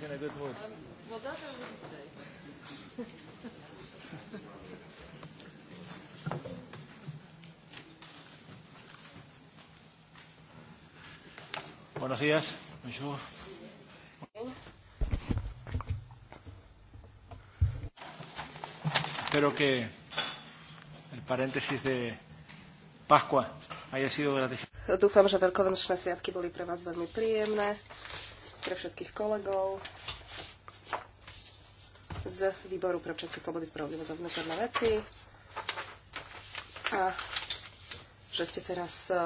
was in a good mood. Um, well, that I wouldn't say. Buenos días. Bonjour. Espero que el paréntesis de Pascua haya sido gratificante. Dúfam, že veľkonočné sviatky boli pre vás veľmi príjemné pre všetkých kolegov z Výboru pre občanské slobody, spravodlivosť a vnútorné veci. A že ste teraz e, e,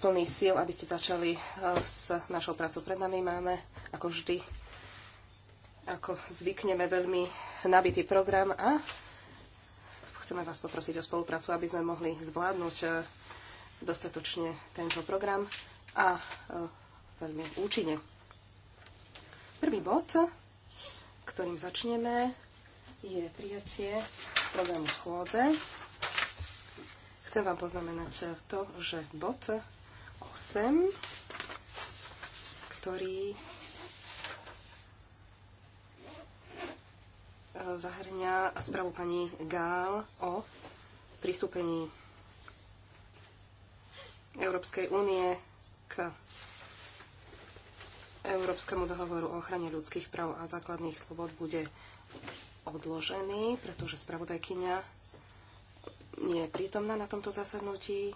plný síl, aby ste začali e, s našou prácou. Pred nami máme, ako vždy, ako zvykneme, veľmi nabitý program a chceme vás poprosiť o spoluprácu, aby sme mohli zvládnuť dostatočne tento program a veľmi účinne. Prvý bod, ktorým začneme, je prijatie programu schôdze. Chcem vám poznamenať to, že bod 8, ktorý e, zahrňa správu pani Gál o pristúpení Európskej únie k Európskemu dohovoru o ochrane ľudských práv a základných slobod bude odložený, pretože spravodajkyňa nie je prítomná na tomto zasadnutí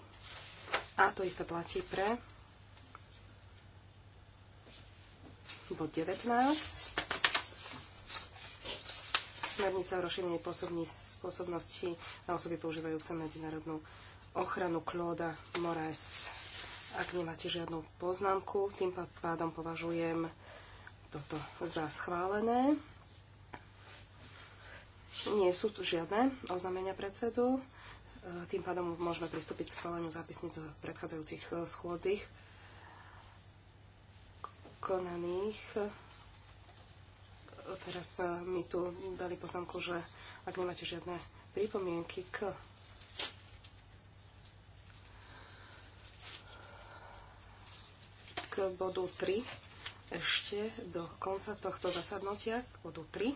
a to isté platí pre bod 19. Smernica o rozšírení spôsobnosti na osoby používajúce medzinárodnú ochranu Klóda Moraes ak nemáte žiadnu poznámku, tým pádom považujem toto za schválené. Nie sú tu žiadne oznámenia predsedu. E, tým pádom môžeme pristúpiť k schváleniu zápisníc z predchádzajúcich e, schôdzich konaných. Teraz e, mi tu dali poznámku, že ak nemáte žiadne pripomienky k bodu 3 ešte do konca tohto zasadnutia, k bodu 3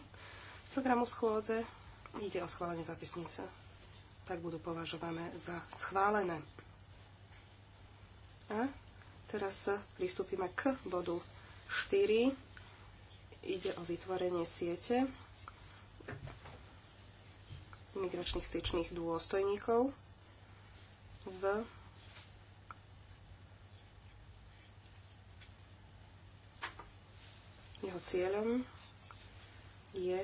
programu schôdze. Ide o schválenie zapisnice. Tak budú považované za schválené. A teraz pristúpime k bodu 4. Ide o vytvorenie siete imigračných styčných dôstojníkov v Jeho cieľom je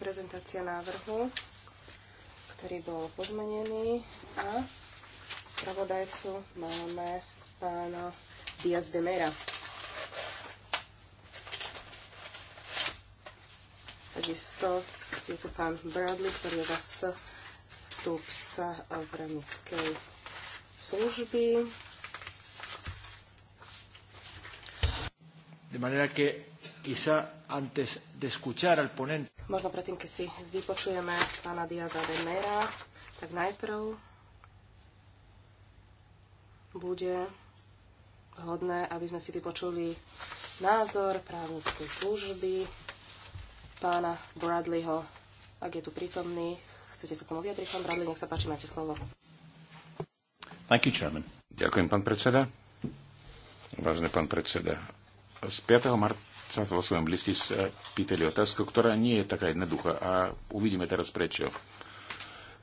prezentácia návrhu, ktorý bol pozmenený a spravodajcu máme pána Diaz de Mera. Takisto je tu pán Bradley, ktorý je zastupca právnickej služby De manera que quizá antes de escuchar al ponente... Možno predtým, keď si vypočujeme pána Diaza de Mera, tak najprv bude hodné, aby sme si vypočuli názor právnickej služby pána Bradleyho. Ak je tu prítomný, chcete sa k tomu vyjadriť, pán Bradley, nech sa páči, máte slovo. Thank you, Chairman. Ďakujem, pán predseda. Vážne pán predseda, z 5. marca vo svojom liste sa pýtali otázku, ktorá nie je taká jednoduchá a uvidíme teraz prečo.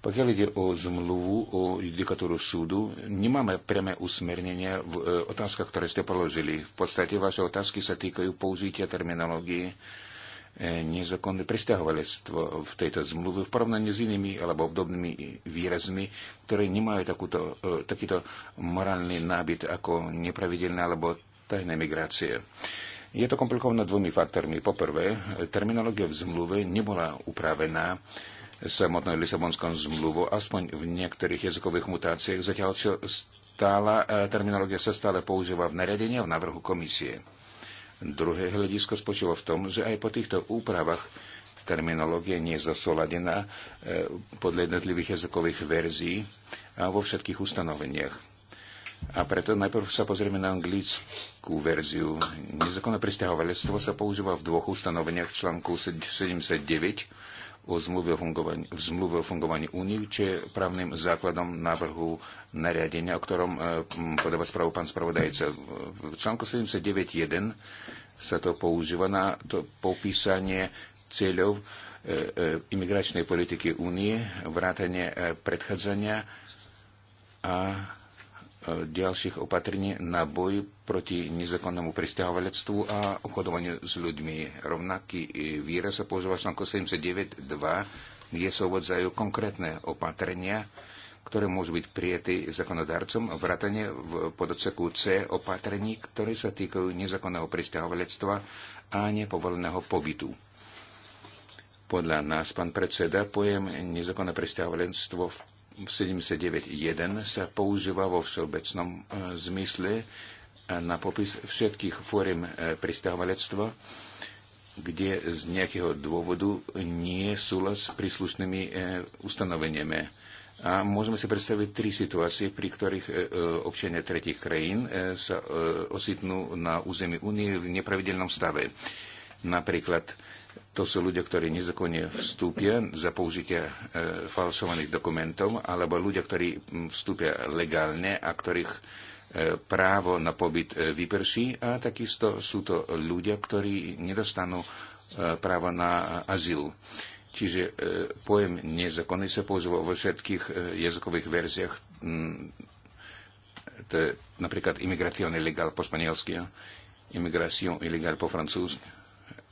Pokiaľ ide o zmluvu, o judikatúru súdu, nemáme priame usmernenia v e, otázkach, ktoré ste položili. V podstate vaše otázky sa týkajú použitia terminológie e, nezákonné pristahovalectvo v tejto zmluve v porovnaní s inými alebo obdobnými výrazmi, ktoré nemajú takúto, e, takýto morálny nábyt ako nepravidelné alebo tajnej migrácie. Je to komplikované dvomi faktormi. Poprvé, terminológia v zmluve nebola upravená samotnou Lisabonskou zmluvou, aspoň v niektorých jazykových mutáciách, zatiaľ čo stála, e, terminológia sa stále používa v nariadení a v návrhu komisie. Druhé hľadisko spočíva v tom, že aj po týchto úpravách terminológia nie je zasoladená e, podľa jednotlivých jazykových verzií a vo všetkých ustanoveniach a preto najprv sa pozrieme na anglickú verziu. Nezákonné pristahovalectvo sa používa v dvoch ustanoveniach článku 79 o zmluve o fungovaní, v zmluve o fungovaní únie, čo je právnym základom návrhu nariadenia, o ktorom e, podáva správu pán spravodajca. V článku 79.1 sa to používa na to popísanie cieľov e, e, imigračnej politiky únie, vrátanie predchádzania a ďalších opatrení na boj proti nezákonnému pristahovalectvu a obchodovaniu s ľuďmi. Rovnaký e, výraz sa používa článku 79.2, kde sa uvádzajú konkrétne opatrenia, ktoré môžu byť prijaté zákonodárcom, vrátane v podoceku C opatrení, ktoré sa týkajú nezákonného pristahovalectva a nepovoleného pobytu. Podľa nás, pán predseda, pojem nezákonné pristahovalectvo v 79.1 sa používa vo všeobecnom e, zmysle e, na popis všetkých fóriem e, pristahovalectva, kde z nejakého dôvodu nie je súhlas s príslušnými ustanoveniami. A môžeme si predstaviť tri situácie, pri ktorých občania tretich krajín sa ositnú na území únie v nepravidelnom stave. Napríklad to sú ľudia, ktorí nezakonne vstúpia za použitie e, falšovaných dokumentov, alebo ľudia, ktorí vstúpia legálne a ktorých e, právo na pobyt e, vyprší. A takisto sú to ľudia, ktorí nedostanú e, právo na azyl. Čiže e, pojem nezakonný sa používa vo všetkých e, jazykových verziách. To je napríklad imigracion ilegal po španielsky, imigracion ilegal po francúzsky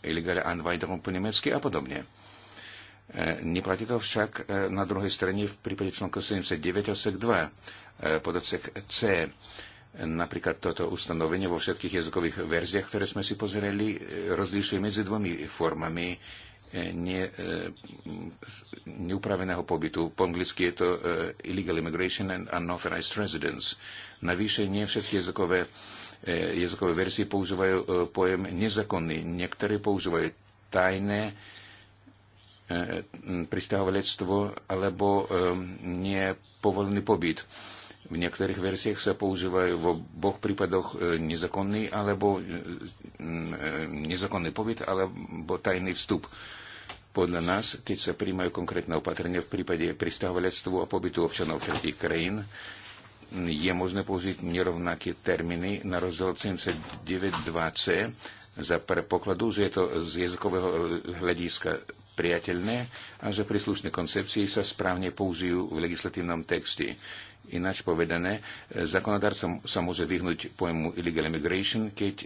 illegal Anweidung po nemecky a podobne. E, neplatí to však e, na druhej strane v prípade článku 79 odsek 2 e, pod odsek C. Napríklad toto ustanovenie vo všetkých jazykových verziách, ktoré sme si pozerali, rozlišuje medzi dvomi formami ne, neupraveného pobytu. Po anglicky je to illegal immigration and unauthorized residence. Navyše nie všetky jazykové E, jazykové verzie používajú e, pojem nezakonný. Niektorí používajú tajné e, pristahovalectvo alebo nepovolený pobyt. V niektorých verziách sa používajú v oboch prípadoch nezakonný alebo nezakonný pobyt alebo tajný vstup. Podľa nás, keď sa príjmajú konkrétne opatrenia v prípade pristahovalectvu a pobytu občanov tretich krajín, je možné použiť nerovnaké termíny na rozdiel 79.2c za predpokladu, že je to z jazykového e, hľadiska priateľné a že príslušné koncepcie sa správne použijú v legislatívnom texte. Ináč povedané, e, zákonodárca sa môže vyhnúť pojmu illegal immigration, keď e,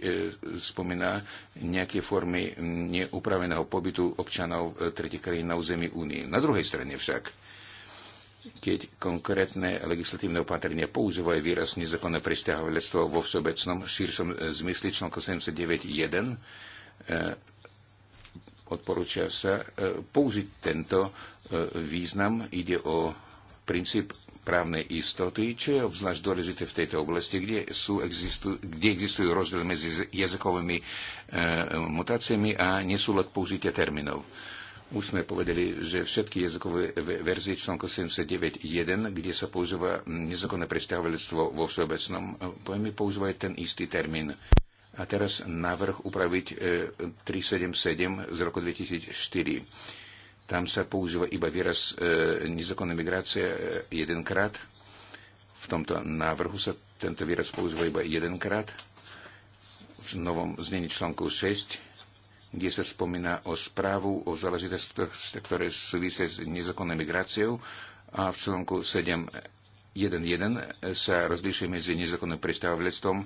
spomína nejaké formy neupraveného pobytu občanov e, tretich krajín na území únie. Na druhej strane však keď konkrétne legislatívne opatrenia používajú výraz nezákonné pristahovalectvo vo všeobecnom širšom e, zmysle článku 79.1, e, odporúča sa e, použiť tento význam. Ide o princíp právnej istoty, čo je obzvlášť dôležité v tejto oblasti, kde, sú, existu, kde existujú rozdiel medzi jazykovými e, mutáciami a nesúlad použitia termínov. E, už sme povedali, že všetky jazykové verzie článku 79.1, kde sa používa nezákonné presťahovalectvo vo všeobecnom pojme, eh, používajú ten istý termín. A teraz návrh upraviť 377 eh, z roku 2004. Tam sa používa iba výraz eh, nezákonná migrácia jedenkrát. V tomto návrhu sa tento výraz používa iba jedenkrát. V novom znení článku 6 kde sa spomína o správu o záležitostiach, ktoré súvisia s nezákonnou migráciou a v článku 7.1.1 sa rozlišuje medzi nezákonným predstavovalectvom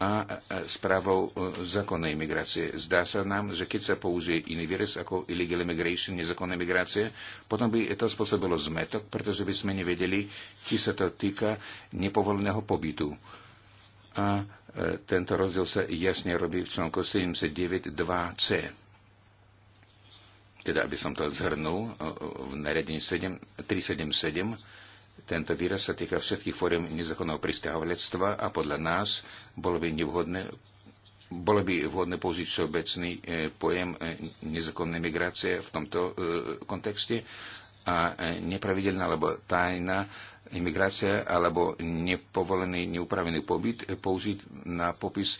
a správou zákonnej migrácie. Zdá sa nám, že keď sa použije iný výraz ako illegal immigration, nezákonná migrácia, potom by to spôsobilo zmetok, pretože by sme nevedeli, či sa to týka nepovoleného pobytu. A E, tento rozdiel sa jasne robí v článku 79.2c. Teda, aby som to zhrnul, e, e, v naredení 377 tento výraz sa týka všetkých fóriem nezákonného pristahovalectva a podľa nás bolo by nevhodné bolo by vhodné použiť všeobecný pojem nezákonnej migrácie v tomto kontexte a nepravidelná alebo tajná imigrácia alebo nepovolený, neupravený pobyt e, použiť na popis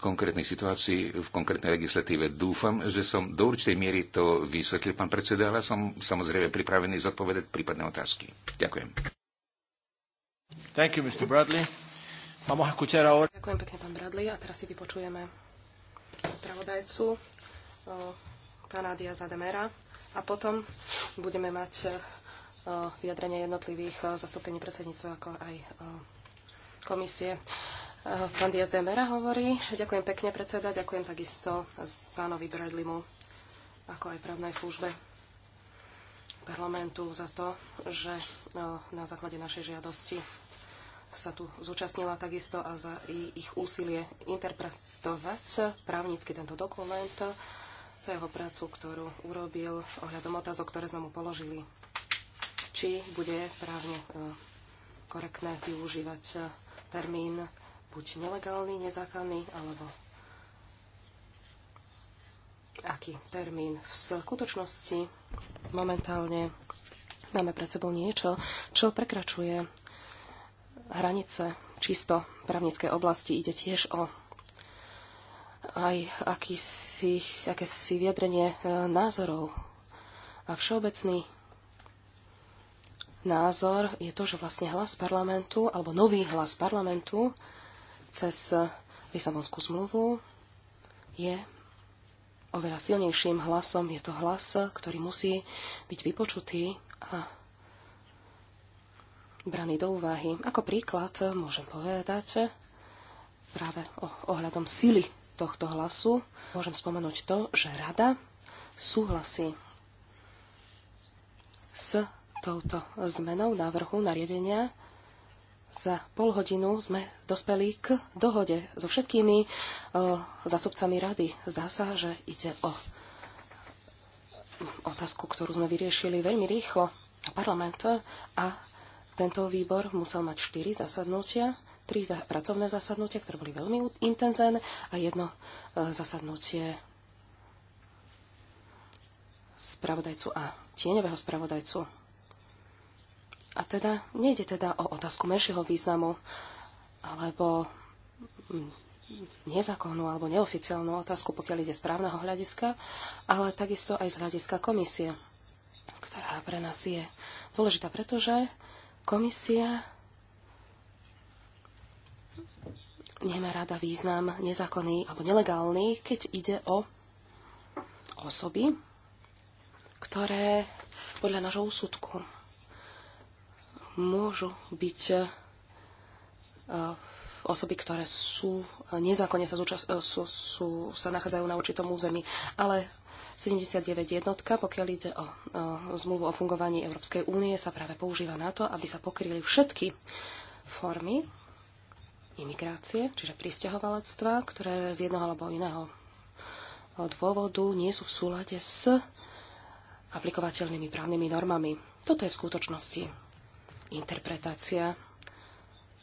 konkrétnej situácii v konkrétnej legislatíve. Dúfam, že som do určitej miery to vysvetlil, pán predseda, ale som samozrejme pripravený zodpovedať prípadné otázky. Ďakujem. Thank you, Mr. Bradley. Ďakujem pekne, pán Bradley. A teraz si vypočujeme spravodajcu pána Diaza Demera a potom budeme mať Eh, vyjadrenia jednotlivých eh, zastúpení predsedníctva, ako aj eh, komisie. Pán Diaz de Mera hovorí. Ďakujem pekne, predseda. Ďakujem takisto pánovi Bradlimu, ako aj právnej službe parlamentu za to, že na základe našej žiadosti sa tu zúčastnila takisto a za ich úsilie interpretovať právnicky tento dokument za jeho prácu, ktorú urobil ohľadom otázok, ktoré sme mu položili či bude právne e, korektné využívať e, termín buď nelegálny, nezákonný, alebo aký termín. V skutočnosti momentálne máme pred sebou niečo, čo prekračuje hranice čisto právnické oblasti. Ide tiež o aj akýsi, akési vyjadrenie e, názorov a všeobecný názor je to, že vlastne hlas parlamentu, alebo nový hlas parlamentu cez Lisabonskú zmluvu je oveľa silnejším hlasom. Je to hlas, ktorý musí byť vypočutý a braný do úvahy. Ako príklad môžem povedať práve o, ohľadom sily tohto hlasu. Môžem spomenúť to, že rada súhlasí s touto zmenou návrhu nariadenia za pol hodinu sme dospeli k dohode so všetkými o, e, zastupcami rady. Zdá sa, že ide o otázku, ktorú sme vyriešili veľmi rýchlo. Parlament a tento výbor musel mať štyri zasadnutia, za- pracovné zasadnutia, ktoré boli veľmi intenzívne a jedno e, zasadnutie spravodajcu a tieňového spravodajcu a teda nejde teda o otázku menšieho významu alebo mm, nezákonnú alebo neoficiálnu otázku, pokiaľ ide z právneho hľadiska, ale takisto aj z hľadiska komisie, ktorá pre nás je dôležitá, pretože komisia nemá rada význam nezákonný alebo nelegálny, keď ide o osoby, ktoré podľa nášho úsudku môžu byť e, e, osoby, ktoré sú e, nezákonne sa, zúčast, sú, sú, sa nachádzajú na určitom území. Ale 79 jednotka, pokiaľ ide o, o zmluvu o fungovaní Európskej únie, sa práve používa na to, aby sa pokryli všetky formy imigrácie, čiže pristahovalectva, ktoré z jednoho alebo iného dôvodu nie sú v súlade s aplikovateľnými právnymi normami. Toto je v skutočnosti interpretácia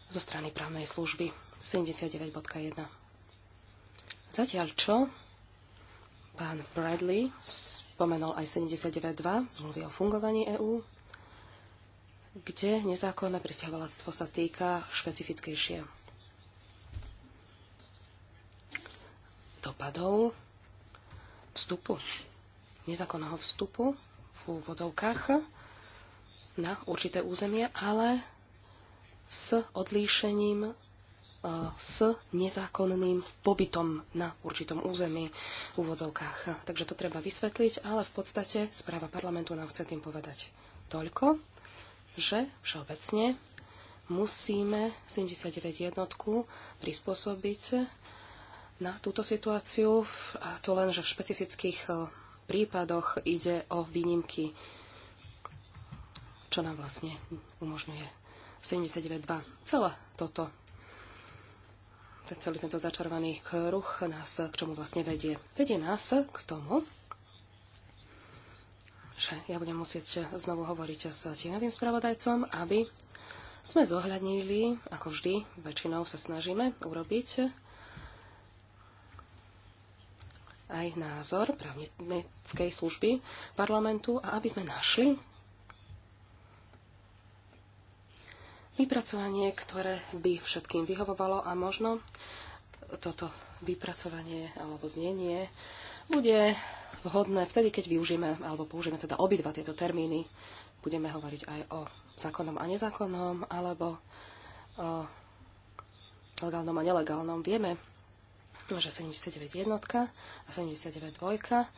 zo strany právnej služby 79.1. Zatiaľ čo pán Bradley spomenul aj 79.2 zmluvy o fungovaní EÚ, kde nezákonné pristahovalectvo sa týka špecifickejšie dopadov vstupu, nezákonného vstupu v úvodzovkách na určité územie, ale s odlíšením e, s nezákonným pobytom na určitom území v úvodzovkách. Takže to treba vysvetliť, ale v podstate správa parlamentu nám chce tým povedať toľko, že všeobecne musíme 79 jednotku prispôsobiť na túto situáciu, a to len, že v špecifických e, prípadoch ide o výnimky čo nám vlastne umožňuje 79.2. Celé toto, celý tento začarovaný kruh nás k čomu vlastne vedie. Vedie nás k tomu, že ja budem musieť znovu hovoriť s tienovým spravodajcom, aby sme zohľadnili, ako vždy, väčšinou sa snažíme urobiť aj názor právnickej služby parlamentu a aby sme našli vypracovanie, ktoré by všetkým vyhovovalo a možno toto vypracovanie alebo znenie bude vhodné vtedy, keď využijeme alebo použijeme teda obidva tieto termíny. Budeme hovoriť aj o zákonnom a nezákonnom alebo o legálnom a nelegálnom. Vieme, že 79 jednotka a 79 dvojka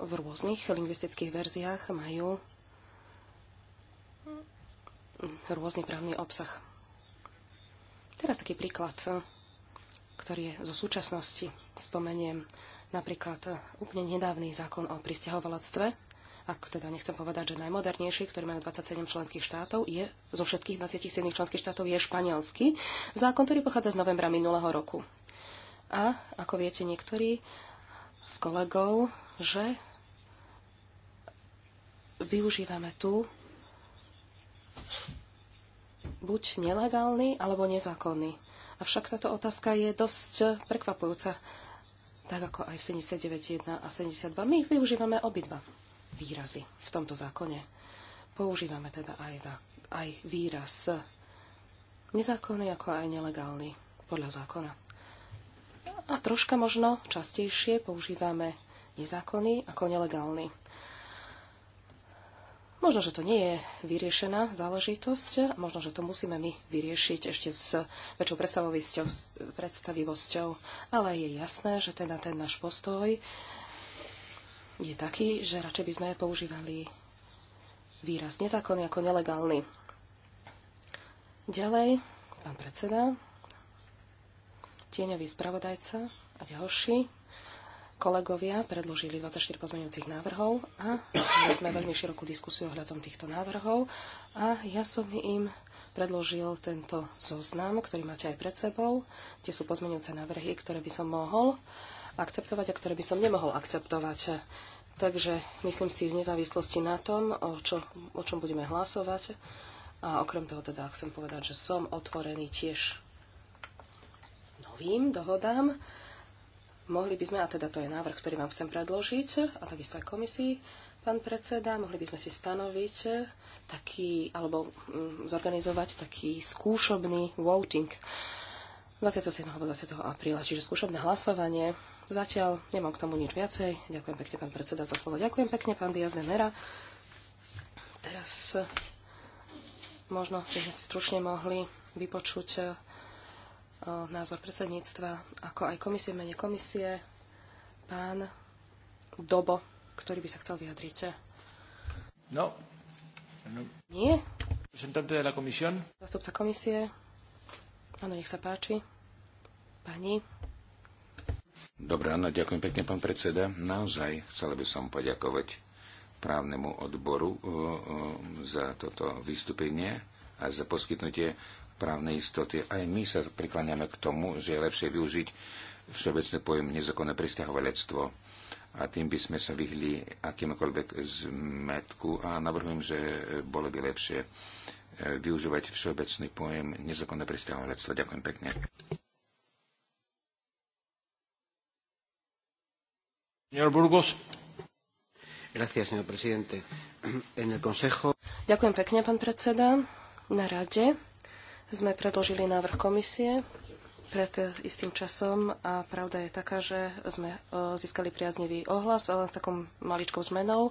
v rôznych lingvistických verziách majú rôzny právny obsah. Teraz taký príklad, eh, ktorý je zo súčasnosti. Spomeniem napríklad eh, úplne nedávny zákon o pristahovalectve, ak teda nechcem povedať, že najmodernejší, ktorý majú 27 členských štátov, je zo všetkých 27 členských štátov je španielský zákon, ktorý pochádza z novembra minulého roku. A ako viete niektorí s kolegov, že využívame tu buď nelegálny alebo nezákonný. Avšak táto otázka je dosť prekvapujúca, tak ako aj v 79.1 a 72. My využívame obidva výrazy v tomto zákone. Používame teda aj, za, aj výraz nezákonný ako aj nelegálny podľa zákona. A troška možno častejšie používame nezákonný ako nelegálny. Možno, že to nie je vyriešená záležitosť, možno, že to musíme my vyriešiť ešte s väčšou predstavivosťou, ale je jasné, že teda ten náš postoj je taký, že radšej by sme používali výraz nezákonný ako nelegálny. Ďalej, pán predseda, tieňový spravodajca a ďalší Kolegovia predložili 24 pozmeňujúcich návrhov a mali sme veľmi širokú diskusiu ohľadom týchto návrhov a ja som im predložil tento zoznam, ktorý máte aj pred sebou, kde sú pozmeňujúce návrhy, ktoré by som mohol akceptovať a ktoré by som nemohol akceptovať. Takže myslím si v nezávislosti na tom, o, čo, o čom budeme hlasovať. A okrem toho teda chcem povedať, že som otvorený tiež novým dohodám mohli by sme, a teda to je návrh, ktorý vám chcem predložiť, a takisto aj komisii, pán predseda, mohli by sme si stanoviť eh, taký, alebo mm, zorganizovať taký skúšobný voting 27. alebo 20. apríla, čiže skúšobné hlasovanie. Zatiaľ nemám k tomu nič viacej. Ďakujem pekne, pán predseda, za slovo. Ďakujem pekne, pán Diaz de Mera. Teraz eh, možno by sme si stručne mohli vypočuť eh, názor predsedníctva, ako aj komisie, mene komisie, pán Dobo, ktorý by sa chcel vyjadriť. No. no. Nie? Representante de la comisión. Zastupca komisie. Áno, nech sa páči. Pani. Dobre, áno, ďakujem pekne, pán predseda. Naozaj chcela by som poďakovať právnemu odboru o, o, za toto vystúpenie a za poskytnutie právnej istoty. Aj my sa prikláňame k tomu, že je lepšie využiť všeobecný pojem nezákonné pristahovalectvo a tým by sme sa vyhli akýmkoľvek zmetku a navrhujem, že bolo by lepšie e, využívať všeobecný pojem nezákonné pristahovalectvo. Ďakujem pekne. Gracias, señor presidente. En el consejo... Ďakujem pekne, pán predseda. Na rade sme predložili návrh komisie pred eh, istým časom a pravda je taká, že sme eh, získali priaznivý ohlas, ale s takou maličkou zmenou,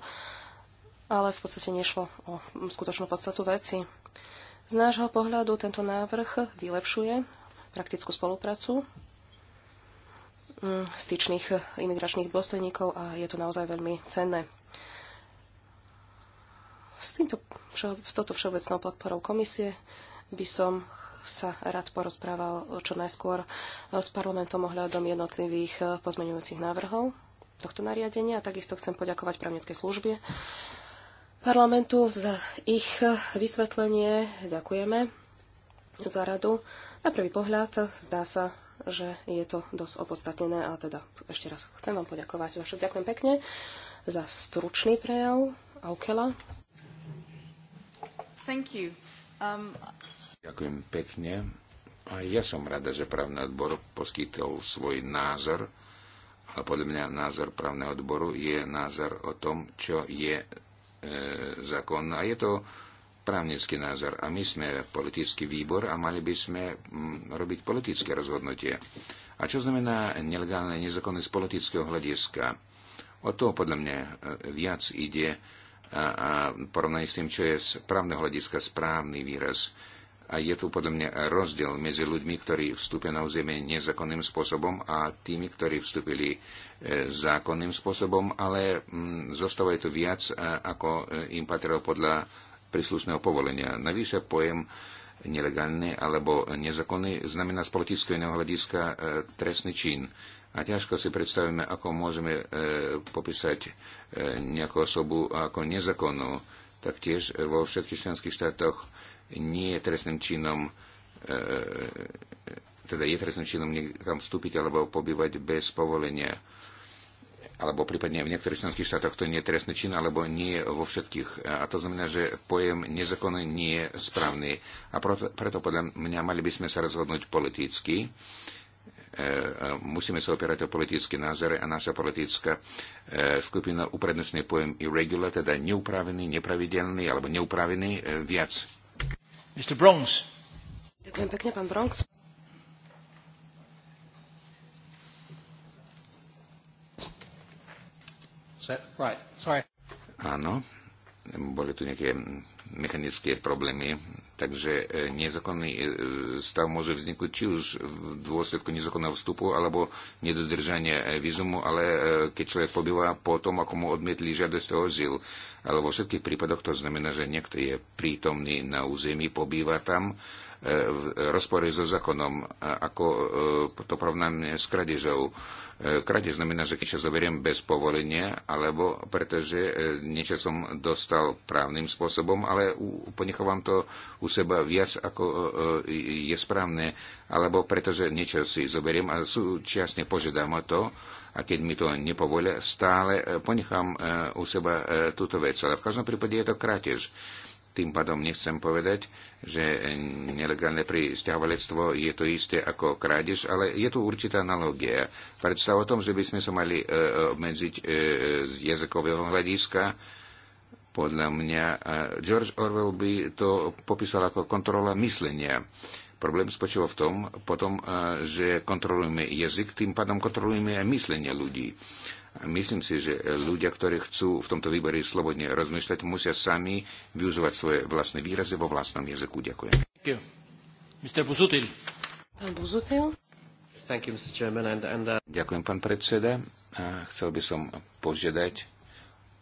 ale v podstate nešlo o skutočnú podstatu veci. Z nášho pohľadu tento návrh vylepšuje praktickú spoluprácu mm, styčných eh, imigračných dôstojníkov a je to naozaj veľmi cenné. S, týmto, s touto všeobecnou podporou komisie by som sa rád porozprával čo najskôr s parlamentom ohľadom jednotlivých eh, pozmeňujúcich návrhov tohto nariadenia. Takisto chcem poďakovať právnickej službe parlamentu za ich eh, vysvetlenie. Ďakujeme za radu. Na prvý pohľad eh, zdá sa, že je to dosť opodstatnené a teda ešte raz chcem vám poďakovať. Však ďakujem pekne za stručný prejav Aukela. Thank you. Um, Ďakujem pekne. A ja som rada, že právny odbor poskytol svoj názor, ale podľa mňa názor právneho odboru je názor o tom, čo je e, zákon. A je to právnický názor. A my sme politický výbor a mali by sme robiť politické rozhodnutie. A čo znamená nelegálne nezákonné z politického hľadiska? O to podľa mňa e, viac ide a, a porovnaní s tým, čo je z právneho hľadiska správny výraz. A je tu podľa mňa rozdiel medzi ľuďmi, ktorí vstúpia na územie nezákonným spôsobom a tými, ktorí vstúpili e, zákonným spôsobom, ale mm, zostávajú tu viac, e, ako e, im patrilo podľa príslušného povolenia. Navyše pojem nelegálny alebo nezákonný znamená z politického hľadiska trestný čin. A ťažko si predstavíme, ako môžeme popísať nejakú osobu ako nezakonnú. Taktiež vo všetkých členských štátoch nie je trestným činom e, e, teda je trestným činom niekam vstúpiť alebo pobývať bez povolenia alebo prípadne v niektorých členských štátoch to nie je trestný čin, alebo nie je vo všetkých. A to znamená, že pojem nezákonný nie je správny. A preto, preto podľa mňa mali by sme sa rozhodnúť politicky. E, e, musíme sa opierať o politické názory a naša politická e, skupina uprednostňuje pojem irregular, teda neupravený, nepravidelný alebo neupravený e, viac Mr. Bronx. Ďakujem pekne, pán Bronx. Áno, boli tu nejaké mechanické problémy, takže e, nezákonný e, stav môže vzniknúť či už v dôsledku nezákonného vstupu alebo nedodržania e, vízumu, ale keď človek pobýva po tom, ako mu odmietli žiadosť o azyl ale vo všetkých prípadoch to znamená, že niekto je prítomný na území, pobýva tam e, v rozpore so zákonom, ako to e, porovnáme s kradežou. E, kradež znamená, že keď sa zoberiem bez povolenia, alebo pretože niečo som dostal právnym spôsobom, ale ponechávam to u seba viac, ako je správne, alebo pretože niečo si zoberiem a súčasne požiadam o to, a keď mi to nepovolia, stále e, ponechám e, u seba e, túto vec. Ale v každom prípade je to krátež. Tým pádom nechcem povedať, že nelegálne pristahovalectvo je to isté ako krádež, ale je tu určitá analogia. Predstav o tom, že by sme sa mali obmedziť z jazykového hľadiska, podľa mňa George Orwell by to popísal ako kontrola myslenia. Problém spočíva v tom, potom, eh, že kontrolujeme jazyk, tým pádom kontrolujeme aj myslenie ľudí. Myslím si, že ľudia, ktorí chcú v tomto výbore slobodne rozmýšľať, musia sami využívať svoje vlastné výrazy vo vlastnom jazyku. Ďakujem. Uh, Ďakujem, pán predseda. chcel by som požiadať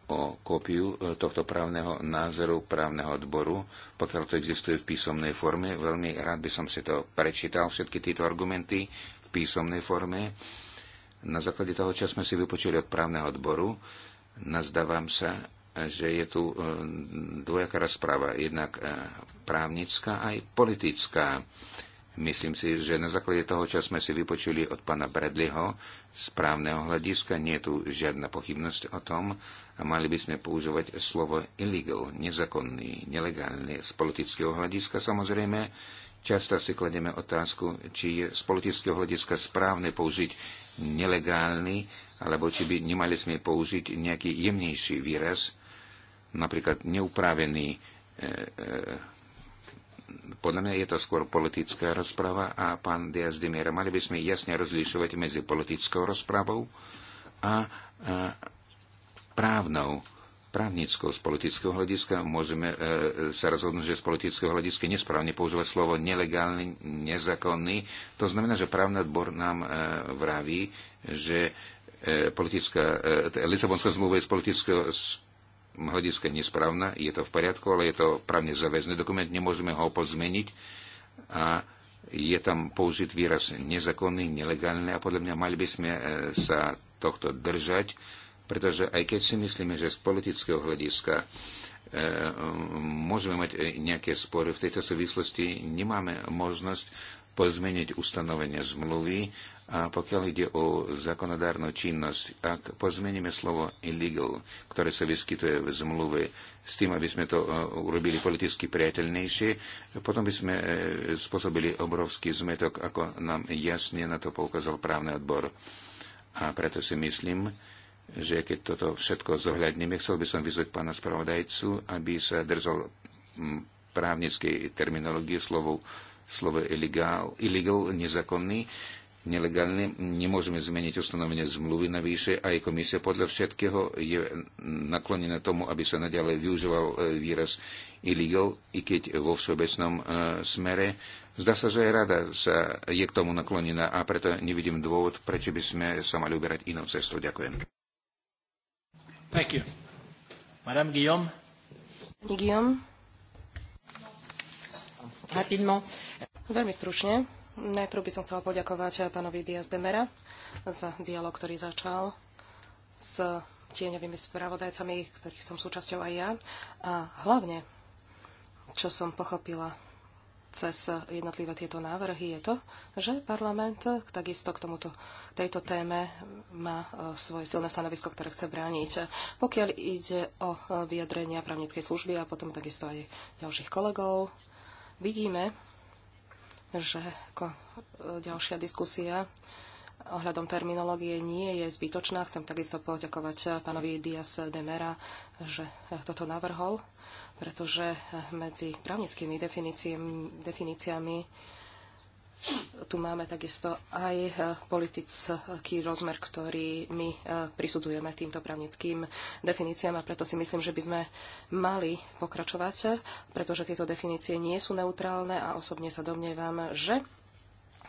o kópiu e, tohto právneho názoru právneho odboru, pokiaľ to existuje v písomnej forme. Veľmi rád by som si to prečítal, všetky tieto argumenty v písomnej forme. Na základe toho, čo sme si vypočuli od právneho odboru, nazdávam sa, že je tu e, dvojaká rozpráva, jednak e, právnická aj politická. Myslím si, že na základe toho, čo sme si vypočuli od pána Bradleyho, správneho hľadiska nie je tu žiadna pochybnosť o tom a mali by sme používať slovo illegal, nezakonný, nelegálny z politického hľadiska samozrejme. Často si kladieme otázku, či je z politického hľadiska správne použiť nelegálny, alebo či by nemali sme použiť nejaký jemnejší výraz, napríklad neupravený e, e, podľa mňa je to skôr politická rozprava a pán Diaz de mali by sme jasne rozlišovať medzi politickou rozpravou a, a právnou právnickou z politického hľadiska môžeme e, sa rozhodnúť, že z politického hľadiska nesprávne používať slovo nelegálny, nezákonný. To znamená, že právny odbor nám e, vraví, že e, politická, e, Lisabonská zmluva je z politického z hľadiska nesprávna, je to v poriadku, ale je to právne záväzný dokument, nemôžeme ho pozmeniť a je tam použit výraz nezákonný, nelegálny a podľa mňa mali by sme e, sa tohto držať, pretože aj keď si myslíme, že z politického hľadiska e, môžeme mať e, nejaké spory v tejto súvislosti, nemáme možnosť pozmeniť ustanovenia zmluvy a pokiaľ ide o zákonodárnu činnosť, ak pozmeníme slovo illegal, ktoré sa vyskytuje v zmluve, s tým, aby sme to e, urobili politicky priateľnejšie, potom by sme e, spôsobili obrovský zmetok, ako nám jasne na to poukázal právny odbor. A preto si myslím, že keď toto všetko zohľadníme, chcel by som vyzvať pána spravodajcu, aby sa držal právnickej terminológie slovov, slovo illegal, illegal, nezakonný, nelegálne. Nemôžeme zmeniť ustanovenie zmluvy na navyše. Aj komisia podľa všetkého je naklonená tomu, aby sa nadalej využíval e, výraz illegal, i keď vo všeobecnom e, smere. Zdá sa, že aj rada sa je k tomu naklonená a preto nevidím dôvod, prečo by sme sa mali uberať inou cestou. Ďakujem. Thank you. Madame Guillaume. Guillaume. Rapidement. Veľmi stručne. Najprv by som chcela poďakovať pánovi Diaz Demera za dialog, ktorý začal s tieňovými spravodajcami, ktorých som súčasťou aj ja. A hlavne, čo som pochopila cez jednotlivé tieto návrhy, je to, že parlament takisto k tomuto, tejto téme má e, svoje silné stanovisko, ktoré chce brániť. Pokiaľ ide o e, vyjadrenia právnickej služby a potom takisto aj ďalších kolegov, vidíme, že ako e, ďalšia diskusia ohľadom terminológie nie je zbytočná. Chcem takisto poďakovať e, pánovi Dias Demera, že e, toto navrhol, pretože medzi právnickými definíciami tu máme takisto aj eh, politický rozmer, ktorý my eh, prisudzujeme týmto právnickým definíciám a preto si myslím, že by sme mali pokračovať, pretože tieto definície nie sú neutrálne a osobne sa domnievam, že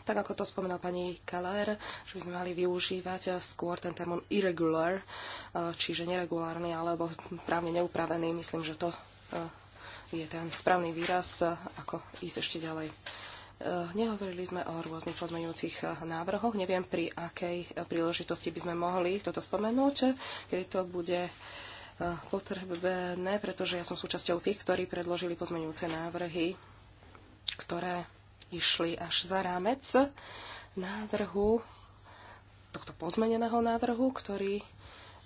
tak ako to spomínal pani Keller, že by sme mali využívať eh, skôr ten termín irregular, čiže neregulárny alebo právne neupravený. Myslím, že to je ten správny výraz, ako ísť ešte ďalej. Eh, nehovorili sme o rôznych pozmeňujúcich eh, návrhoch. Neviem, pri akej eh, príležitosti by sme mohli toto spomenúť, kedy to bude potrebné, pretože ja som súčasťou tých, ktorí predložili pozmeňujúce návrhy, ktoré išli až za rámec návrhu, tohto pozmeneného návrhu, ktorý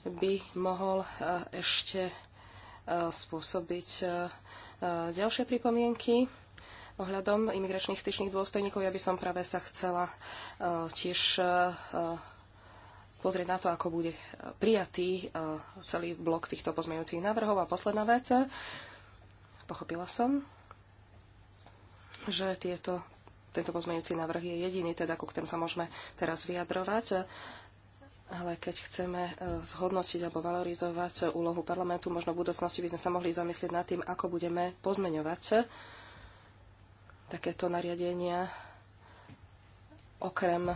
by mohol ešte spôsobiť ďalšie pripomienky ohľadom imigračných styčných dôstojníkov. Ja by som práve sa chcela e, tiež e, e, pozrieť na to, ako bude prijatý celý blok týchto pozmejúcich návrhov. A posledná vec, pochopila som, že tieto, tento pozmejúci návrh je jediný, teda ku ktorému sa môžeme teraz vyjadrovať. Ale keď chceme zhodnotiť alebo valorizovať úlohu parlamentu, možno v budúcnosti by sme sa mohli zamyslieť nad tým, ako budeme pozmeňovať takéto nariadenia, okrem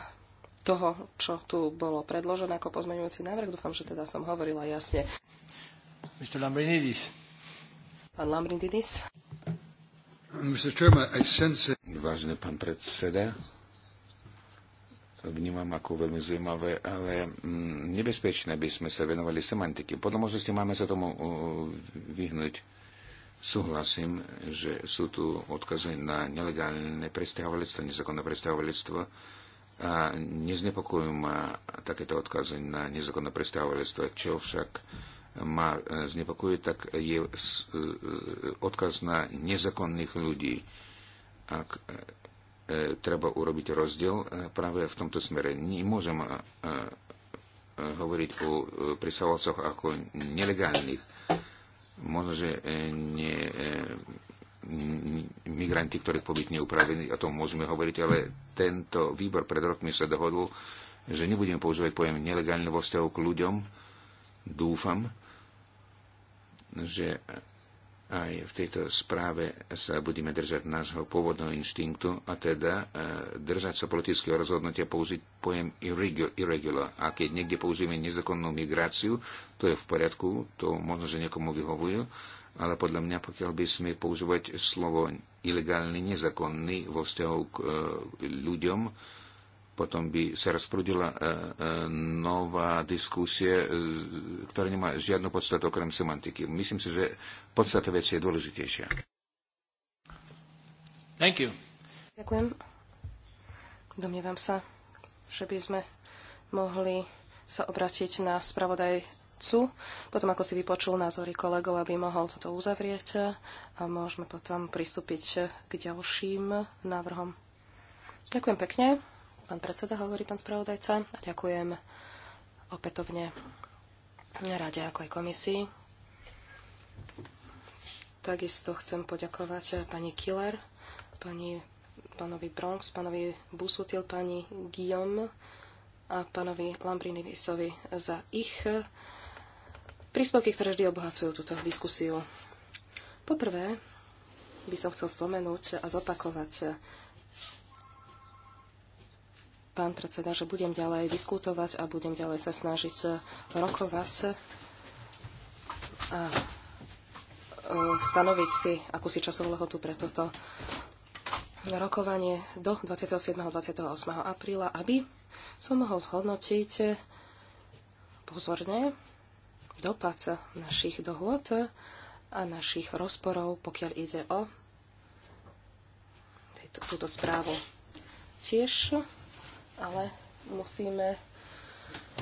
toho, čo tu bolo predložené ako pozmeňujúci návrh. Dúfam, že teda som hovorila jasne. Mr. Lambrinidis. Pán Lambrinidis. Mr. Chairman, I sense... Vážne pán predseda, vnímam ako veľmi zaujímavé, ale mm, nebezpečné by sme sa venovali semantiky. Podľa možnosti máme sa tomu uh, vyhnúť Súhlasím, že sú tu odkazy na nelegálne presťahovalectvo, nezákonné presťahovalectvo a neznepokojujú ma takéto odkazy na nezákonné presťahovalectvo. Čo však ma e, znepokojuje, tak je e, e, odkaz na nezákonných ľudí. Ak treba urobiť rozdiel práve v tomto smere. Nemôžem hovoriť o prisahovalcoch ako nelegálnych možno, že e, nie, e, migranti, ktorých pobyt neupravený, o tom môžeme hovoriť, ale tento výbor pred rokmi sa dohodol, že nebudeme používať pojem nelegálne vo vzťahu k ľuďom. Dúfam, že aj v tejto správe sa budeme držať nášho pôvodného inštinktu, a teda e, držať sa politického rozhodnutia použiť pojem irregular. A keď niekde použijeme nezakonnú migráciu, to je v poriadku, to možno, že niekomu vyhovujú, ale podľa mňa, pokiaľ by sme používať slovo ilegálny, nezakonný vo vzťahu k e, ľuďom, potom by sa rozprudila e, e, nová diskusie, e, ktorá nemá žiadnu podstatu okrem semantiky. Myslím si, že podstata veci je dôležitejšia. Thank you. Ďakujem. Domnievam sa, že by sme mohli sa obrátiť na spravodajcu, potom ako si vypočul názory kolegov, aby mohol toto uzavrieť a môžeme potom pristúpiť k ďalším návrhom. Ďakujem pekne pán predseda, hovorí pán spravodajca. A ďakujem opätovne rade ako aj komisii. Takisto chcem poďakovať pani Killer, pani, pánovi Bronx, pánovi Busutil, pani Guillaume a pánovi Lambrinidisovi za ich príspevky, ktoré vždy obohacujú túto diskusiu. Poprvé by som chcel spomenúť a zopakovať pán predseda, že budem ďalej diskutovať a budem ďalej sa snažiť e, rokovať a e, stanoviť si akúsi časovú lehotu pre toto rokovanie do 27. a 28. apríla, aby som mohol zhodnotiť e, pozorne dopad našich dohôd a našich rozporov, pokiaľ ide o túto správu. Tiež ale musíme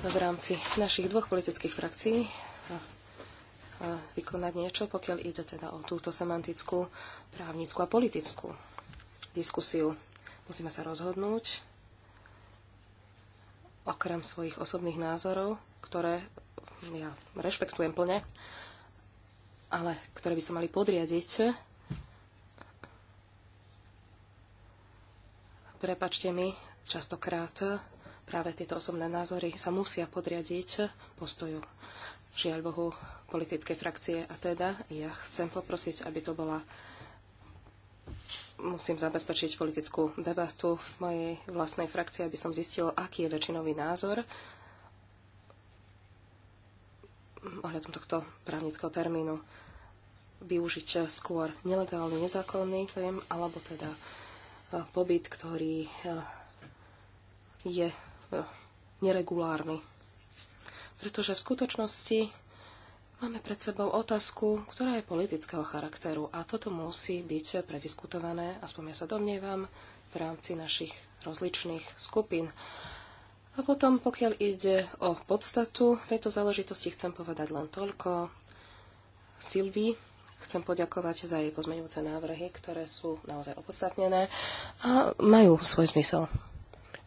v rámci našich dvoch politických frakcií eh, eh, vykonať niečo, pokiaľ ide teda o túto semantickú, právnickú a politickú diskusiu. Musíme sa rozhodnúť, okrem svojich osobných názorov, ktoré ja rešpektujem plne, ale ktoré by sa mali podriadiť. Prepačte mi Častokrát práve tieto osobné názory sa musia podriadiť postoju žiaľ Bohu, politické frakcie. A teda ja chcem poprosiť, aby to bola musím zabezpečiť politickú debatu v mojej vlastnej frakcii, aby som zistil, aký je väčšinový názor ohľadom tohto právnického termínu využiť skôr nelegálny, nezákonný pojem, alebo teda eh, pobyt, ktorý eh, je e, neregulárny. Pretože v skutočnosti máme pred sebou otázku, ktorá je politického charakteru a toto musí byť prediskutované, aspoň ja sa domnievam, v rámci našich rozličných skupín. A potom, pokiaľ ide o podstatu tejto záležitosti, chcem povedať len toľko. Silvi, chcem poďakovať za jej pozmeňujúce návrhy, ktoré sú naozaj opodstatnené a majú svoj zmysel.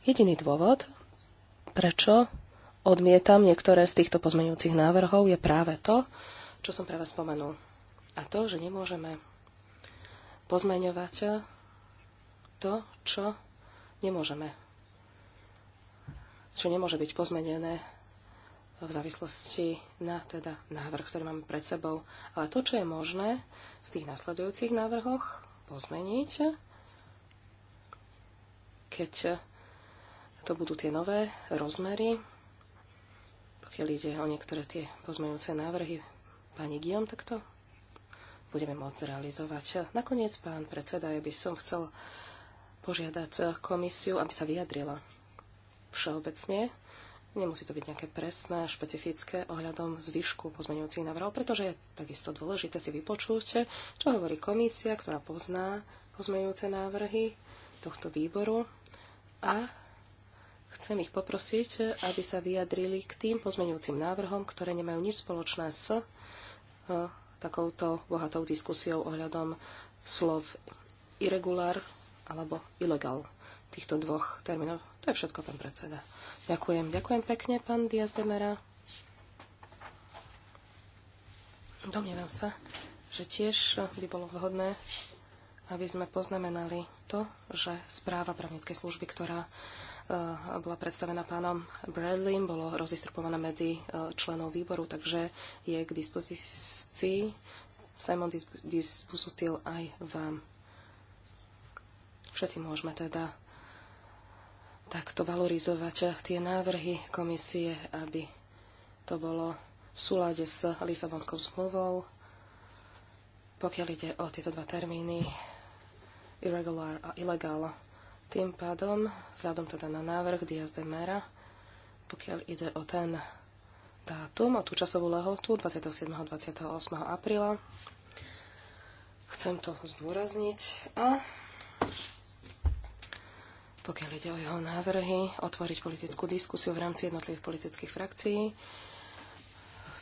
Jediný dôvod, prečo odmietam niektoré z týchto pozmeňujúcich návrhov, je práve to, čo som pre vás spomenul. A to, že nemôžeme pozmeňovať to, čo nemôžeme. Čo nemôže byť pozmenené v závislosti na teda návrh, ktorý máme pred sebou. Ale to, čo je možné v tých nasledujúcich návrhoch pozmeniť, keď to budú tie nové rozmery, pokiaľ ide o niektoré tie pozmeňujúce návrhy pani Guillaume, tak to budeme môcť realizovať. Nakoniec, pán predseda, ja by som chcel požiadať komisiu, aby sa vyjadrila všeobecne. Nemusí to byť nejaké presné, špecifické ohľadom zvyšku pozmeňujúcich návrhov, pretože je takisto dôležité si vypočuť, čo hovorí komisia, ktorá pozná pozmeňujúce návrhy tohto výboru a Chcem ich poprosiť, aby sa vyjadrili k tým pozmeňujúcim návrhom, ktoré nemajú nič spoločné s e, takouto bohatou diskusiou ohľadom slov irregular alebo illegal týchto dvoch termínov. To je všetko, pán predseda. Ďakujem. Ďakujem pekne, pán Diaz de Mera. Domnievam sa, že tiež by bolo vhodné, aby sme poznamenali to, že správa právnickej služby, ktorá Eh, bola predstavená pánom Bradleym, bolo rozdistribovaná medzi eh, členov výboru, takže je k dispozícii. Simon dispozitil aj vám. Všetci môžeme teda takto valorizovať eh, tie návrhy komisie, aby to bolo v súlade s Lisabonskou zmluvou. Pokiaľ ide o tieto dva termíny, irregular a illegal, tým pádom, vzhľadom teda na návrh Diaz de Mera, pokiaľ ide o ten dátum, o tú časovú lehotu 27. 28. apríla, chcem to zdôrazniť a pokiaľ ide o jeho návrhy, otvoriť politickú diskusiu v rámci jednotlivých politických frakcií.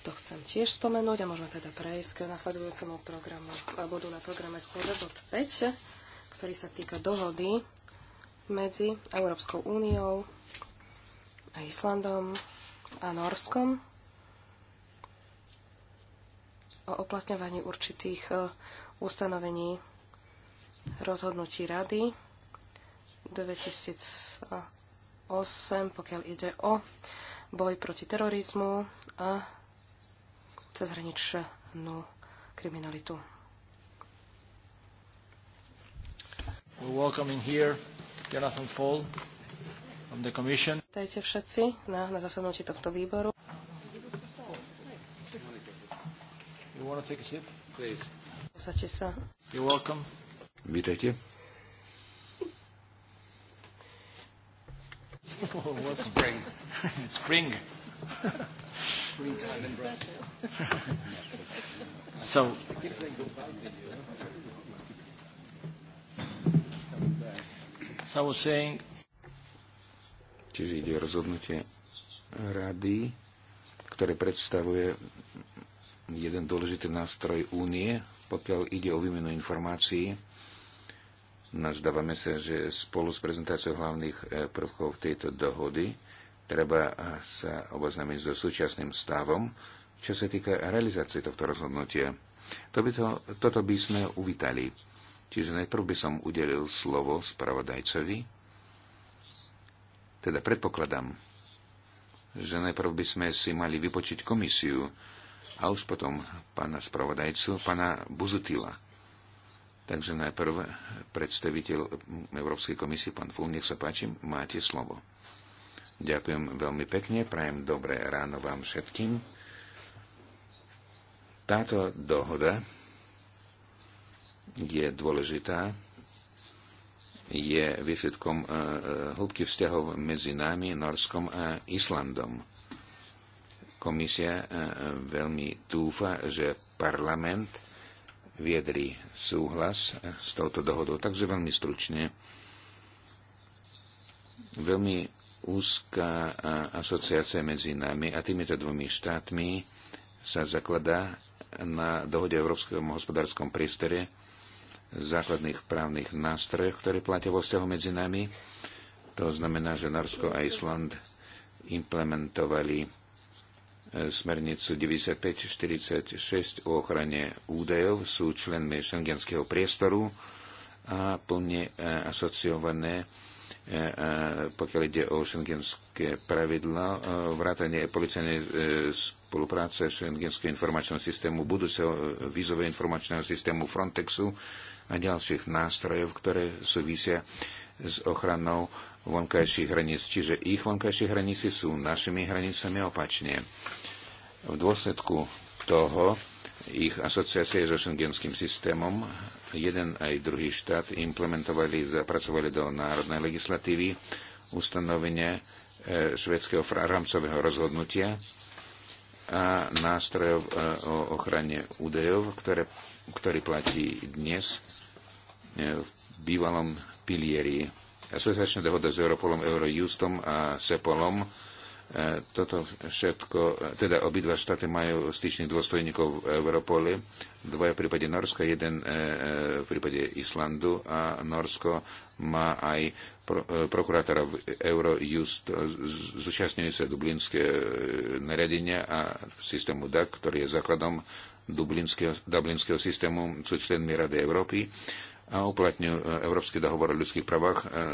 To chcem tiež spomenúť a môžeme teda prejsť k nasledujúcemu programu, bodu na programe skôr bod 5, ktorý sa týka dohody medzi Európskou úniou a Islandom a Norskom o oplatňovaní určitých e, ustanovení rozhodnutí Rady 2008, pokiaľ ide o boj proti terorizmu a cezhraničnú kriminalitu. We're welcoming here Jonathan Fall from the Commission. Vítajte všetci na, na zasadnutí tohto výboru. You want to take a sip? Please. Posaďte sa. You're welcome. Vítajte. Oh, what's spring? spring. Springtime in Brussels. so. Čiže ide rozhodnutie rady, ktoré predstavuje jeden dôležitý nástroj únie, pokiaľ ide o výmenu informácií. Nazdávame sa, že spolu s prezentáciou hlavných eh, prvkov tejto dohody treba eh, sa oboznámiť so súčasným stavom, čo sa týka realizácie tohto rozhodnutia. To by to, toto by sme uvítali Čiže najprv by som udelil slovo spravodajcovi. Teda predpokladám, že najprv by sme si mali vypočiť komisiu a už potom pána spravodajcu, pána Buzutila. Takže najprv predstaviteľ Európskej komisie, pán Ful, nech sa páči, máte slovo. Ďakujem veľmi pekne, prajem dobré ráno vám všetkým. Táto dohoda je dôležitá, je výsledkom e, e, hĺbky vzťahov medzi nami, Norskom a Islandom. Komisia e, veľmi dúfa, že parlament viedri súhlas s touto dohodou. Takže veľmi stručne. Veľmi úzká asociácia medzi nami a týmito dvomi štátmi sa zakladá na dohode o Európskom hospodárskom priestore základných právnych nástrojoch, ktoré platia vo vzťahu medzi nami. To znamená, že Norsko a Island implementovali e, smernicu 9546 o ochrane údajov, sú členmi šengenského priestoru a plne e, asociované e, pokiaľ ide o šengenské pravidla, vrátanie policajnej spolupráce šengenského informačného systému, budúceho vízového informačného systému Frontexu, a ďalších nástrojov, ktoré súvisia s ochranou vonkajších hraníc. Čiže ich vonkajšie hranice sú našimi hranicami opačne. V dôsledku toho ich asociácie so šengenským systémom jeden aj druhý štát implementovali, zapracovali do národnej legislatívy ustanovenie e, švedského rámcového rozhodnutia a nástrojov e, o ochrane údajov, ktoré, ktorý platí dnes Eh, v bývalom pilieri. Asociačná dohoda s Europolom, Eurojustom a Sepolom eh, toto všetko, eh, teda obidva štáty majú styčných dôstojníkov v Europole, dvoje v prípade Norska, jeden v prípade Islandu a Norsko má aj pro, prokurátora Eurojust, zúčastňujú sa dublinské naredenia a systému DAC, ktorý je základom dublinského, dublinského systému, sú členmi Rady Európy a uplatňujú e, Európsky dohovor o ľudských pravách, e, e,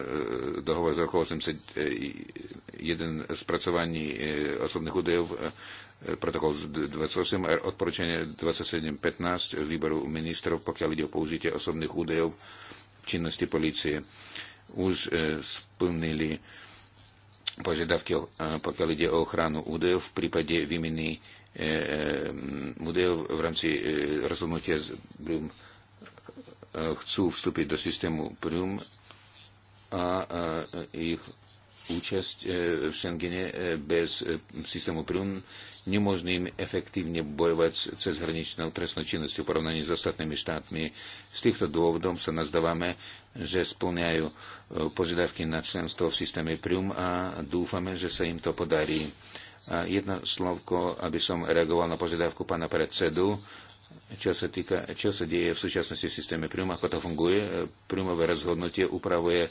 dohovor z roku 81 spracovaní osobných údajov, protokol 28 a odporúčanie 2715 výboru ministrov, pokiaľ ide o použitie osobných údajov v činnosti policie. Už splnili požiadavky, pokiaľ ide o ochranu údajov v prípade výmeny údajov v rámci rozhodnutia z 2. Eh, chcú vstúpiť do systému Prum, a eh, ich účasť eh, v Schengene bez systému Prüm nemožným efektívne bojovať cez cezhraničnou trestnou činnosťou v porovnaní s ostatnými štátmi. Z týchto dôvodov sa nazdávame, že splňajú požiadavky na členstvo v systéme Prum a dúfame, že sa im to podarí. A jedno slovko, aby som reagoval na požiadavku pána predsedu čo sa, týka, čo sa deje v súčasnosti v systéme príjmu, ako to funguje. Príjmové rozhodnutie upravuje e,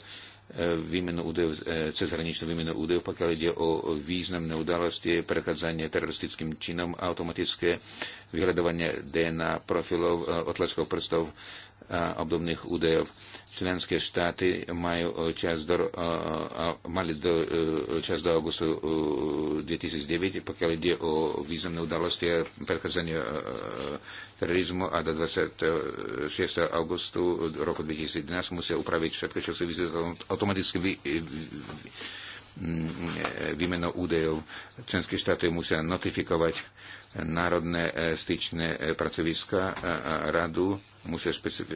výmenu údajov, e, cezhraničnú výmenu údajov, pokiaľ ide o významné udalosti, prechádzanie teroristickým činom, automatické vyhľadovanie DNA profilov, e, otlačkov prstov, a obdobných údajov. Členské štáty majú e, čas do, e, mali do, e, čas do augustu 2009, pokiaľ ide o významné udalosti a predchádzanie terorizmu a do 26. augustu roku 2011 musia upraviť všetko, čo automaticky s automatickým vy, mm, výmenou údajov. Členské štáty musia notifikovať národné e, styčné e, pracoviska a e, radu musia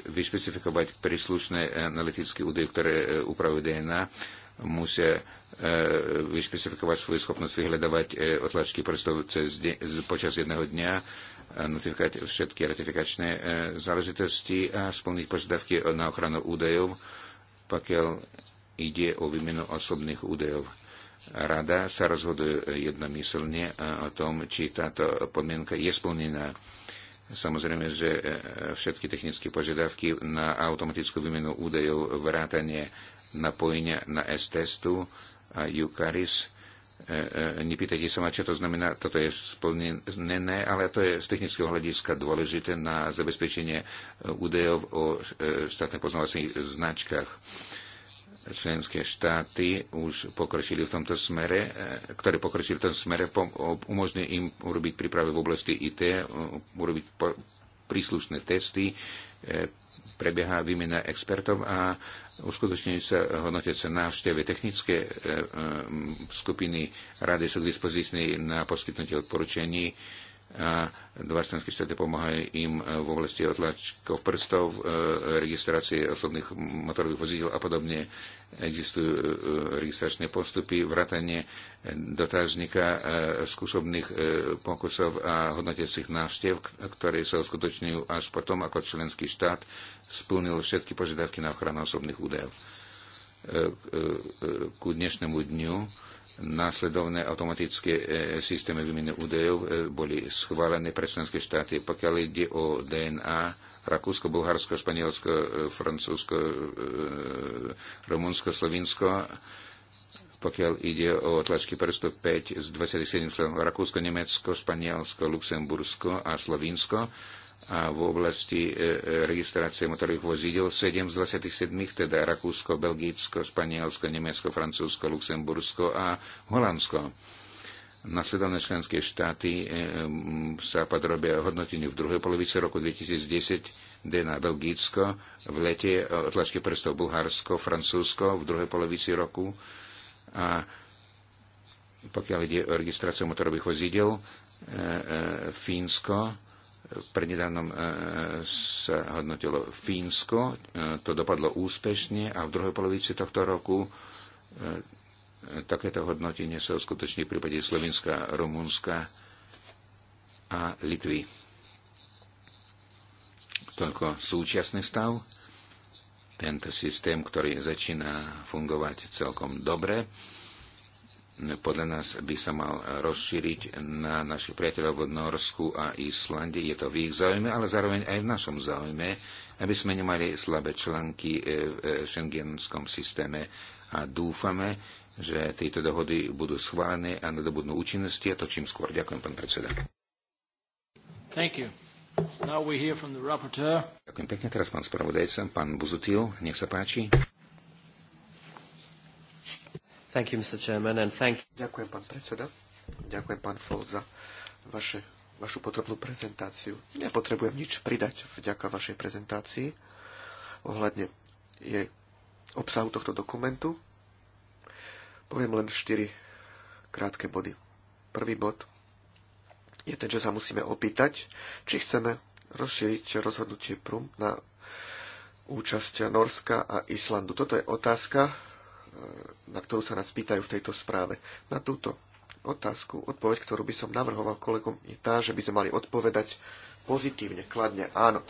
vyšpecifikovať príslušné analytické údaje, ktoré upravujú DNA, musia vyšpecifikovať svoju schopnosť vyhľadávať otlačky prstov cez de- počas jedného dňa, notifikovať všetky ratifikačné záležitosti a splniť požiadavky na ochranu údajov, pokiaľ ide o výmenu osobných údajov rada sa rozhoduje jednomyselne e, o tom, či táto podmienka je splnená. Samozrejme, že e, všetky technické požiadavky na automatickú výmenu údajov, vrátanie napojenia na S-testu a UCARIS, e, nepýtajte sa ma, čo to znamená, toto je splnené, ale to je z technického hľadiska dôležité na zabezpečenie údajov o štátnych poznávacích značkách členské štáty už pokročili v tomto smere, e, ktoré pokročili v tomto smere, umožňuje im urobiť prípravy v oblasti IT, e, urobiť príslušné testy, e, prebieha výmena expertov a uskutočňujú sa hodnotiace návštevy. Technické skupiny rady sú k dispozícii na poskytnutie odporúčení a dva členské štáty pomáhajú im e, v oblasti otlačkov prstov, e, registrácie osobných motorových vozidel a podobne. Existujú e, registračné postupy, vrátanie dotážnika, skúšobných pokusov a hodnotiacich návštev, ktoré sa uskutočňujú až potom, ako členský štát splnil všetky požiadavky na ochranu osobných údajov. Ku dnešnému dňu Následovné automatické e, systémy výmeny údajov e, boli schválené pre členské štáty. Pokiaľ ide o DNA, Rakúsko, Bulharsko, Španielsko, e, Francúzsko, Rumunsko, Slovinsko, pokiaľ ide o tlačky prstov 5 z 27 členov Rakúsko, Nemecko, Španielsko, Luxembursko a Slovinsko, a v oblasti e, e, registrácie motorových vozidel 7 z 27, teda Rakúsko, Belgicko, Španielsko, Nemecko, Francúzsko, Luxembursko a Holandsko. Nasledovné členské štáty e, sa podrobia hodnoteniu v druhej polovici roku 2010 na Belgicko, v lete otlačky prstov Bulharsko, Francúzsko v druhej polovici roku a pokiaľ ide o registráciu motorových vozidel, Fínsko, Prednedávnom e, sa hodnotilo Fínsko, e, to dopadlo úspešne a v druhej polovici tohto roku e, takéto hodnotenie sa skutočne v prípade Slovenska, Rumunska a Litvy. Toľko súčasný stav. Tento systém, ktorý začína fungovať celkom dobre podľa nás by sa mal rozšíriť na našich priateľov v Norsku a Islande. Je to v ich záujme, ale zároveň aj v našom záujme, aby sme nemali slabé články e, e, v šengenskom systéme a dúfame, že tieto dohody budú schválené a nadobudnú účinnosti a to čím skôr. Ďakujem, pán predseda. Thank you. Now we hear from the rapporteur. Ďakujem pekne. Teraz pán spravodajca, pán Buzutil, nech sa páči. Thank you, Mr. Chairman, and thank... Ďakujem, pán predseda. Ďakujem, pán Fol, za vaše, vašu podrobnú prezentáciu. Nepotrebujem nič pridať vďaka vašej prezentácii ohľadne jej obsahu tohto dokumentu. Poviem len štyri krátke body. Prvý bod je ten, že sa musíme opýtať, či chceme rozšíriť rozhodnutie PRUM na účasť Norska a Islandu. Toto je otázka, na ktorú sa nás pýtajú v tejto správe. Na túto otázku, odpoveď, ktorú by som navrhoval kolegom, je tá, že by sme mali odpovedať pozitívne, kladne, áno.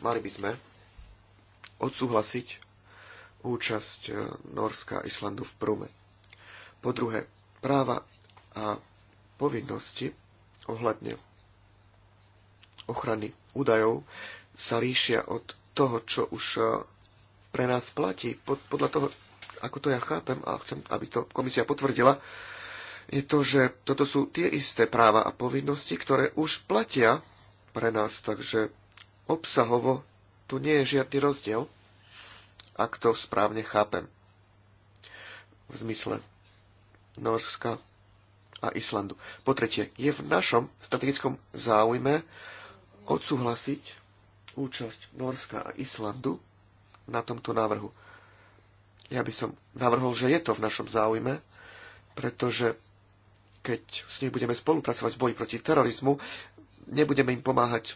Mali by sme odsúhlasiť účasť e, Norska a Islandu v Prume. Po druhé, práva a povinnosti ohľadne ochrany údajov sa líšia od toho, čo už e, pre nás platí, pod, podľa toho, ako to ja chápem a chcem, aby to komisia potvrdila, je to, že toto sú tie isté práva a povinnosti, ktoré už platia pre nás, takže obsahovo tu nie je žiadny rozdiel, ak to správne chápem. V zmysle Norska a Islandu. Po tretie, je v našom strategickom záujme odsúhlasiť účasť Norska a Islandu na tomto návrhu. Ja by som navrhol, že je to v našom záujme, pretože keď s nimi budeme spolupracovať v boji proti terorizmu, nebudeme im pomáhať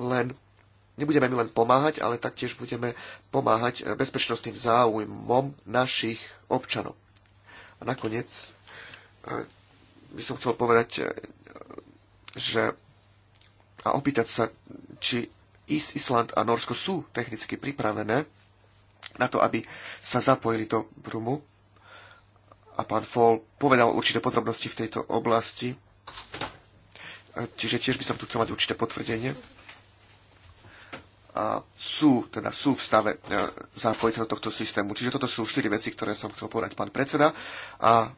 len nebudeme im len pomáhať, ale taktiež budeme pomáhať eh, bezpečnostným záujmom našich občanov. A nakoniec eh, by som chcel povedať, eh, že a opýtať sa, či Island a Norsko sú technicky pripravené na to, aby sa zapojili do Brumu. A pán Fall povedal určité podrobnosti v tejto oblasti. E, Čiže tiež by som tu chcel mať určité potvrdenie. A sú, teda sú v stave e, zapojiť sa do tohto systému. Čiže toto sú štyri veci, ktoré som chcel povedať pán predseda. A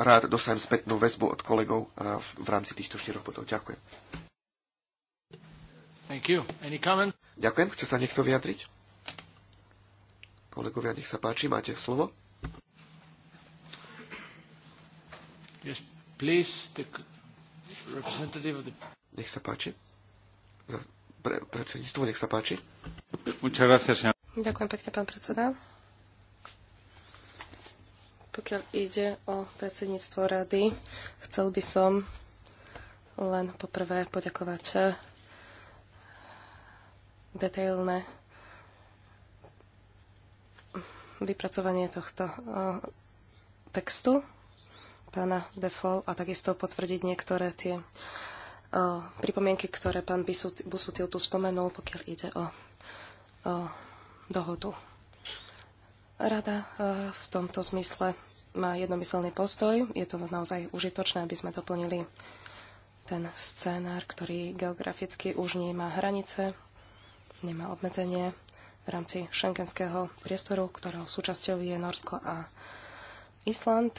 rád dostajem spätnú väzbu od kolegov e, v rámci týchto štyroch bodov. Ďakujem. Ďakujem. Chce sa niekto vyjadriť? Kolegovia, nech sa páči, máte slovo. Yes, please, the representative of the... Nech sa páči. Pre, predsedníctvo, nech sa páči. Ďakujem pekne, pán predseda. Pokiaľ ide o predsedníctvo rady, chcel by som len poprvé poďakovať eh, detailné vypracovanie tohto eh, textu pána Defol a takisto potvrdiť niektoré tie eh, pripomienky, ktoré pán Busutil tu spomenul, pokiaľ ide o, o dohodu. Rada eh, v tomto zmysle má jednomyselný postoj. Je to naozaj užitočné, aby sme doplnili ten scénár, ktorý geograficky už nemá hranice, nemá obmedzenie v rámci šengenského priestoru, ktorého súčasťou je Norsko a Island.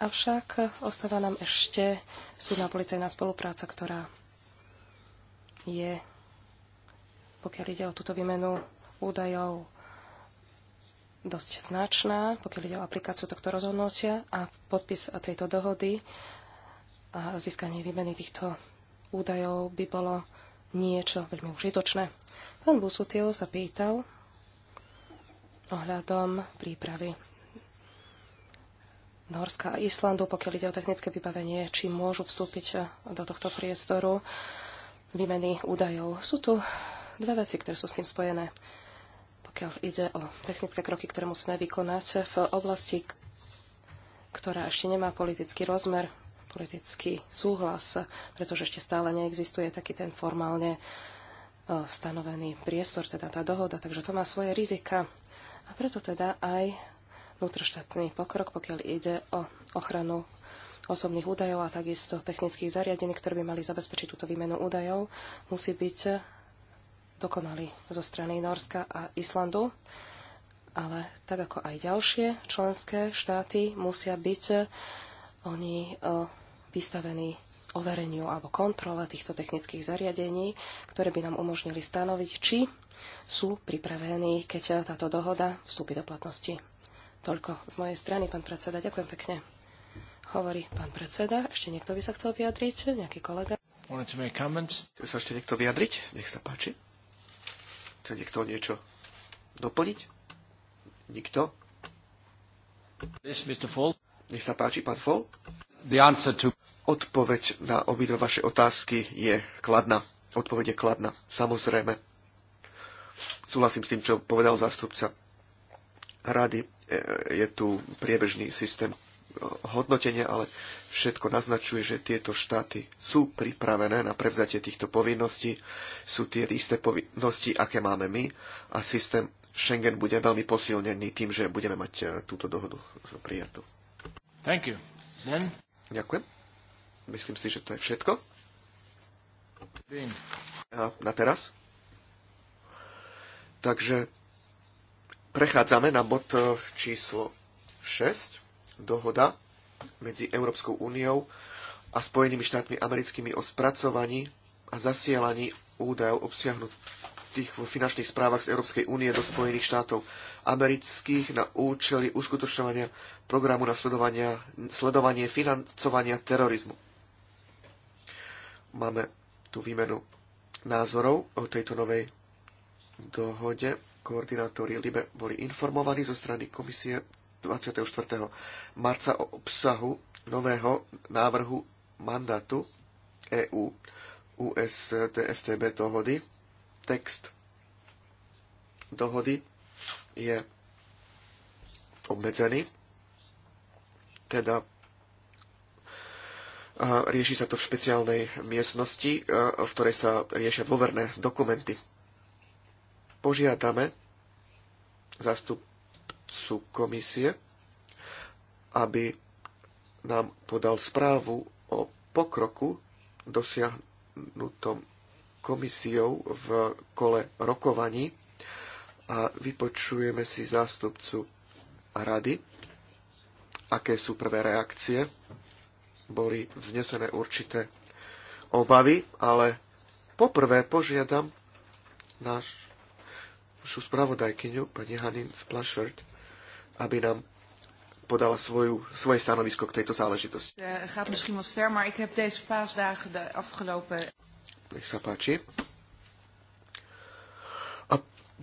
Avšak ostáva nám ešte súdna policajná spolupráca, ktorá je, pokiaľ ide o túto výmenu údajov, dosť značná, pokiaľ ide o aplikáciu tohto rozhodnutia a podpis tejto dohody a získanie výmeny týchto údajov by bolo niečo veľmi užitočné. Pán Busutil sa pýtal ohľadom prípravy Norska a Islandu, pokiaľ ide o technické vybavenie, či môžu vstúpiť do tohto priestoru výmeny údajov. Sú tu dve veci, ktoré sú s tým spojené. Pokiaľ ide o technické kroky, ktoré musíme vykonať v oblasti, ktorá ešte nemá politický rozmer, politický súhlas, pretože ešte stále neexistuje taký ten formálne uh, Eh, stanovený priestor, teda tá dohoda, takže to má svoje rizika. A preto teda aj vnútroštátny pokrok, pokiaľ ide o ochranu osobných údajov a takisto technických zariadení, ktoré by mali zabezpečiť túto výmenu údajov, musí byť dokonalý zo strany Norska a Islandu. Ale tak ako aj ďalšie členské štáty musia byť eh, oni eh, vystavení overeniu alebo kontrole týchto technických zariadení, ktoré by nám umožnili stanoviť, či sú pripravení, keď táto dohoda vstúpi do platnosti. Toľko z mojej strany, pán predseda. Ďakujem pekne. Hovorí pán predseda. Ešte niekto by sa chcel vyjadriť? Nejaký kolega? Chce sa ešte niekto vyjadriť? Nech sa páči. Chce niekto niečo doplniť? Nikto? Nech sa páči, pán Fall. Odpoveď na obidva vaše otázky je kladná. Odpoveď je kladná, samozrejme. Súhlasím s tým, čo povedal zástupca rady. E, je tu priebežný systém e, hodnotenia, ale všetko naznačuje, že tieto štáty sú pripravené na prevzatie týchto povinností. Sú tie isté povinnosti, aké máme my a systém Schengen bude veľmi posilnený tým, že budeme mať e, túto dohodu prijatú. Thank you. Then... Ďakujem. Myslím si, že to je všetko. A na teraz. Takže prechádzame na bod e, číslo 6. Dohoda medzi Európskou úniou a Spojenými štátmi americkými o spracovaní a zasielaní údajov obsiahnutých v finančných správach z Európskej únie do Spojených štátov amerických na účely uskutočňovania programu na sledovania, sledovanie financovania terorizmu. Máme tu výmenu názorov o tejto novej dohode. Koordinátori LIBE boli informovaní zo strany komisie 24. marca o obsahu nového návrhu mandátu EU USTFTB dohody. Text dohody je obmedzený. Teda rieši sa to v špeciálnej miestnosti, v ktorej sa riešia dôverné dokumenty. Požiadame zástupcu komisie, aby nám podal správu o pokroku dosiahnutom komisiou v kole rokovaní a vypočujeme si zástupcu rady, aké sú prvé reakcie. Boli vznesené určité obavy, ale poprvé požiadam náš, našu spravodajkyňu, pani Hanin Splashert, aby nám podala svoju, svoje stanovisko k tejto záležitosti. Eh, gaat misschien wat ver, maar ik heb deze paasdagen de afgelopen... Nech sa páči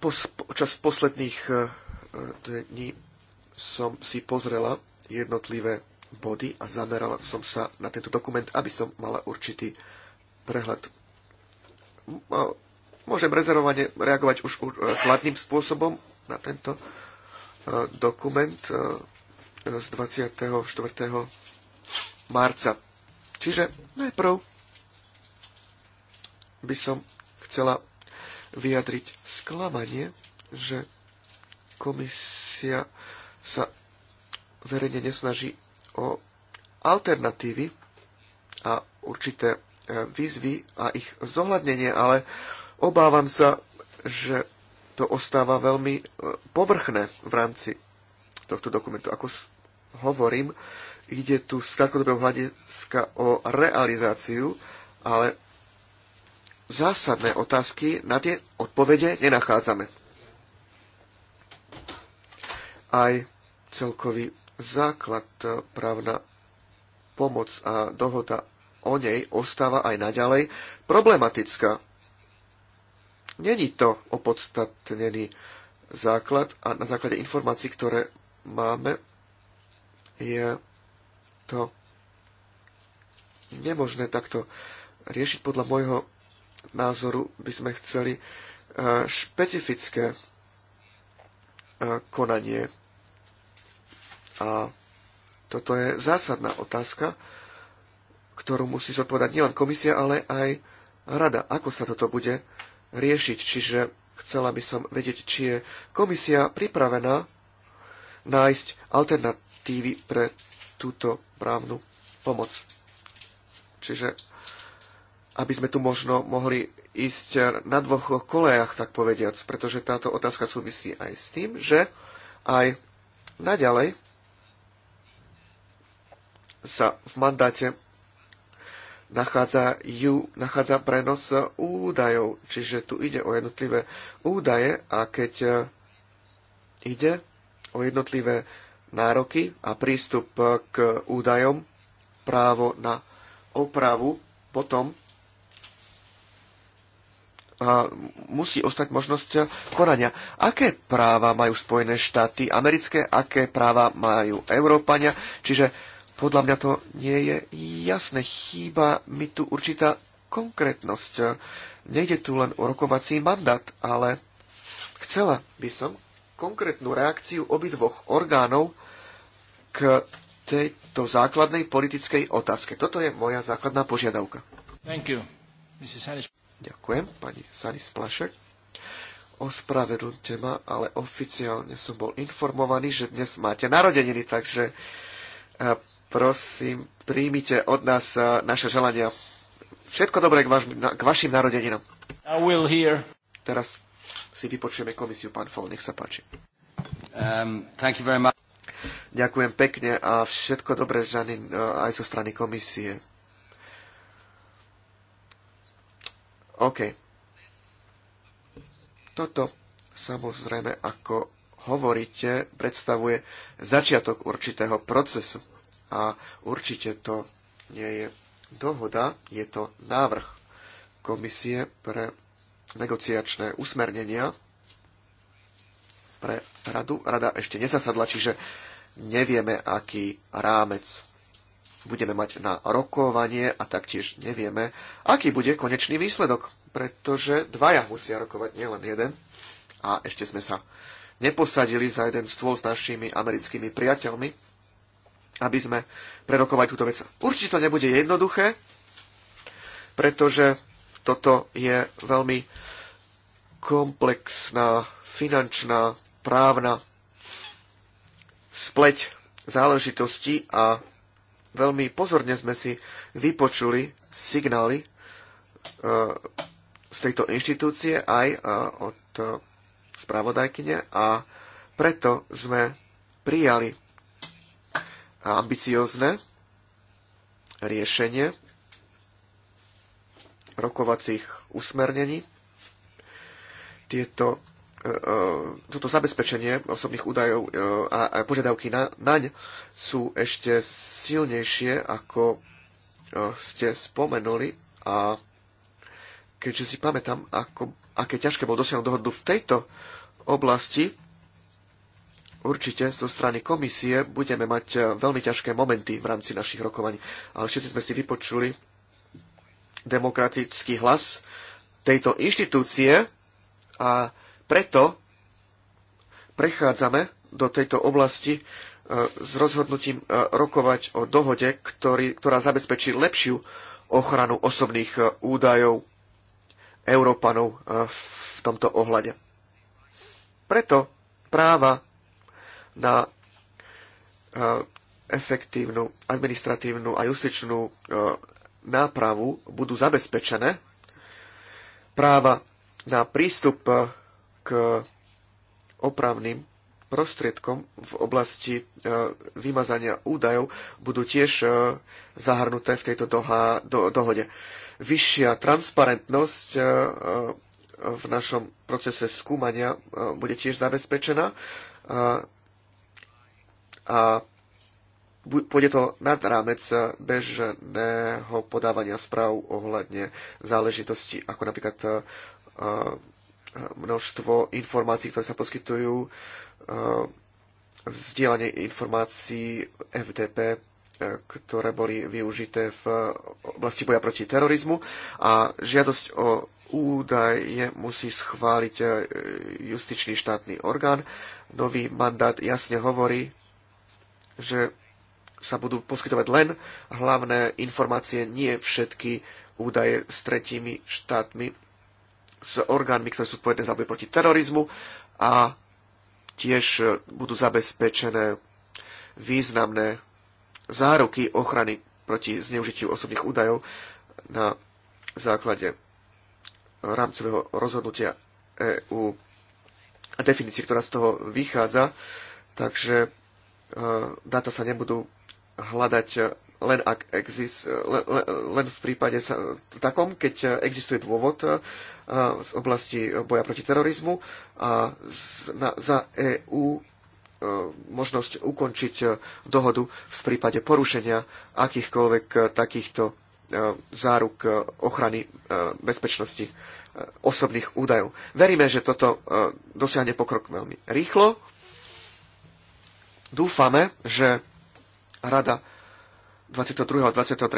pos, počas posledných e, e, dní som si pozrela jednotlivé body a zamerala som sa na tento dokument, aby som mala určitý prehľad. Môžem rezervovane reagovať už e, kladným spôsobom na tento dokument z 24. marca. Čiže najprv by som chcela vyjadriť sklamanie, že komisia sa verejne nesnaží o alternatívy a určité e, výzvy a ich zohľadnenie, ale obávam sa, že to ostáva veľmi e, povrchné v rámci tohto dokumentu. Ako hovorím, ide tu z krátkodobého hľadiska o realizáciu, ale zásadné otázky, na tie odpovede nenachádzame. Aj celkový základ e, právna pomoc a dohoda o nej ostáva aj naďalej problematická. Není to opodstatnený základ a na základe informácií, ktoré máme, je to nemožné takto riešiť podľa môjho názoru by sme chceli e, špecifické e, konanie. A toto je zásadná otázka, ktorú musí zodpovedať nielen komisia, ale aj rada. Ako sa toto bude riešiť? Čiže chcela by som vedieť, či je komisia pripravená nájsť alternatívy pre túto právnu pomoc. Čiže aby sme tu možno mohli ísť na dvoch kolejach, tak povediac, pretože táto otázka súvisí aj s tým, že aj naďalej sa v mandáte nachádza, ju, nachádza prenos údajov, čiže tu ide o jednotlivé údaje a keď ide o jednotlivé nároky a prístup k údajom, právo na opravu, potom a musí ostať možnosť konania. Aké práva majú Spojené štáty americké, aké práva majú Európania? Čiže podľa mňa to nie je jasné. Chýba mi tu určitá konkrétnosť. Nejde tu len o rokovací mandát, ale chcela by som konkrétnu reakciu obidvoch orgánov k tejto základnej politickej otázke. Toto je moja základná požiadavka. Thank you. Mrs. Ďakujem, pani Sanis Plašek. Ospravedlňte ma, ale oficiálne som bol informovaný, že dnes máte narodeniny, takže e, prosím, príjmite od nás e, naše želania. Všetko dobré k, vaš, k vašim narodeninám. I will hear. Teraz si vypočujeme komisiu, pán Fol, nech sa páči. Um, thank you very much. Ďakujem pekne a všetko dobré, Žanin, e, aj zo strany komisie. OK. Toto samozrejme, ako hovoríte, predstavuje začiatok určitého procesu. A určite to nie je dohoda, je to návrh komisie pre negociačné usmernenia pre radu. Rada ešte nezasadla, čiže nevieme, aký rámec budeme mať na rokovanie a taktiež nevieme, aký bude konečný výsledok, pretože dvaja musia rokovať, nielen jeden. A ešte sme sa neposadili za jeden stôl s našimi americkými priateľmi, aby sme prerokovali túto vec. Určite to nebude jednoduché, pretože toto je veľmi komplexná finančná právna spleť záležitosti a Veľmi pozorne sme si vypočuli signály e, z tejto inštitúcie aj e, od e, spravodajkyne a preto sme prijali ambiciozne riešenie rokovacích usmernení. Tieto E, e, toto zabezpečenie osobných údajov e, a požiadavky na, naň sú ešte silnejšie, ako ste spomenuli a keďže si pamätám, ako, aké ťažké bol dosiahnuť dohodu v tejto oblasti, určite zo strany komisie budeme mať veľmi ťažké momenty v rámci našich rokovaní. Ale všetci sme si vypočuli demokratický hlas tejto inštitúcie a preto prechádzame do tejto oblasti e, s rozhodnutím e, rokovať o dohode, ktorý, ktorá zabezpečí lepšiu ochranu osobných e, údajov Európanov v tomto ohľade. Preto práva na efektívnu administratívnu a justičnú nápravu budú zabezpečené. Práva na prístup k opravným prostriedkom v oblasti e, vymazania údajov budú tiež e, zahrnuté v tejto doha, do, dohode. Vyššia transparentnosť e, v našom procese skúmania bude tiež zabezpečená a pôjde to nad rámec bežného podávania správ ohľadne záležitosti, ako napríklad množstvo informácií, ktoré sa poskytujú, eh, vzdielanie informácií FDP, eh, ktoré boli využité v oblasti boja proti terorizmu a žiadosť o údaje musí schváliť eh, justičný štátny orgán. Nový mandát jasne hovorí, že sa budú poskytovať len hlavné informácie, nie všetky údaje s tretími štátmi s orgánmi, ktoré sú spojené za boj proti terorizmu a tiež e, budú zabezpečené významné záruky ochrany proti zneužitiu osobných údajov na základe rámcového rozhodnutia EÚ a definície, ktorá z toho vychádza. Takže e, dáta sa nebudú hľadať len, ak exist, len, len v prípade sa, takom, keď existuje dôvod eh, z oblasti boja proti terorizmu a na, za EÚ eh, možnosť ukončiť eh, dohodu v prípade porušenia akýchkoľvek takýchto záruk ochrany bezpečnosti osobných údajov. Veríme, že toto dosiahne pokrok veľmi rýchlo. Dúfame, že Rada 22. a 23.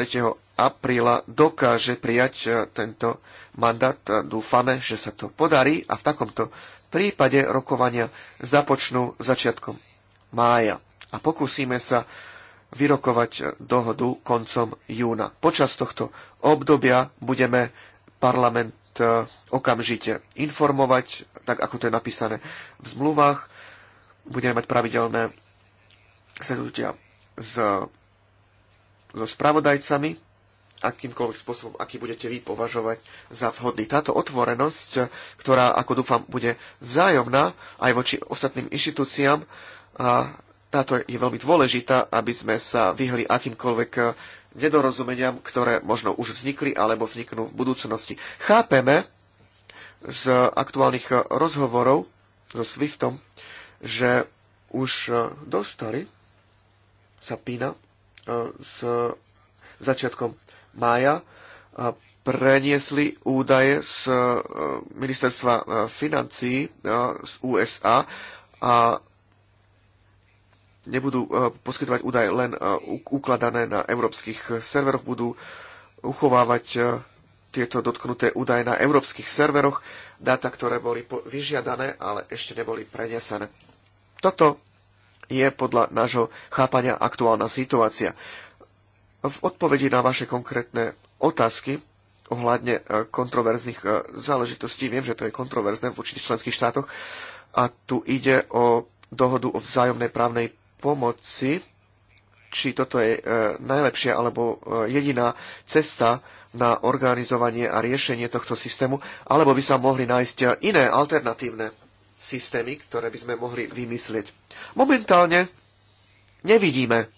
apríla dokáže prijať e, tento mandát. E, Dúfame, že sa to podarí a v takomto prípade rokovania započnú začiatkom mája a pokúsime sa vyrokovať e, dohodu koncom júna. Počas tohto obdobia budeme parlament okamžite informovať, tak ako to je napísané v zmluvách. Budeme mať pravidelné sednutia s so spravodajcami, akýmkoľvek spôsobom, aký budete vy považovať za vhodný. Táto otvorenosť, ktorá, ako dúfam, bude vzájomná aj voči ostatným inštitúciám, a táto je veľmi dôležitá, aby sme sa vyhli akýmkoľvek e, nedorozumeniam, ktoré možno už vznikli alebo vzniknú v budúcnosti. Chápeme z aktuálnych rozhovorov so SWIFTom, že už e, dostali sa pína E, s začiatkom mája preniesli údaje z e, ministerstva e, financí z USA a nebudú poskytovať údaje len ukladané na európskych serveroch, budú uchovávať tieto dotknuté údaje na európskych serveroch, dáta, ktoré boli vyžiadané, ale ešte neboli prenesené. Toto je podľa nášho chápania aktuálna situácia. V odpovedi na vaše konkrétne otázky ohľadne e, kontroverzných e, záležitostí, viem, že to je kontroverzné v určitých členských štátoch, a tu ide o dohodu o vzájomnej právnej pomoci, či toto je e, najlepšia alebo jediná cesta na organizovanie a riešenie tohto systému, alebo by sa mohli nájsť iné alternatívne systémy, ktoré by sme mohli vymyslieť. Momentálne nevidíme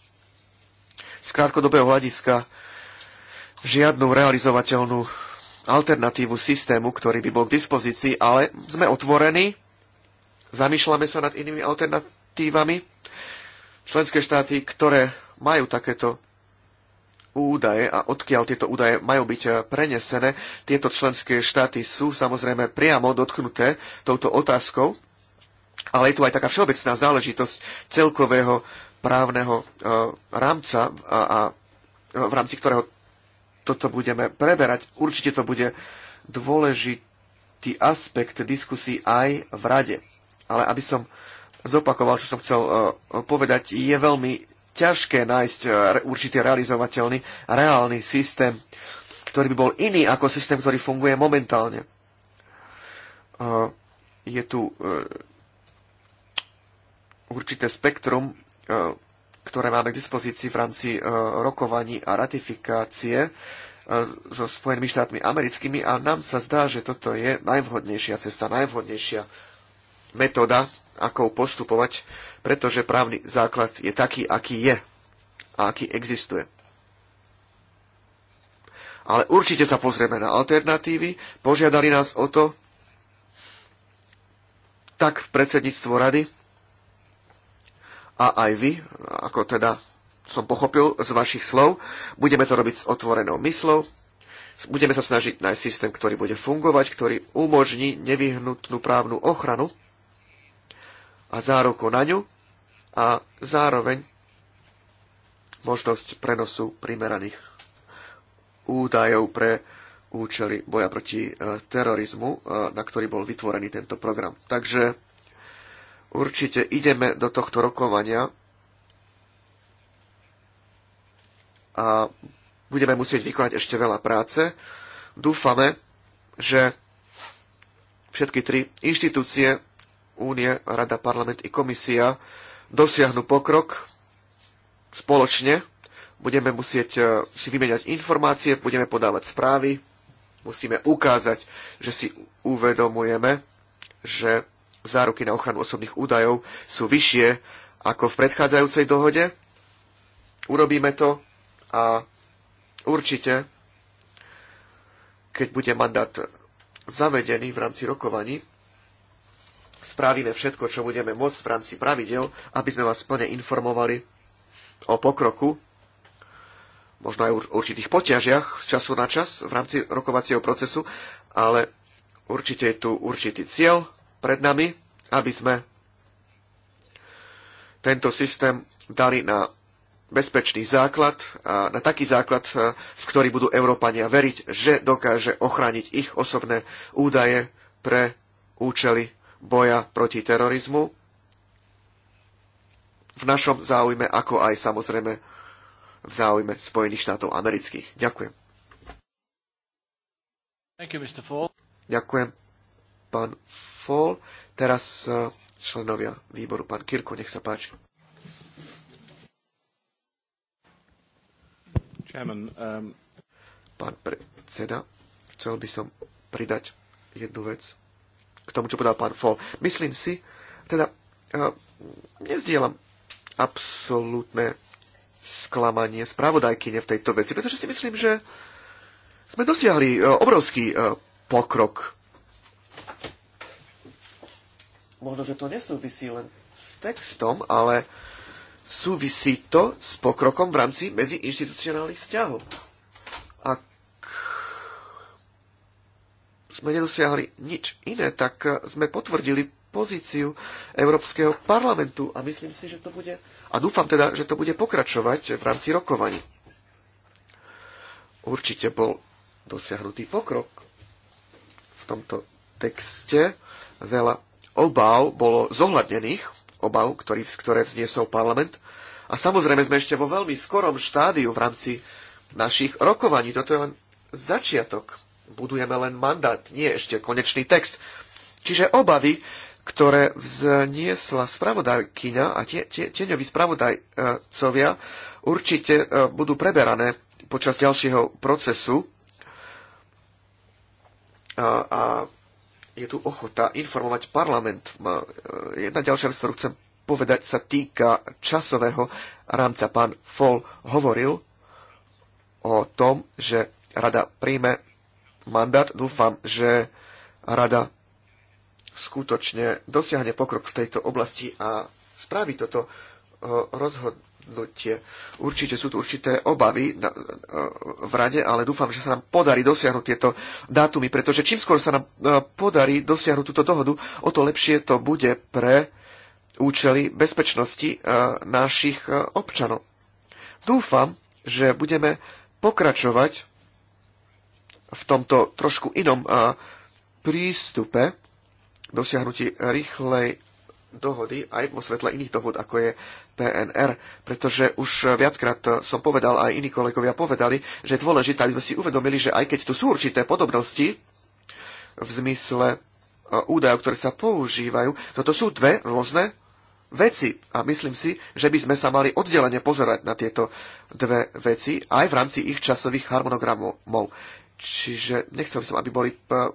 z krátkodobého hľadiska žiadnu realizovateľnú alternatívu systému, ktorý by bol k dispozícii, ale sme otvorení, zamýšľame sa nad inými alternatívami. Členské štáty, ktoré majú takéto údaje a odkiaľ tieto údaje majú byť eh, prenesené. Tieto členské štáty sú samozrejme priamo dotknuté touto otázkou, ale je tu aj taká všeobecná záležitosť celkového právneho eh, rámca a, a v rámci ktorého toto budeme preberať. Určite to bude dôležitý aspekt diskusí aj v rade. Ale aby som zopakoval, čo som chcel eh, povedať, je veľmi ťažké nájsť e, určite realizovateľný a reálny systém, ktorý by bol iný ako systém, ktorý funguje momentálne. E, je tu e, určité spektrum, ktoré máme k dispozícii v rámci rokovaní a ratifikácie so Spojenými štátmi americkými a nám sa zdá, že toto je najvhodnejšia cesta, najvhodnejšia metóda, ako postupovať pretože právny základ je taký, aký je a aký existuje. Ale určite sa pozrieme na alternatívy. Požiadali nás o to tak v predsedníctvo rady a aj vy, ako teda som pochopil z vašich slov, budeme to robiť s otvorenou myslou, budeme sa snažiť nájsť systém, ktorý bude fungovať, ktorý umožní nevyhnutnú právnu ochranu a záruku na ňu a zároveň možnosť prenosu primeraných údajov pre účely boja proti e, terorizmu, e, na ktorý bol vytvorený tento program. Takže určite ideme do tohto rokovania a budeme musieť vykonať ešte veľa práce. Dúfame, že všetky tri inštitúcie, Únie, Rada, Parlament i Komisia dosiahnu pokrok spoločne. Budeme musieť e, si vymeniať informácie, budeme podávať správy, musíme ukázať, že si uvedomujeme, že záruky na ochranu osobných údajov sú vyššie ako v predchádzajúcej dohode. Urobíme to a určite, keď bude mandát zavedený v rámci rokovaní, spravíme všetko, čo budeme môcť v rámci pravidel, aby sme vás plne informovali o pokroku, možno aj o určitých poťažiach z času na čas v rámci rokovacieho procesu, ale určite je tu určitý cieľ pred nami, aby sme tento systém dali na bezpečný základ, na taký základ, e, v ktorý budú Európania veriť, že dokáže ochrániť ich osobné údaje pre účely boja proti terorizmu v našom záujme, ako aj samozrejme v záujme Spojených štátov amerických. Ďakujem. You, Ďakujem, pán Fall. Teraz eh, členovia výboru. Pán Kirko, nech sa páči. Chairman, um... Pán predseda, chcel by som pridať jednu vec k tomu, čo povedal pán Fall. Myslím si, teda e, nezdielam absolútne sklamanie spravodajkyne v tejto veci, pretože si myslím, že sme dosiahli e, obrovský e, pokrok. Možno, že to nesúvisí len s textom, ale súvisí to s pokrokom v rámci medziinstitucionálnych vzťahov. sme nedosiahli nič iné, tak sme potvrdili pozíciu Európskeho parlamentu a myslím si, že to bude, a dúfam teda, že to bude pokračovať v rámci rokovaní. Určite bol dosiahnutý pokrok v tomto texte. Veľa obav bolo zohľadnených, obav, ktorý, ktoré vzniesol parlament. A samozrejme sme ešte vo veľmi skorom štádiu v rámci našich rokovaní. Toto je len začiatok budujeme len mandát, nie ešte konečný text. Čiže obavy, ktoré vzniesla spravodajkyňa a tie, tie, tieňoví spravodajcovia určite e, budú preberané počas ďalšieho procesu a, a je tu ochota informovať parlament. E, jedna ďalšia vec, ktorú chcem povedať, sa týka časového rámca. Pán Fol hovoril o tom, že rada príjme mandát. Dúfam, že rada skutočne dosiahne pokrok v tejto oblasti a spraví toto e, rozhodnutie. Určite sú tu určité obavy e, v rade, ale dúfam, že sa nám podarí dosiahnuť tieto dátumy, pretože čím skôr sa nám e, podarí dosiahnuť túto dohodu, o to lepšie to bude pre účely bezpečnosti našich občanov. Dúfam, že budeme pokračovať v tomto trošku inom prístupe dosiahnutí rýchlej dohody aj vo svetle iných dohod, ako je PNR, pretože už viackrát som povedal, aj iní kolegovia povedali, že je dôležité, aby sme si uvedomili, že aj keď tu sú určité podobnosti v zmysle údajov, ktoré sa používajú, toto sú dve rôzne veci. A myslím si, že by sme sa mali oddelene pozerať na tieto dve veci aj v rámci ich časových harmonogramov. Čiže nechcel by som, aby boli eh,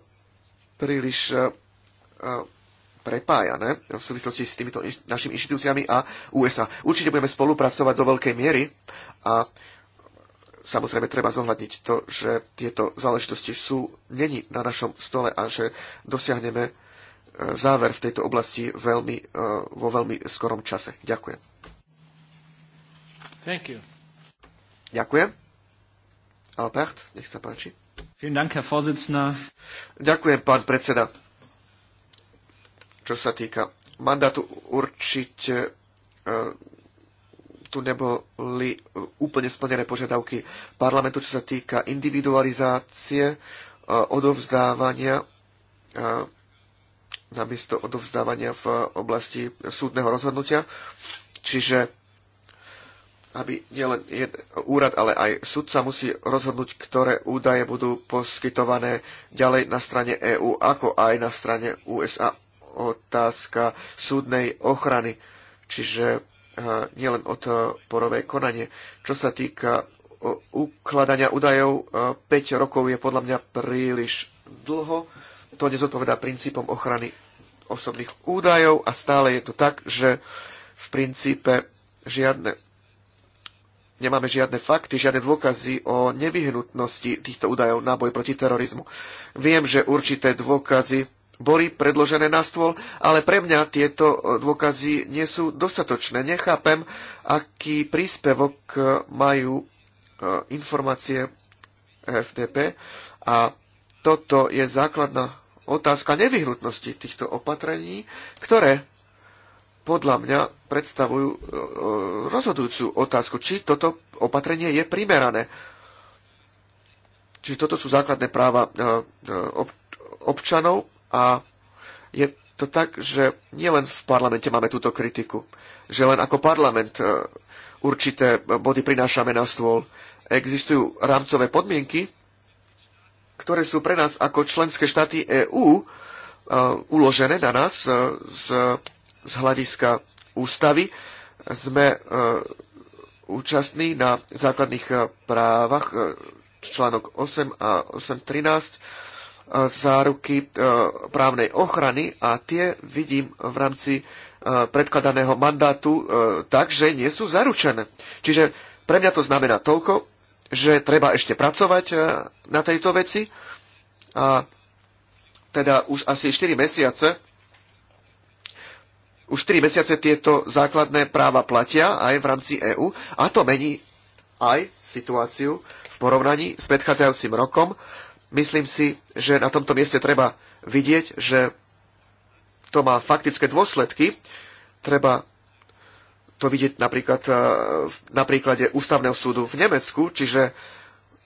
príliš eh, eh, prepájané v súvislosti s týmito inš- našimi inštitúciami a USA. Určite budeme spolupracovať do veľkej miery a samozrejme treba zohľadniť to, že tieto záležitosti sú není na našom stole a že dosiahneme záver v tejto oblasti veľmi, vo veľmi skorom čase. Ďakujem. Thank you. Ďakujem. Albert, nech sa páči. Ďakujem, pán predseda. Čo sa týka mandátu, určite e, tu neboli úplne splnené požiadavky parlamentu, čo sa týka individualizácie, e, odovzdávania e, namiesto odovzdávania v oblasti súdneho rozhodnutia. Čiže aby nielen úrad, ale aj sudca musí rozhodnúť, ktoré údaje budú poskytované ďalej na strane EÚ, ako aj na strane USA. Otázka súdnej ochrany, čiže eh, nielen odporové eh, konanie. Čo sa týka ukladania údajov, 5 eh, rokov je podľa mňa príliš dlho. To nezodpovedá princípom ochrany osobných údajov a stále je to tak, že v princípe žiadne nemáme žiadne fakty, žiadne dôkazy o nevyhnutnosti týchto údajov na boj proti terorizmu. Viem, že určité dôkazy boli predložené na stôl, ale pre mňa tieto e, dôkazy nie sú dostatočné. Nechápem, aký príspevok e, majú e, informácie FDP a toto je základná otázka nevyhnutnosti týchto opatrení, ktoré podľa mňa predstavujú e, e, rozhodujúcu otázku, či toto opatrenie je primerané. Čiže toto sú základné práva e, občanov a je to tak, že nielen v parlamente máme túto kritiku, že len ako parlament určité body prinášame na stôl. Existujú rámcové podmienky, ktoré sú pre nás ako členské štáty EÚ uložené na nás z z hľadiska ústavy sme e, účastní na základných e, právach e, článok 8 a 8.13 záruky právnej ochrany a tie vidím v rámci predkladaného mandátu tak, že nie sú zaručené. Čiže pre mňa to znamená toľko, že treba ešte pracovať na tejto veci a teda už asi 4 mesiace už tri mesiace tieto základné práva platia aj v rámci EÚ a to mení aj situáciu v porovnaní s predchádzajúcim rokom. Myslím si, že na tomto mieste treba vidieť, že to má faktické dôsledky. Treba to vidieť napríklad e, na príklade Ústavného súdu v Nemecku, čiže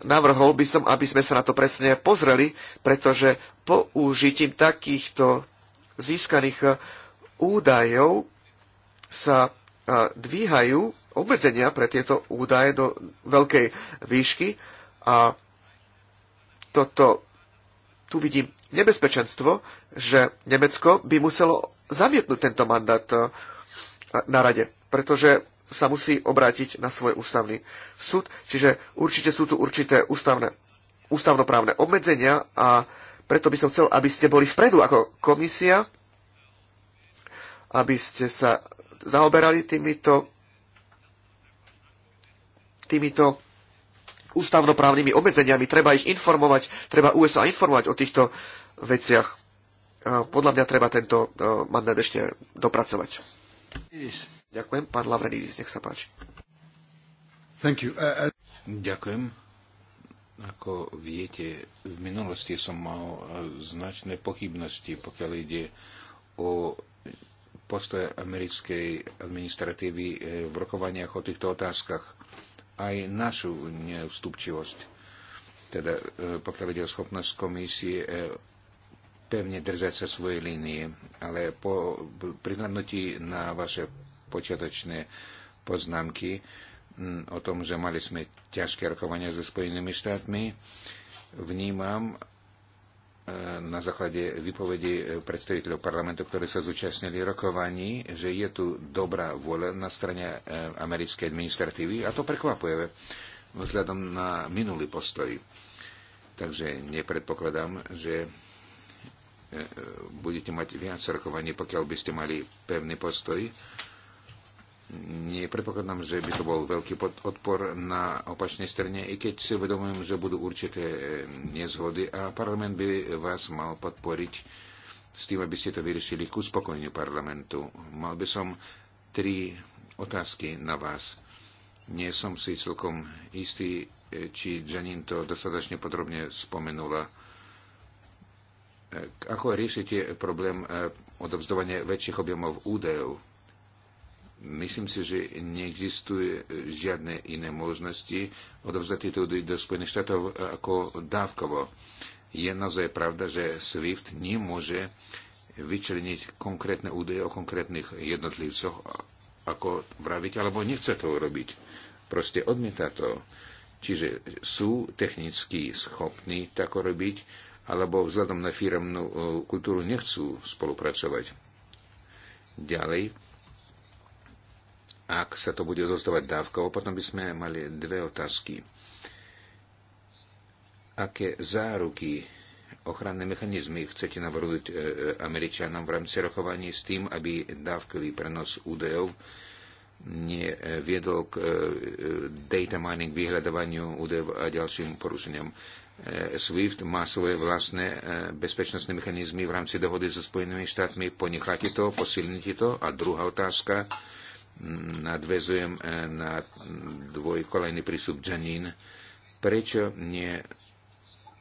navrhol by som, aby sme sa na to presne pozreli, pretože použitím takýchto získaných e, údajov sa dvíhajú obmedzenia pre tieto údaje do veľkej výšky a toto, tu vidím nebezpečenstvo, že Nemecko by muselo zamietnúť tento mandát na rade, pretože sa musí obrátiť na svoj ústavný súd, čiže určite sú tu určité ústavné, ústavnoprávne obmedzenia a preto by som chcel, aby ste boli vpredu ako komisia aby ste sa zaoberali týmito, týmito ústavnoprávnymi obmedzeniami. Treba ich informovať, treba USA informovať o týchto veciach. Podľa mňa treba tento e, mandát ešte dopracovať. Ďakujem. Pán Lavrenidis, nech sa páči. Thank you. Uh, uh... Ďakujem. Ako viete, v minulosti som mal značné pochybnosti, pokiaľ ide o postoje americkej administratívy e, v rokovaniach o týchto otázkach aj našu nevstupčivosť, teda e, pokiaľ ide o schopnosť komisie e, pevne držať sa svojej línie, ale po prihľadnutí na vaše počiatočné poznámky o tom, že mali sme ťažké rokovania so Spojenými štátmi, vnímam E, na základe vypovedí e, predstaviteľov parlamentu, ktorí sa zúčastnili rokovaní, že je tu dobrá vôľa na strane e, americkej administratívy a to prekvapuje vzhľadom na minulý postoj. Takže nepredpokladám, že budete mať viac rokovaní, pokiaľ by ste mali pevný postoj nepredpokladám, že by to bol veľký odpor na opačnej strane, i keď si uvedomujem, že budú určité eh, nezhody a parlament by vás mal podporiť s tým, aby ste to vyriešili k uspokojeniu parlamentu. Mal by som tri otázky na vás. Nie som si celkom istý, eh, či Janin to dostatočne podrobne spomenula. Eh, ako riešite problém odovzdovania väčších objemov údajov? Myslím si, že neexistuje žiadne iné možnosti odovzdať tieto údaje do Spojených štátov e, ako dávkovo. Je naozaj pravda, že SWIFT nemôže vyčleniť konkrétne údaje o konkrétnych jednotlivcoch, ako vraviť, alebo nechce to urobiť. Proste odmieta to. Čiže sú technicky schopní tak robiť, alebo vzhľadom na firmnú e, kultúru nechcú spolupracovať. Ďalej, ak sa to bude odozdovať dávkou, potom by sme mali dve otázky. Aké záruky, ochranné mechanizmy chcete navrhnúť e, e Američanom v rámci rokovaní s tým, aby dávkový prenos údajov neviedol k e, e data mining, vyhľadávaniu údajov a ďalším porušeniam. E, SWIFT má svoje vlastné bezpečnostné mechanizmy v rámci dohody so Spojenými štátmi. Ponecháte to, posilnite to. A druhá otázka, nadvezujem e, na dvojkolejný prístup Janín. Prečo nie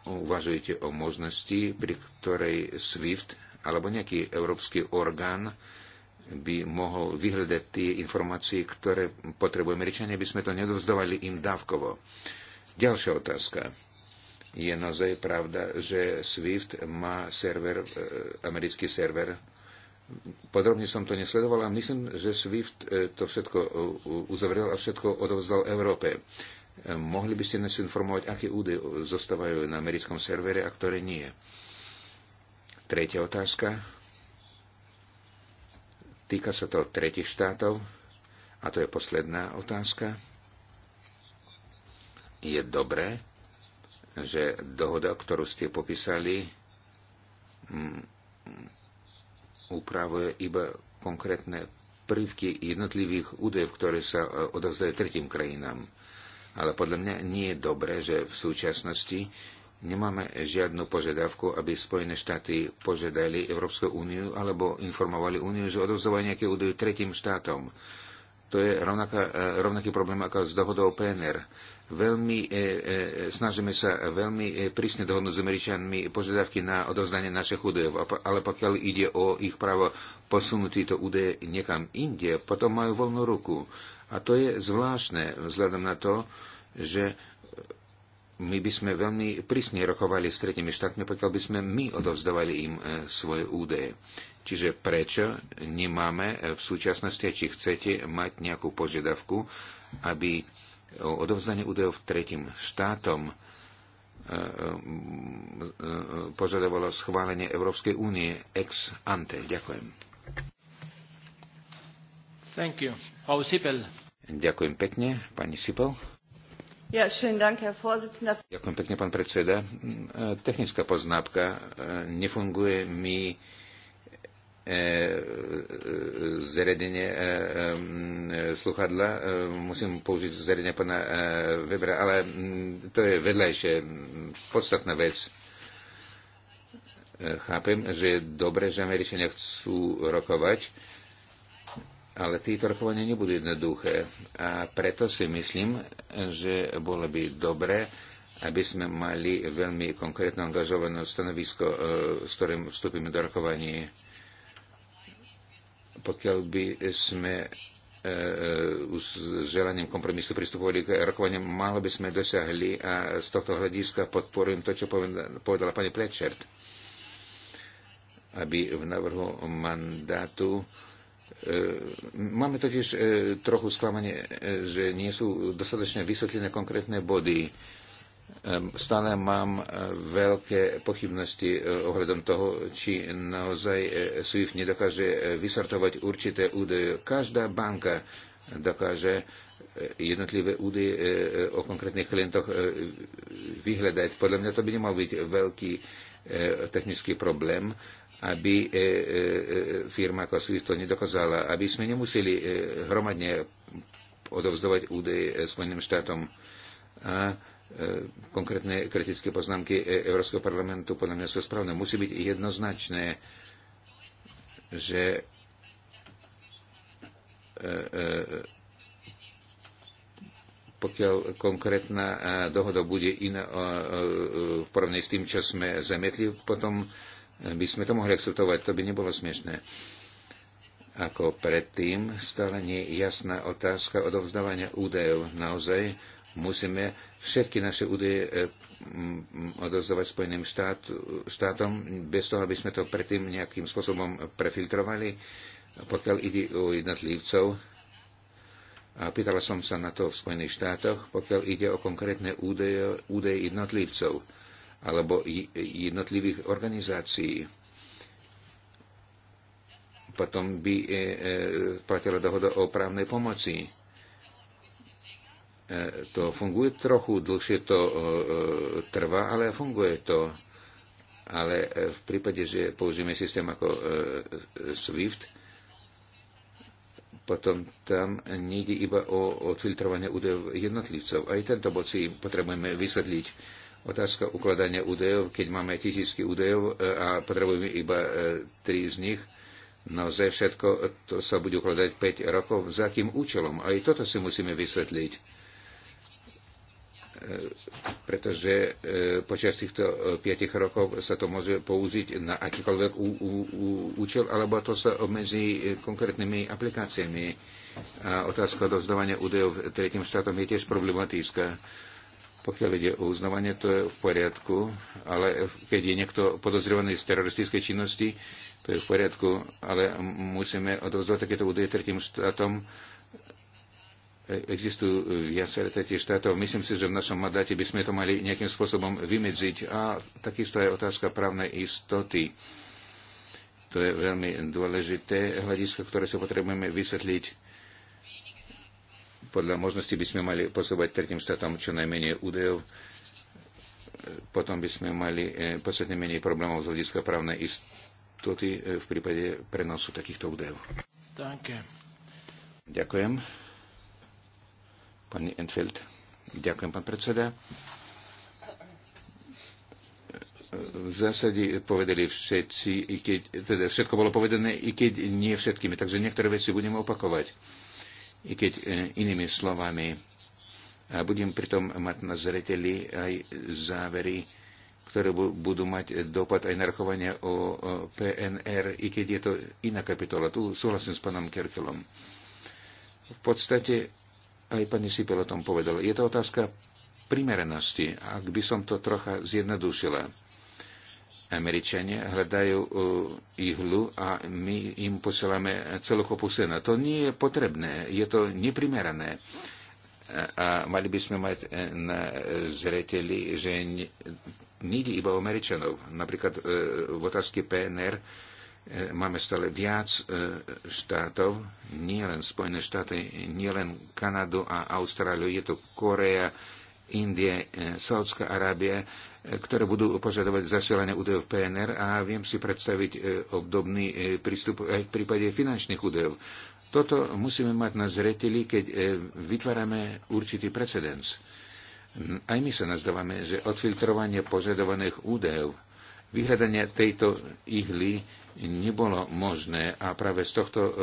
uvažujete o možnosti, pri ktorej SWIFT alebo nejaký európsky orgán by mohol vyhľadať tie informácie, ktoré potrebujeme Američania, aby sme to nedovzdovali im dávkovo. Ďalšia otázka. Je naozaj pravda, že SWIFT má server, e, americký server Podrobne som to nesledoval a myslím, že SWIFT e, to všetko e, uzavrel a všetko odovzdal Európe. E, mohli by ste nás informovať, aké údy zostávajú na americkom servere a ktoré nie? Tretia otázka. Týka sa to tretich štátov. A to je posledná otázka. Je dobré, že dohoda, ktorú ste popísali, upravuje iba konkrétne prvky jednotlivých údajov, ktoré sa e, odovzdajú tretím krajinám. Ale podľa mňa nie je dobré, že v súčasnosti nemáme žiadnu požiadavku, aby Spojené štáty požiadali Európsku úniu alebo informovali úniu, že odovzdávajú nejaké údaje tretím štátom. To je rovnaká, e, rovnaký problém ako s dohodou PNR veľmi, e, e, e, snažíme sa veľmi e, prísne dohodnúť s Američanmi požiadavky na odovzdanie našich údajov, ale pokiaľ ide o ich právo posunúť tieto údaje niekam inde, potom majú voľnú ruku. A to je zvláštne vzhľadom na to, že my by sme veľmi prísne rokovali s tretimi štátmi, pokiaľ by sme my odovzdávali im e, svoje údaje. Čiže prečo nemáme v súčasnosti, či chcete mať nejakú požiadavku, aby odovzdanie údajov v tretím štátom e, e, e, požadovalo schválenie Európskej únie ex ante. Ďakujem. Thank you. Frau Sippel. Ďakujem pekne, pani Sipel. Ja, schön dank, Herr Ďakujem pekne, pán predseda. Technická poznámka. Nefunguje mi E, e, zariadenie e, sluchadla. Musím použiť zariadenie pana Webera, ale to je vedľajšie podstatná vec. Chápem, že je dobré, že Američania chcú rokovať, ale títo rokovania nebudú jednoduché. A preto si myslím, že bolo by dobré, aby sme mali veľmi konkrétno angažované stanovisko, s ktorým vstúpime do rokovania pokiaľ by sme e, e, s želaním kompromisu pristupovali k rokovaniam, malo by sme dosiahli a z tohto hľadiska podporujem to, čo povedala pani Plečert, aby v návrhu mandátu e, Máme totiž trochu sklamanie, že nie sú dostatočne vysvetlené konkrétne body Ehm, stále mám e, veľké pochybnosti e, ohľadom toho, či naozaj e, SWIFT nedokáže vysortovať určité údaje. Každá banka dokáže jednotlivé údaje o konkrétnych klientoch vyhľadať. Podľa mňa to by nemal byť veľký technický problém, aby firma ako SWIFT to nedokázala, aby sme nemuseli hromadne odovzdovať údaje Spojeným štátom. A E, konkrétne kritické poznámky e, Európskeho parlamentu podľa mňa sú správne. Musí byť jednoznačné, že e, pokiaľ konkrétna dohoda bude iná v porovnaní s tým, čo sme zamietli, potom by sme to mohli akceptovať. To by nebolo smiešné. Ako predtým, stále nie je jasná otázka odovzdávania údajov. Naozaj Musíme všetky naše údaje e, odozdovať Spojeným štát, štátom, bez toho, aby sme to predtým nejakým spôsobom prefiltrovali, pokiaľ ide o jednotlivcov. A pýtala som sa na to v Spojených štátoch, pokiaľ ide o konkrétne údaje, údaje jednotlivcov alebo jednotlivých organizácií. Potom by e, e, platila dohoda o právnej pomoci E, to funguje trochu, dlhšie to e, e, trvá, ale funguje to. Ale v prípade, že použijeme systém ako SWIFT, potom tam nejde iba o odfiltrovanie údajov jednotlivcov. Aj tento bod si potrebujeme vysvetliť. Otázka ukladania údajov, keď máme tisícky údajov a potrebujeme iba tri z nich, no za všetko to sa bude ukladať 5 rokov, za akým účelom. Aj toto si musíme vysvetliť E, pretože e, počas týchto 5 e, rokov sa to môže použiť na akýkoľvek účel, alebo to sa obmedzí konkrétnymi aplikáciami. A otázka dozdávania údajov v tretím štátom je tiež problematická. Pokiaľ ide o uznávanie, to je v poriadku, ale keď je niekto podozrievaný z teroristickej činnosti, to je v poriadku, ale musíme odovzdať takéto údaje tretím štátom, existujú e, viaceré tretie štátov. Myslím si, že v našom mandáte by sme to mali nejakým spôsobom vymedziť. A takisto je otázka právnej istoty. To je veľmi dôležité hľadisko, ktoré si potrebujeme vysvetliť. Podľa možnosti by sme mali posúvať tretím štátom čo najmenej údajov. Potom by sme mali e, podstatne menej problémov z hľadiska právnej istoty e, v prípade prenosu takýchto údajov. Ďakujem. Pani Enfeld. Ďakujem, pán predseda. V zásade povedali všetci, i keď, teda všetko bolo povedané, i keď nie všetkými. Takže niektoré veci budem opakovať, i keď e, inými slovami. A budem pritom mať na zreteli aj závery, ktoré budú mať dopad aj na rachovanie o PNR, i keď je to iná kapitola. Tu súhlasím s pánom Kerkelom. V podstate aj pani Sipel o tom povedala. Je to otázka primeranosti, ak by som to trocha zjednodušila. Američania hľadajú uh, ihlu a my im posielame celú kopu sena. To nie je potrebné, je to neprimerané. A, e, a mali by sme mať e, na zreteli, že nie iba Američanov. Napríklad uh, v otázke PNR E, máme stále viac e, štátov, nielen Spojené štáty, nielen Kanadu a Austráliu, je to Korea, Indie, e, Saudská Arábia, ktoré budú požadovať zasielanie údajov PNR a viem si predstaviť obdobný prístup aj v prípade finančných údajov. Toto musíme mať na zreteli, keď vytvárame určitý precedens. Aj my sa nazdávame, že odfiltrovanie požadovaných údajov, vyhľadanie tejto ihly nebolo možné a práve z tohto e, e,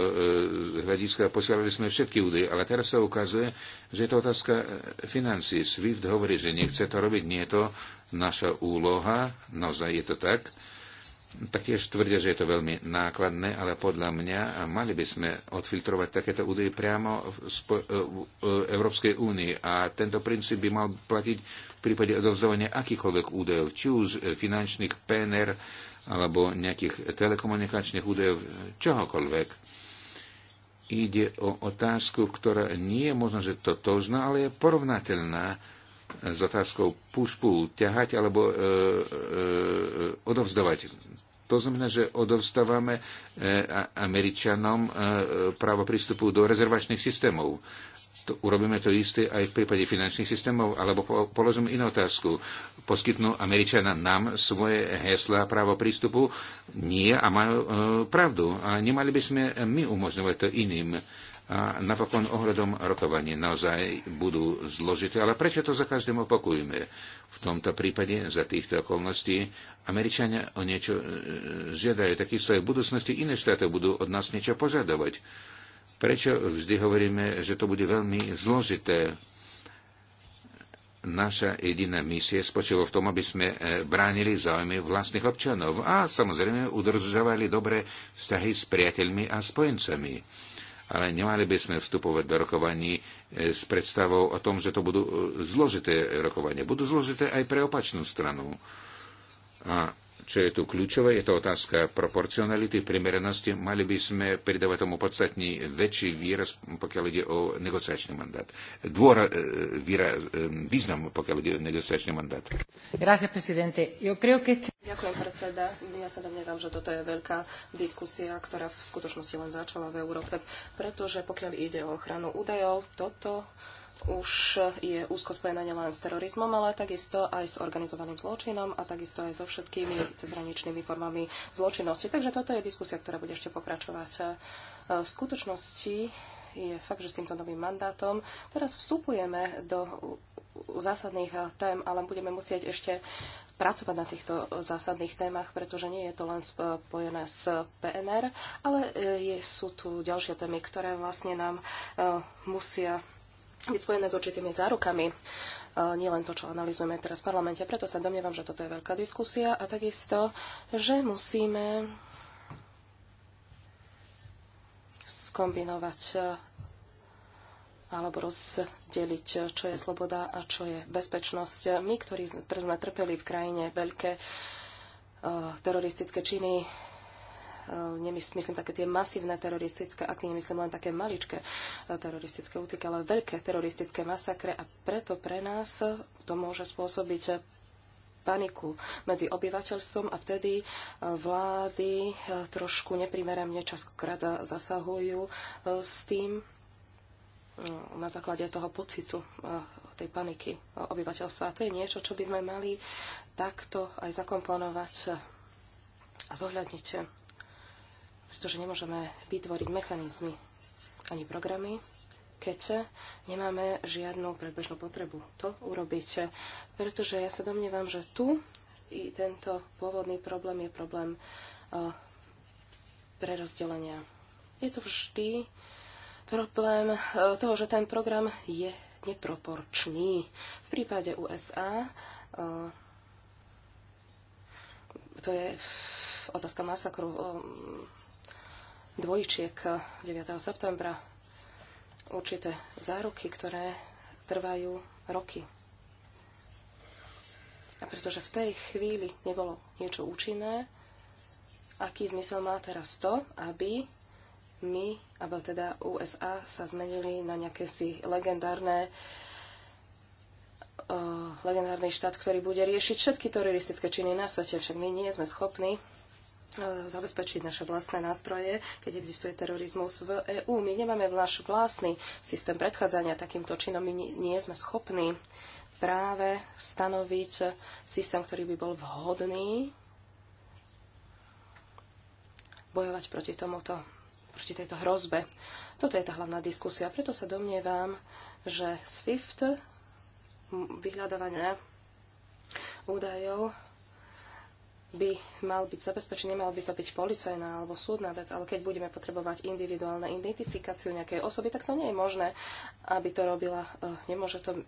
hľadiska posielali sme všetky údaje, ale teraz sa ukazuje, že je to otázka e, financí. SWIFT hovorí, že nechce to robiť, nie je to naša úloha, naozaj je to tak. Taktiež tvrdia, že je to veľmi nákladné, ale podľa mňa mali by sme odfiltrovať takéto údaje priamo v, spo- e, v Európskej únii a tento princíp by mal platiť v prípade odovzdávania akýchkoľvek údajov, či už finančných, PNR, alebo nejakých telekomunikačných údajov, čohokoľvek. Ide o otázku, ktorá nie je možno, že totožná, ale je porovnateľná s otázkou pušpu ťahať alebo e, e, odovzdovať. To znamená, že odovzdávame e, Američanom e, právo prístupu do rezervačných systémov. E, to, urobíme to isté aj v prípade finančných systémov, alebo po, položím inú otázku. Poskytnú Američana nám svoje hesla právo prístupu? Nie a majú e, pravdu. A nemali by sme my umožňovať to iným. A napokon ohľadom rokovanie naozaj budú zložité. Ale prečo to za každým opakujeme? V tomto prípade, za týchto okolností, Američania o niečo e, e žiadajú. Takisto aj v budúcnosti iné štáty budú od nás niečo požadovať Prečo vždy hovoríme, že to bude veľmi zložité? Naša jediná misie spočíva v tom, aby sme e, bránili záujmy vlastných občanov a samozrejme udržovali dobré vzťahy s priateľmi a spojencami ale nemali by sme vstupovať do rokovaní e, s predstavou o tom, že to budú e, zložité rokovanie. Budú zložité aj pre opačnú stranu. A čo je tu kľúčové, je to otázka proporcionality, primeranosti. Mali by sme pridávať tomu podstatný väčší výraz, pokiaľ ide o negociačný mandát. Dvor, e, výra, e, význam, pokiaľ ide o negociačný mandát. Grazie, presidente. Yo creo que... Ďakujem, predseda. Ja sa domnievam, že toto je veľká diskusia, ktorá v skutočnosti len začala v Európe, pretože pokiaľ ide o ochranu údajov, toto už je úzko spojená nielen s terorizmom, ale takisto aj s organizovaným zločinom a takisto aj so všetkými cezhraničnými formami zločinnosti. Takže toto je diskusia, ktorá bude ešte pokračovať. E, v skutočnosti je fakt, že s týmto novým mandátom teraz vstupujeme do zásadných e, tém, ale budeme musieť ešte pracovať na týchto zásadných témach, pretože nie je to len spojené s PNR, ale e, sú tu ďalšie témy, ktoré vlastne nám musia byť spojené s určitými zárukami. Eh, Nie len to, čo analizujeme teraz v parlamente. Preto sa domnievam, že toto je veľká diskusia a takisto, že musíme skombinovať eh, alebo rozdeliť, eh, čo je sloboda a čo je bezpečnosť. My, ktorí sme trpeli v krajine veľké teroristické činy, Eh, nemyslím také tie masívne teroristické akty, nemyslím len také maličké eh, teroristické útyky, ale veľké teroristické masakre a preto pre nás to môže spôsobiť eh, paniku medzi obyvateľstvom a vtedy vlády trošku neprimerane časkrát zasahujú s tým na základe toho pocitu tej paniky obyvateľstva. A to je niečo, čo by sme mali takto aj zakomponovať a zohľadniť pretože nemôžeme vytvoriť mechanizmy ani programy, keďže nemáme žiadnu predbežnú potrebu to urobiť. Pretože ja sa domnievam, že tu i tento pôvodný problém je problém uh, prerozdelenia. Je to vždy problém uh, toho, že ten program je neproporčný. V prípade USA uh, e, to je otázka masakru. Um, dvojčiek 9. Eh, septembra určité záruky, ktoré trvajú roky. A pretože v tej chvíli nebolo niečo účinné, aký zmysel má teraz to, aby my, alebo teda USA, sa zmenili na nejaké si legendárne eh, legendárny štát, ktorý bude riešiť všetky teroristické činy na svete. Však my nie sme schopní E, zabezpečiť naše vlastné nástroje, keď existuje terorizmus v EÚ. My nemáme náš vlastný systém predchádzania takýmto činom. My nie sme schopní práve stanoviť systém, ktorý by bol vhodný bojovať proti tomuto, proti tejto hrozbe. Toto je tá hlavná diskusia. Preto sa domnievam, že SWIFT vyhľadávania údajov by mal byť zabezpečený, nemal by to byť policajná alebo súdna vec, ale keď budeme potrebovať individuálne identifikáciu nejakej osoby, tak to nie je možné, aby to robila, e, nemôže to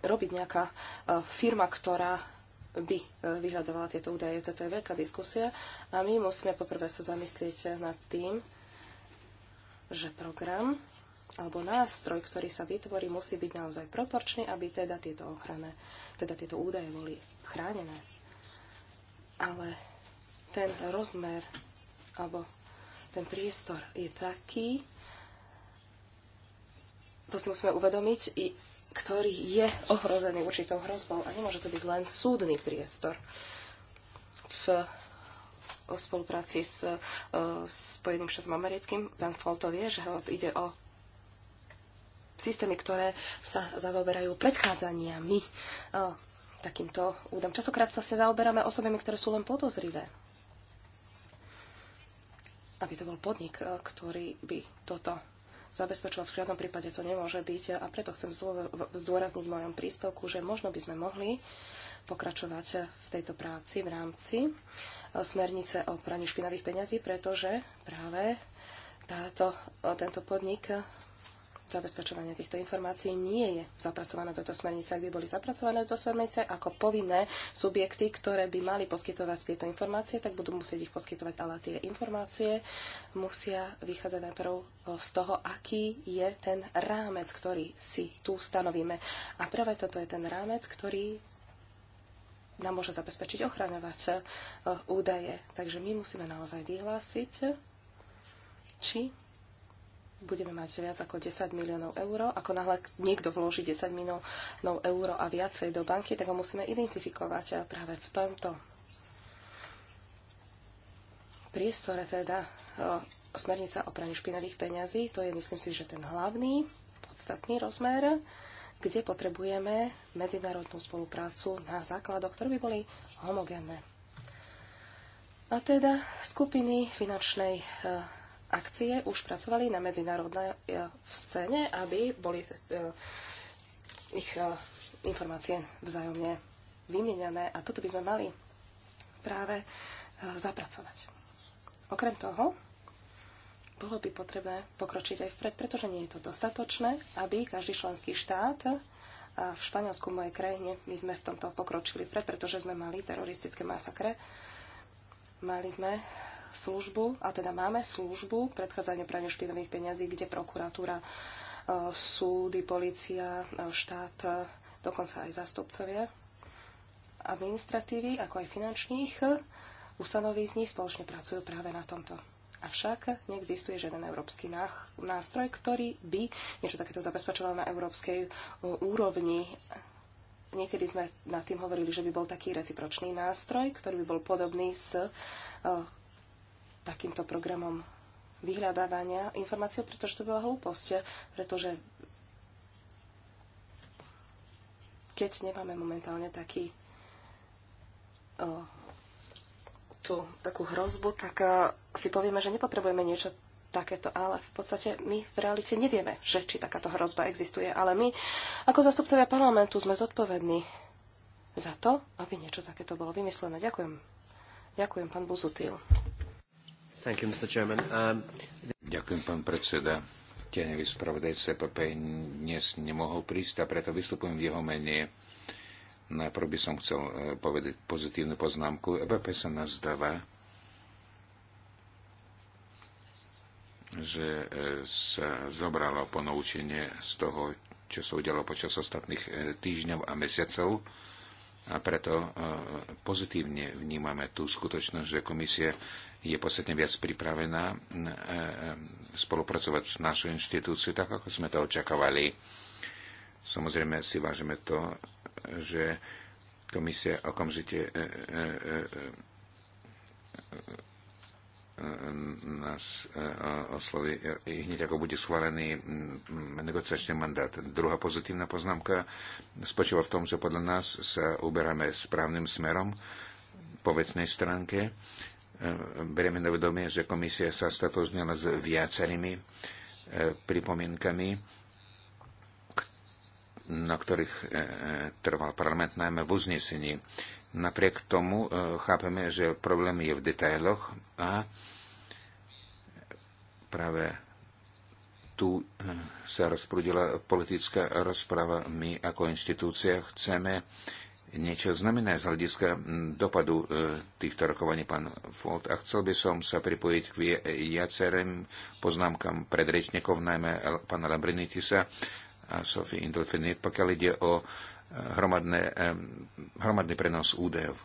robiť nejaká e, firma, ktorá by e, vyhľadovala tieto údaje. Toto je veľká diskusia a my musíme poprvé sa zamyslieť nad tým, že program alebo nástroj, ktorý sa vytvorí, musí byť naozaj proporčný, aby teda tieto ochrane, teda tieto údaje boli chránené ale ten rozmer alebo ten priestor je taký, to si musíme uvedomiť, i, ktorý je ohrozený určitou hrozbou a nemôže to byť len súdny priestor. V spolupráci s uh, Spojeným štátom americkým. Pán Folto vie, že ide o systémy, ktoré sa zaoberajú predchádzaniami uh, takýmto údom. Časokrát sa vlastne zaoberáme osobami, ktoré sú len podozrivé. Aby to bol podnik, e, ktorý by toto zabezpečoval. V žiadnom prípade to nemôže byť a preto chcem zdôrazniť v mojom príspevku, že možno by sme mohli pokračovať v tejto práci v rámci e, smernice o praní špinavých peňazí, pretože práve táto, e, tento podnik zabezpečovania týchto informácií nie je zapracované do tejto smernice. Ak by boli zapracované do smernice ako povinné subjekty, ktoré by mali poskytovať tieto informácie, tak budú musieť ich poskytovať, ale tie informácie musia vychádzať najprv eh, z toho, aký je ten rámec, ktorý si tu stanovíme. A práve toto je ten rámec, ktorý nám môže zabezpečiť ochraňovať eh, údaje. Takže my musíme naozaj vyhlásiť, či budeme mať viac ako 10 miliónov eur. Ako náhle niekto vloží 10 miliónov eur a viacej do banky, tak ho musíme identifikovať práve v tomto priestore, teda o, smernica o praní špinavých peňazí. To je, myslím si, že ten hlavný, podstatný rozmer, kde potrebujeme medzinárodnú spoluprácu na základoch, ktoré by boli homogénne. A teda skupiny finančnej e, akcie už pracovali na medzinárodnej e, scéne, aby boli e, ich e, informácie vzájomne vymieňané a toto by sme mali práve zapracovať. Okrem toho, bolo by potrebné pokročiť aj vpred, pretože nie je to dostatočné, aby každý členský štát a v Španielsku, mojej krajine, my sme v tomto pokročili vpred, pretože sme mali teroristické masakre. Mali sme službu, a teda máme službu predchádzania praniu špinavých peňazí, kde prokuratúra, e, súdy, policia, e, štát, e, dokonca aj zástupcovia administratívy, ako aj finančných nich spoločne pracujú práve na tomto. Avšak neexistuje žiaden európsky nástroj, ktorý by niečo takéto zabezpečoval na európskej úrovni. Niekedy sme nad tým hovorili, že by bol taký recipročný nástroj, ktorý by bol podobný s takýmto programom vyhľadávania informácií, pretože to bola hlúposť, pretože keď nemáme momentálne taký o, tú takú hrozbu, tak o, e, si povieme, že nepotrebujeme niečo takéto, ale v podstate my v realite nevieme, že či takáto hrozba existuje, ale my ako zastupcovia parlamentu sme zodpovední za to, aby niečo takéto bolo vymyslené. Ďakujem. Ďakujem, pán Buzutil. Thank um, Ďakujem, pán predseda. Tenevý spravodajca CPP dnes nemohol prísť a preto vystupujem v jeho mene. Najprv by som chcel eh, povedať pozitívnu poznámku. EPP sa nazdáva, že eh, sa zobralo ponaučenie z toho, čo sa udialo počas ostatných eh, týždňov a mesiacov. A preto pozitívne vnímame tú skutočnosť, že komisia je podstatne viac pripravená e, e, spolupracovať s našou inštitúciou, tak ako sme to očakávali. Samozrejme si vážime to, že komisia okamžite e, nás osloví hneď ako bude schválený negociačný mandát. Druhá pozitívna poznámka spočíva v tom, že podľa nás sa uberáme správnym smerom po vecnej stránke Ehm, berieme na vedomie, že komisia sa statoznila s viacerými e, pripomienkami, na ktorých e, e, trval parlament, najmä v uznesení. Napriek tomu chápeme, že problém je v detailoch a práve tu sa rozprudila politická rozprava. My ako inštitúcia chceme niečo znamená z hľadiska dopadu e, týchto rokovaní, pán Folt. A chcel by som sa pripojiť k viacerým poznámkam predrečníkov, najmä e, pána Lambrinitisa a Sofie Indelfinit, pokiaľ ide o e, hromadné, hromadný prenos údajov.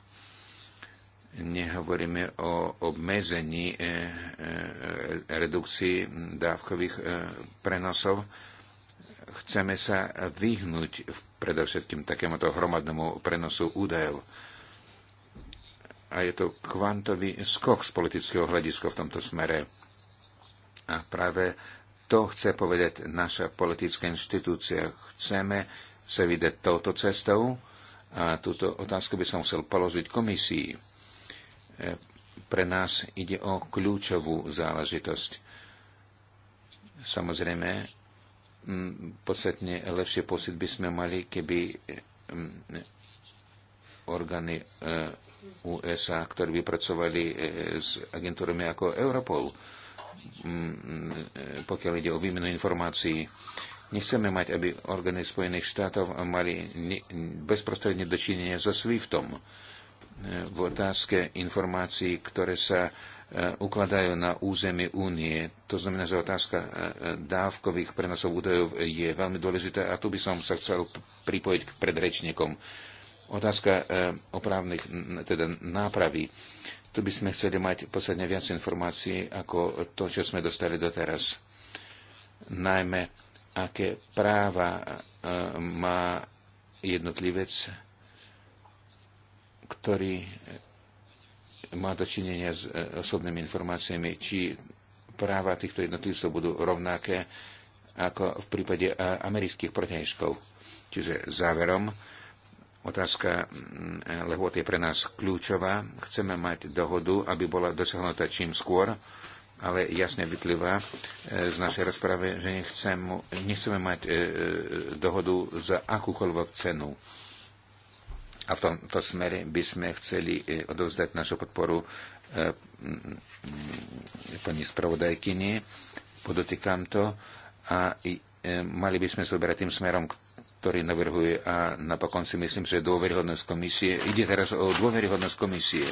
Nehovoríme o obmedzení redukcii dávkových prenosov, chceme sa vyhnúť predovšetkým takémuto hromadnému prenosu údajov. A je to kvantový skok z politického hľadiska v tomto smere. A práve to chce povedať naša politická inštitúcia. Chceme sa vydať touto cestou a túto otázku by som chcel položiť komisii. E, pre nás ide o kľúčovú záležitosť. Samozrejme, podstatne lepšie pocit by sme mali, keby orgány e, USA, ktoré by pracovali e, s agentúrami ako Europol, e, pokiaľ ide o výmenu informácií. Nechceme mať, aby orgány Spojených štátov mali bezprostredne dočinenie so SWIFTom v otázke informácií, ktoré sa E, ukladajú na územie únie. To znamená, že otázka e, e, dávkových prenosov údajov je veľmi dôležitá a tu by som sa chcel pripojiť k predrečníkom. Otázka oprávnych, teda nápravy. Tu by sme chceli mať posledne viac informácií ako to, čo sme dostali doteraz. Najmä, aké práva má jednotlivec, ktorý má dočinenia s e, osobnými informáciami, či práva týchto jednotlivcov budú rovnaké ako v prípade e, amerických protiažkov. Čiže záverom, otázka mm, e, lehoty je pre nás kľúčová. Chceme mať dohodu, aby bola dosiahnutá čím skôr ale jasne vyplýva z našej rozprave, že nechcem, nechceme mať dohodu za akúkoľvek cenu. A v tomto smere by sme chceli e, odovzdať našu podporu e, pani spravodajkyni, podotýkam to, a e, mali by sme sa uberať tým smerom, ktorý navrhuje a napokon si myslím, že dôveryhodnosť komisie, ide teraz o dôveryhodnosť komisie.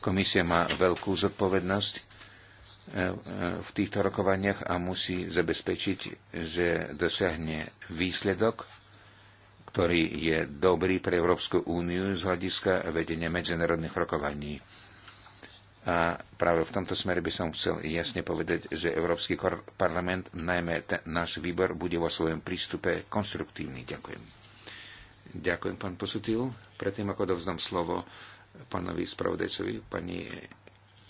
Komisia má veľkú zodpovednosť v týchto rokovaniach a musí zabezpečiť, že dosiahne výsledok, ktorý je dobrý pre Európsku úniu z hľadiska vedenia medzinárodných rokovaní. A práve v tomto smere by som chcel jasne povedať, že Európsky parlament, najmä ten, náš výbor, bude vo svojom prístupe konstruktívny. Ďakujem. Ďakujem, pán Posutil. Predtým, ako dovzdám slovo pánovi spravodajcovi, pani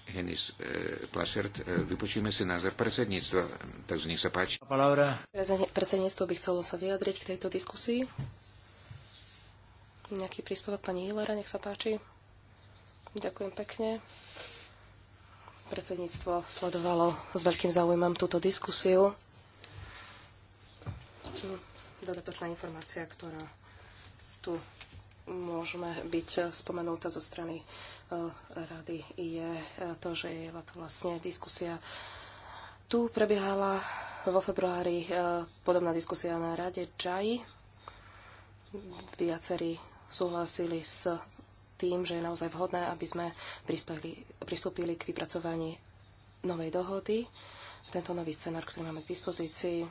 Henis e, Plašert, e, vypočíme si názor predsedníctva. Takže nech sa páči. Predsedníctvo by chcelo sa vyjadriť k tejto diskusii nejaký príspevok pani Hillera, nech sa páči. Ďakujem pekne. Predsedníctvo sledovalo s veľkým záujmom túto diskusiu. Dodatočná informácia, ktorá tu môžeme byť spomenutá zo strany eh, rady, je eh, to, že je to vlastne diskusia tu prebiehala vo februári eh, podobná diskusia na rade Čaj. Viacerí súhlasili s tým, že je naozaj vhodné, aby sme pristúpili k vypracovaní novej dohody. Tento nový scenár, ktorý máme k dispozícii,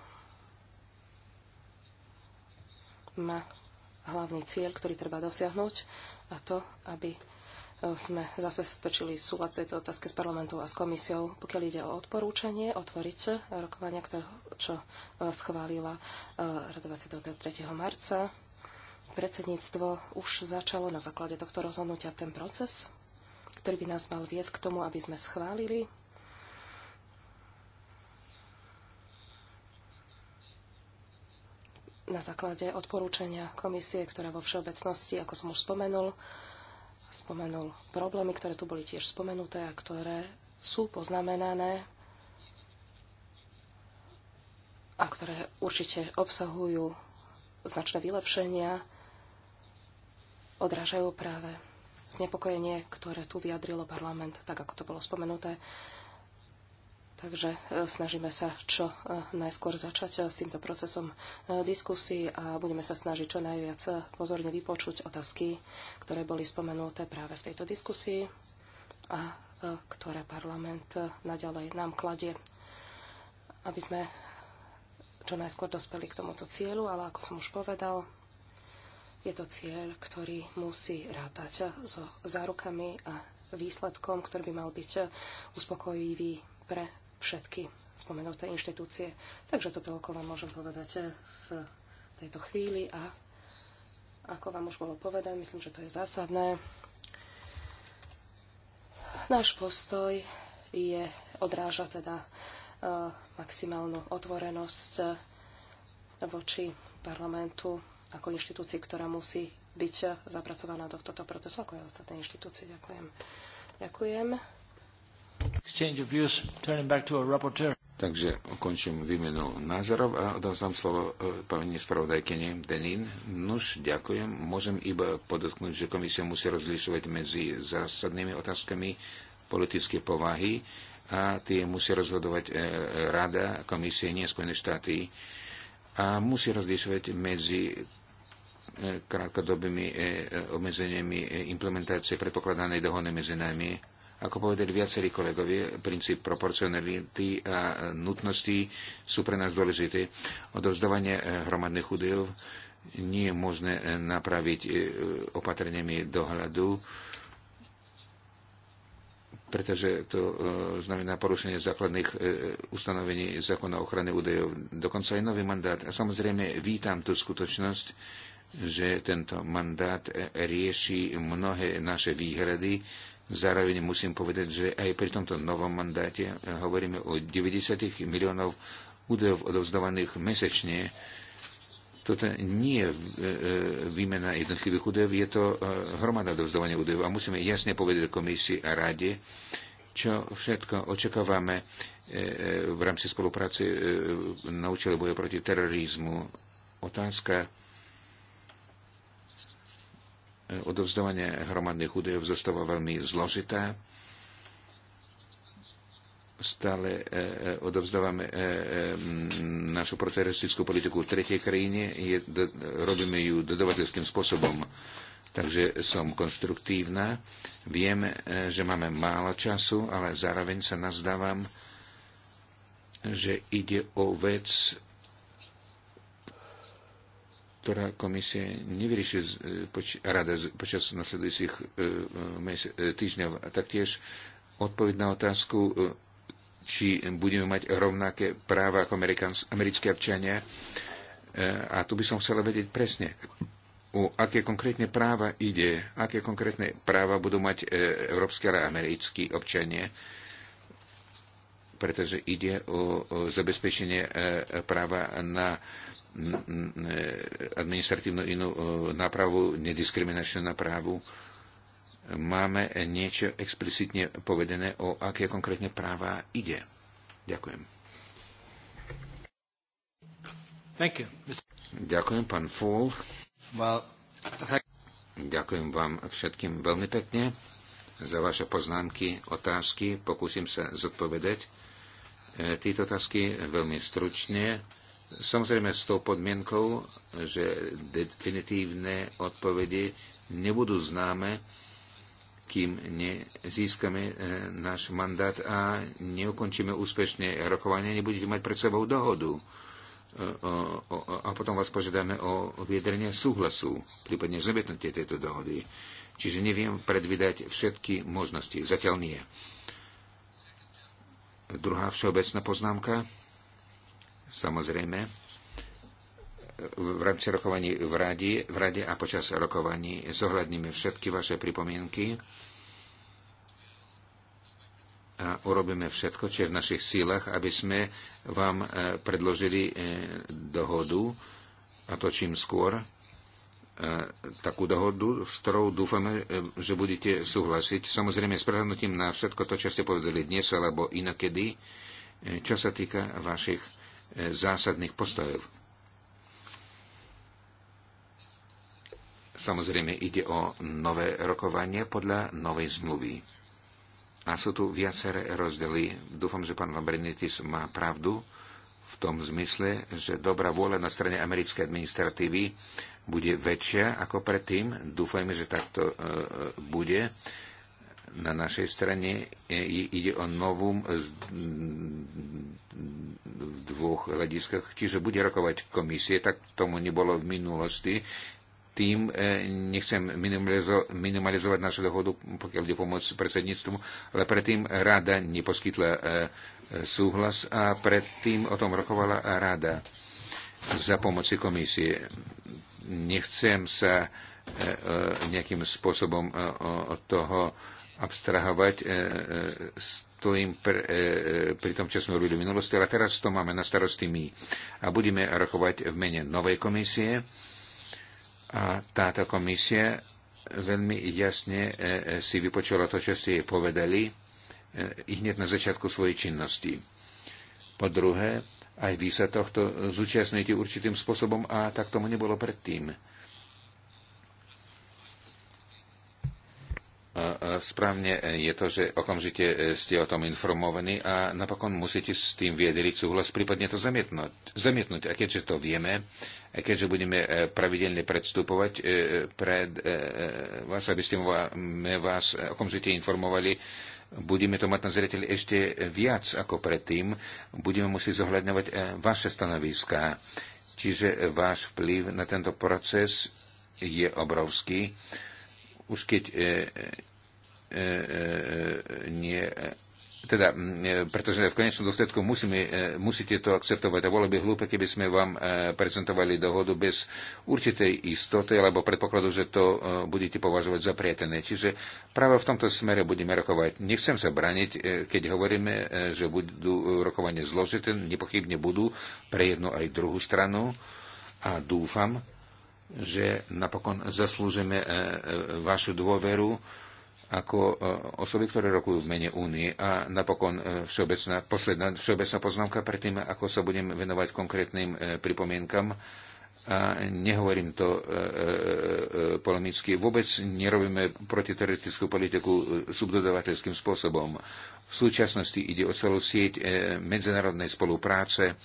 má hlavný cieľ, ktorý treba dosiahnuť, a to, aby e, sme zabezpečili súlad tejto otázke s parlamentom a s komisiou. Pokiaľ ide o odporúčanie, otvoriť rokovania, čo e, schválila e, Rada 23. marca Predsedníctvo už začalo na základe tohto rozhodnutia ten proces, ktorý by nás mal viesť k tomu, aby sme schválili na základe odporúčania komisie, ktorá vo všeobecnosti, ako som už spomenul, spomenul problémy, ktoré tu boli tiež spomenuté a ktoré sú poznamenané a ktoré určite obsahujú značné vylepšenia odrážajú práve znepokojenie, ktoré tu vyjadrilo parlament, tak ako to bolo spomenuté. Takže e, snažíme sa čo e, najskôr začať e, s týmto procesom diskusí a budeme sa snažiť čo najviac pozorne vypočuť otázky, ktoré boli spomenuté práve v tejto diskusii a ktoré parlament naďalej nám kladie, aby sme čo najskôr dospeli k tomuto cieľu, ale ako som už povedal, je to cieľ, ktorý musí rátať so zárukami a výsledkom, ktorý by mal byť uspokojivý pre všetky spomenuté inštitúcie. Takže to toľko vám môžem povedať v tejto chvíli a ako vám už bolo povedané, myslím, že to je zásadné. Náš postoj je, odráža teda eh, maximálnu otvorenosť voči parlamentu ako inštitúcii, ktorá musí byť zapracovaná do tohto procesu, ako aj ostatné inštitúcie. Ďakujem. Ďakujem. Views, Takže ukončím výmenu názorov a odovzdám slovo e, pani spravodajkyne Denín. Nuž, ďakujem. Môžem iba podotknúť, že komisia musí rozlišovať medzi zásadnými otázkami politické povahy a tie musí rozhodovať e, e, Rada, komisie, nie Spojené štáty a musí rozlišovať medzi E, krátkodobými e, e, obmedzeniami implementácie predpokladanej dohody medzi nami. Ako povedali viacerí kolegovi, princíp proporcionality a nutnosti sú pre nás dôležité. Odovzdávanie hromadných údajov nie je možné napraviť opatreniami dohľadu, pretože to znamená porušenie základných ustanovení zákona ochrany údajov, dokonca aj nový mandát. A samozrejme vítam tú skutočnosť, že tento mandát e, rieši mnohé naše výhrady. Zároveň musím povedať, že aj pri tomto novom mandáte e, hovoríme o 90 miliónov údajov odovzdovaných mesečne. Toto nie je e, výmena jednotlivých údajov, je to hromada odovzdovania údajov a musíme jasne povedať komisii a rade, čo všetko očakávame v rámci spolupráce na účele boja proti terorizmu. Otázka odovzdovanie hromadných údajov zostáva veľmi zložité. Stále e, e, odovzdávame e, našu proteroristickú politiku v tretej krajine, robíme ju dodavateľským spôsobom. Takže som konstruktívna. Viem, že máme málo času, ale zároveň sa nazdávam, že ide o vec, ktorá komisie nevyrieši e, poč- rada počas nasledujúcich e, e, týždňov. A taktiež odpoveď na otázku, či budeme mať rovnaké práva ako americké občania. A tu by som chcela vedieť presne, o aké konkrétne práva ide, aké konkrétne práva budú mať európske a americkí občania pretože ide o, o zabezpečenie práva na E, administratívnu inú e, nápravu, nediskriminačnú nápravu. Máme niečo explicitne povedené, o aké konkrétne práva ide. Ďakujem. Thank you. Ďakujem, pán Fall. Well, Ďakujem vám všetkým veľmi pekne za vaše poznámky, otázky. Pokúsim sa zodpovedať. E, tieto otázky veľmi stručne Samozrejme s tou podmienkou, že definitívne odpovede nebudú známe, kým nezískame e, náš mandát a neukončíme úspešne rokovanie, nebudete mať pred sebou dohodu. E, a potom vás požiadame o vyjadrenie súhlasu, prípadne zamietnutie tejto dohody. Čiže neviem predvidať všetky možnosti. Zatiaľ nie. Druhá všeobecná poznámka. Samozrejme, v rámci rokovaní v rade, v rade a počas rokovaní zohľadníme všetky vaše pripomienky a urobíme všetko, čo je v našich sílach, aby sme vám e, predložili e, dohodu a to čím skôr e, takú dohodu, s ktorou dúfame, že budete súhlasiť. Samozrejme, s prehľadnutím na všetko to, čo ste povedali dnes alebo inakedy, čo sa týka vašich E, zásadných postojov. Samozrejme ide o nové rokovanie podľa novej zmluvy. A sú tu viaceré rozdely. Dúfam, že pán Lambrinitis má pravdu v tom zmysle, že dobrá vôľa na strane americkej administratívy bude väčšia ako predtým. Dúfajme, že takto e, e bude. E, na našej strane e, ide o novum v dvoch hľadiskách, čiže bude rokovať komisie, tak tomu nebolo v minulosti. Tým e, nechcem minimalizo- minimalizovať našu dohodu, pokiaľ ide pomoc predsedníctvu, ale predtým rada neposkytla e, súhlas a predtým o tom rokovala rada za pomoci komisie. Nechcem sa nejakým spôsobom od toho abstrahovať, e, e, stojím pr, e, pri tom, čo sme robili v minulosti, ale teraz to máme na starosti my. A budeme rokovať v mene novej komisie a táto komisia veľmi jasne si vypočula to, čo ste jej povedali e, hneď na začiatku svojej činnosti. Po druhé, aj vy sa tohto zúčastňujete určitým spôsobom a tak tomu nebolo predtým Správne je to, že okamžite e, ste o tom informovaní a napokon musíte s tým viedeliť súhlas, prípadne to zamietnúť. zamietnúť. A keďže to vieme, a keďže budeme e, pravidelne predstupovať e, pred vás, aby sme vás okamžite informovali, budeme to mať na zreteli ešte viac ako predtým, budeme musieť zohľadňovať vaše stanoviská. Čiže váš vplyv na tento proces je obrovský už keď e, e, e, e nie e, teda, pretože v konečnom dôsledku musíme, musíte to akceptovať. A bolo by hlúpe, keby sme vám prezentovali dohodu bez určitej istoty alebo predpokladu, že to budete považovať za prietené. Čiže práve v tomto smere budeme rokovať. Nechcem sa braniť, keď hovoríme, že budú rokovanie zložité, nepochybne budú pre jednu aj druhú stranu a dúfam, že napokon zaslúžime e, e, vašu dôveru ako e, osoby, ktoré rokujú v mene únie. A napokon všeobecná, posledná všeobecná poznámka predtým, ako sa budem venovať konkrétnym pripomienkam. A nehovorím to e, e, polemicky. Vôbec nerobíme protiteroristickú politiku subdodavateľským spôsobom. V súčasnosti ide o celú sieť e, medzinárodnej spolupráce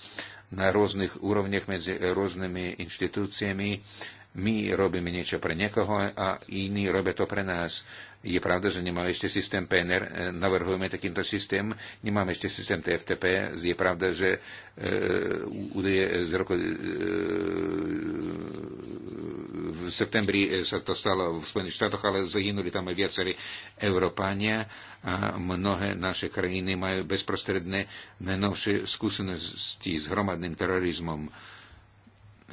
na rôznych úrovniach medzi rôznymi inštitúciami, my robíme niečo pre niekoho a iní robia to pre nás. Je pravda, že nemáme ešte systém PNR, e, navrhujeme takýmto systém, nemáme ešte systém TFTP, je pravda, že e, údaje z roku e, v septembri sa to stalo v Spojených štátoch, ale zahynuli tam aj viacerí Európania a mnohé naše krajiny majú bezprostredné najnovšie skúsenosti s hromadným terorizmom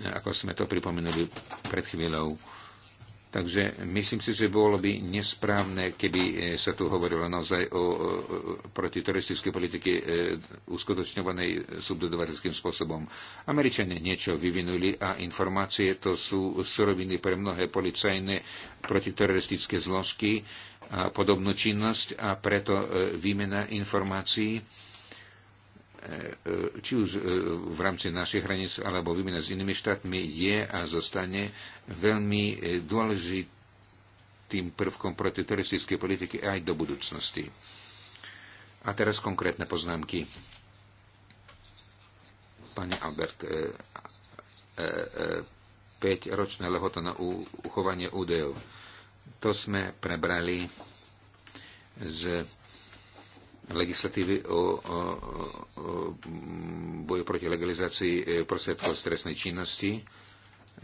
ako sme to pripomenuli pred chvíľou. Takže myslím si, že bolo by nesprávne, keby e, sa tu hovorilo naozaj o protiteroristickej politike e, uskutočňovanej subdodovateľským spôsobom. Američania niečo vyvinuli a informácie to sú suroviny pre mnohé policajné protiteroristické zložky a podobnú činnosť a preto e, výmena informácií E, či už e, v rámci našich hraníc alebo výmena s inými štátmi, je a zostane veľmi e, dôležitým prvkom protiteroristickej politiky aj do budúcnosti. A teraz konkrétne poznámky. Pane Albert, 5 ročné lehota na uchovanie údajov. To sme prebrali z legislatívy o, o, o boju proti legalizácii e, prostriedkov stresnej činnosti.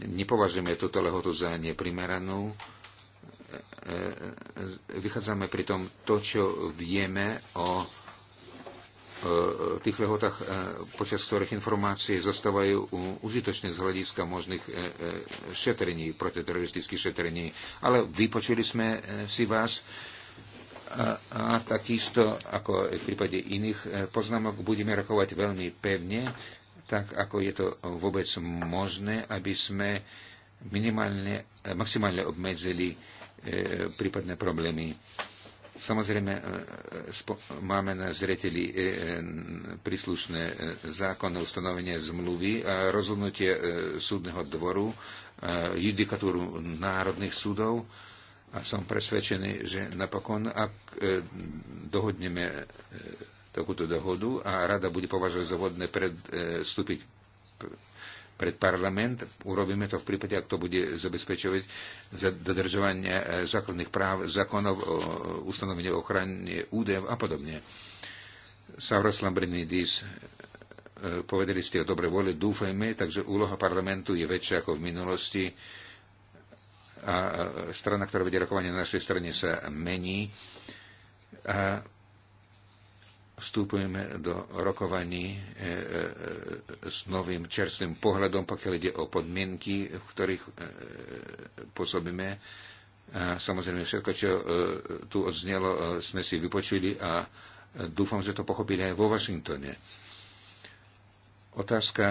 Nepovažujeme túto lehotu za neprimeranú. E, e, vychádzame pritom to, čo vieme o tých lehotách, počas ktorých informácie zostávajú užitočné z hľadiska možných šetrení, protiteroristických šetrení. Ale vypočuli sme si vás a, a takisto, ako v prípade iných e, poznámok, budeme rokovať veľmi pevne, tak ako je to vôbec možné, aby sme minimálne, e, maximálne obmedzili e, prípadné problémy. Samozrejme, e, máme na zreteli príslušné zákonné ustanovenie zmluvy a rozhodnutie súdneho dvoru, judikatúru národných súdov a som presvedčený, že napokon, ak e, dohodneme e, takúto dohodu a rada bude považovať za vhodné predstúpiť e, pred parlament. Urobíme to v prípade, ak to bude zabezpečovať za dodržovanie základných práv, zákonov, ustanovenie ochrany údev a podobne. Savros Lambrinidis, povedali ste o dobre vole, dúfajme, takže úloha parlamentu je väčšia ako v minulosti a strana, ktorá vedie rokovanie na našej strane, sa mení a vstupujeme do rokovaní e, e, s novým čerstvým pohľadom, pokiaľ ide o podmienky, v ktorých e, pôsobíme. A samozrejme, všetko, čo tu odznelo, sme si vypočuli a dúfam, že to pochopili aj vo Washingtone. Otázka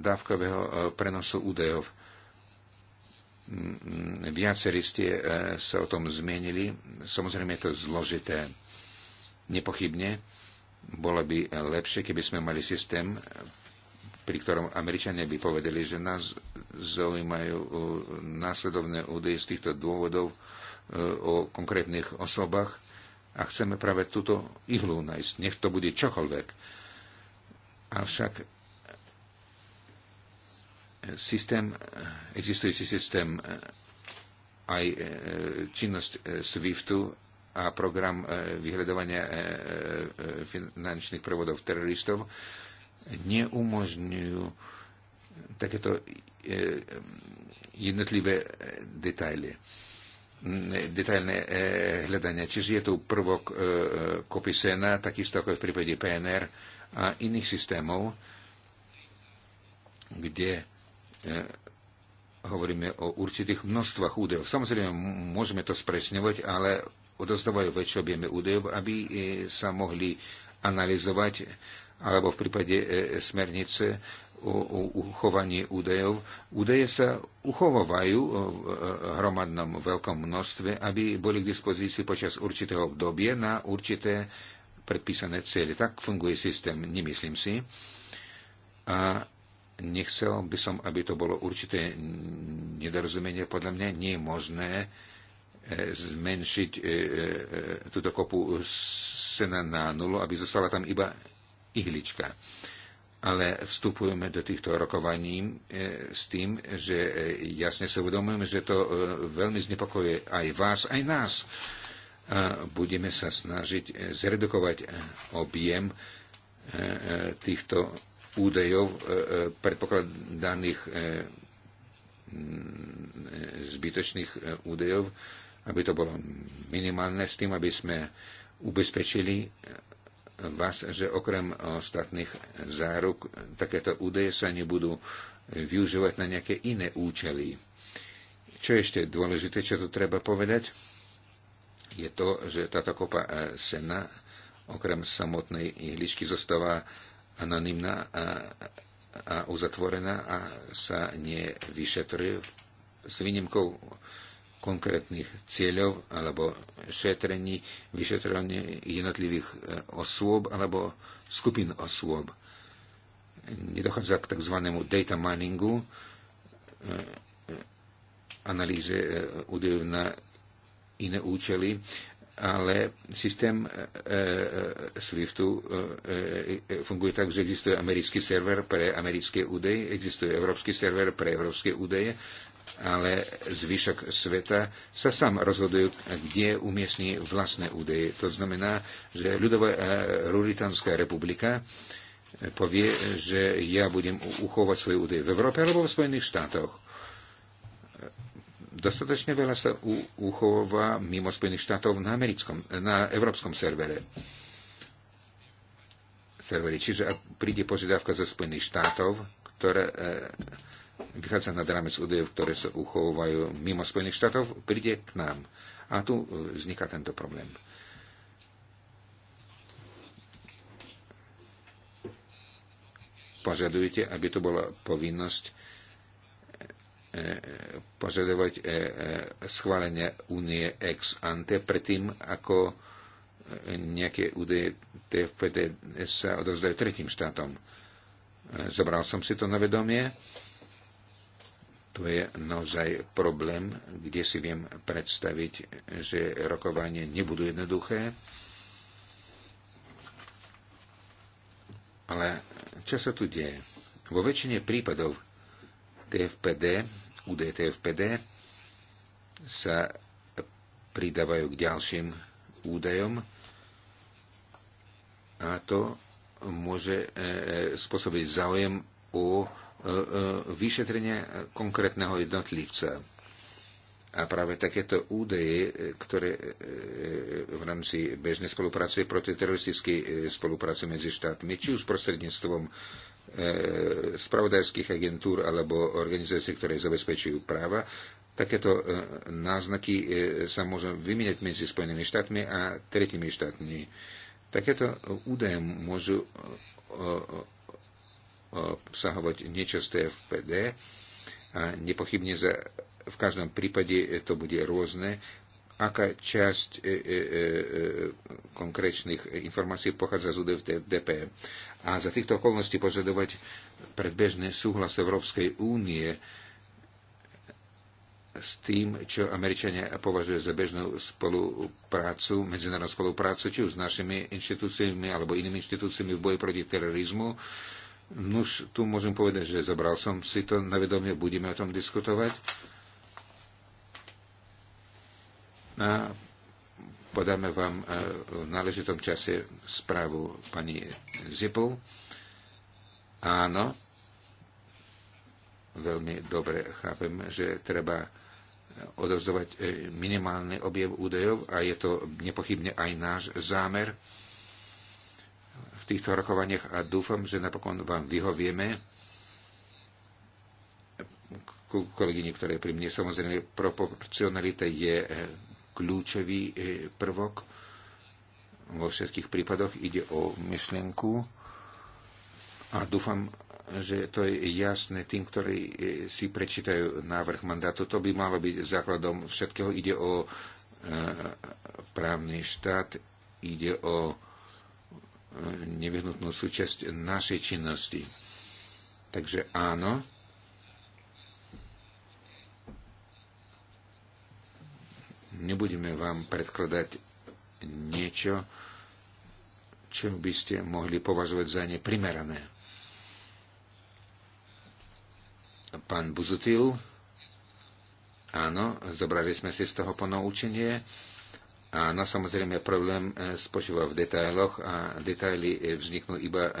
dávkového prenosu údajov Viacerí ste e, sa o tom zmienili. Samozrejme je to zložité. Nepochybne bolo by lepšie, keby sme mali systém, pri ktorom Američania by povedali, že nás zaujímajú e, následovné údaje z týchto dôvodov e, o konkrétnych osobách a chceme práve túto ihlu nájsť. Nech to bude čokoľvek. Avšak Systém, existujúci systém e, aj e, činnosť e, SWIFTu a program vyhľadovania finančných prevodov teroristov neumožňujú takéto jednotlivé detaily detailné hľadanie. Čiže je tu prvok kopisena, takisto ako je v prípade PNR a iných systémov, kde E, hovoríme o určitých množstvách údajov. Samozrejme, môžeme to spresňovať, ale odozdávajú väčšie objemy údajov, aby e, sa mohli analyzovať, alebo v prípade e, smernice o, o uchovaní údajov. Údaje sa uchovávajú v hromadnom veľkom množstve, aby boli k dispozícii počas určitého obdobia na určité predpísané cieľe. Tak funguje systém, nemyslím si. A Nechcel by som, aby to bolo určité nedorozumenie. Podľa mňa nie je možné e, zmenšiť e, e, túto kopu sena na nulu, aby zostala tam iba ihlička. Ale vstupujeme do týchto rokovaní s tým, že jasne sa uvedomujeme, že to veľmi znepokojuje aj vás, aj nás. A budeme sa snažiť zredukovať objem týchto údajov e, e, predpokladaných e, zbytočných údajov, aby to bolo minimálne s tým, aby sme ubezpečili vás, že okrem ostatných záruk takéto údaje sa nebudú využívať na nejaké iné účely. Čo je ešte dôležité, čo tu treba povedať, je to, že táto kopa sena okrem samotnej ihličky zostáva anonimná a, a uzatvorená a sa nevyšetruje s výnimkou konkrétnych cieľov alebo šetrení, vyšetrení jednotlivých e, osôb alebo skupín osôb. Nedochádza k tzv. data miningu, e, e, analýze údajov na iné účely ale systém e, e, SWIFTu e, e, e, funguje tak, že existuje americký server pre americké údaje, existuje európsky server pre európske údeje, ale zvyšok sveta sa sám rozhoduje, kde umiestní vlastné údeje. To znamená, že ľudová e, Ruritánska republika povie, že ja budem uchovať svoje údeje v Európe alebo v Spojených štátoch Dostatočne veľa sa uchová mimo Spojených štátov na, americkom, na európskom servere. servere. Čiže ak príde požiadavka zo Spojených štátov, ktoré e, vychádza na rámec údajov, ktoré sa uchovávajú mimo Spojených štátov, príde k nám. A tu e, vzniká tento problém. Požadujete, aby to bola povinnosť požadovať e, e, schválenie únie ex ante predtým, ako e, nejaké údaje TFPD sa odovzdajú tretím štátom. Zobral som si to na vedomie. To je naozaj problém, kde si viem predstaviť, že rokovanie nebudú jednoduché. Ale čo sa tu deje? Vo väčšine prípadov TFPD UDTFPD sa pridávajú k ďalším údajom a to môže e, e, spôsobiť záujem o e, vyšetrenie konkrétneho jednotlivca. A práve takéto údaje, ktoré v rámci bežnej spolupráce proti teroristickej spolupráce medzi štátmi, či už prostredníctvom E, spravodajských agentúr alebo organizácií, ktoré zabezpečujú práva. Takéto e, náznaky e, sa môžu vymieňať medzi Spojenými štátmi a tretimi štátmi. Takéto údaje môžu obsahovať nečasté FPD a nepochybne za, v každom prípade to bude rôzne aká časť e, e, e, e, konkrétnych informácií pochádza z údajov DP. A za týchto okolností požadovať predbežný súhlas Európskej únie s tým, čo Američania považujú za bežnú spoluprácu, medzinárodnú spoluprácu, či už s našimi inštitúciami alebo inými inštitúciami v boji proti terorizmu. Nuž, tu môžem povedať, že zobral som si to na vedomie, budeme o tom diskutovať a podáme vám e, v náležitom čase správu pani Zipov. Áno, veľmi dobre chápem, že treba odozdovať e, minimálny objev údajov a je to nepochybne aj náš zámer v týchto rokovaniach a dúfam, že napokon vám vyhovieme ku kolegyni, ktorá je pri mne. Samozrejme, proporcionalita je e, kľúčový e, prvok. Vo všetkých prípadoch ide o myšlienku a dúfam, že to je jasné tým, ktorí e, si prečítajú návrh mandátu. To by malo byť základom všetkého. Ide o e, právny štát, ide o nevyhnutnú súčasť našej činnosti. Takže áno, Nebudeme vám predkladať niečo, čo by ste mohli považovať za neprimerané. Pán Buzutil, áno, zobrali sme si z toho ponoučenie. Áno, samozrejme, problém e, spočíva v detailoch a detaily e, vzniknú iba e,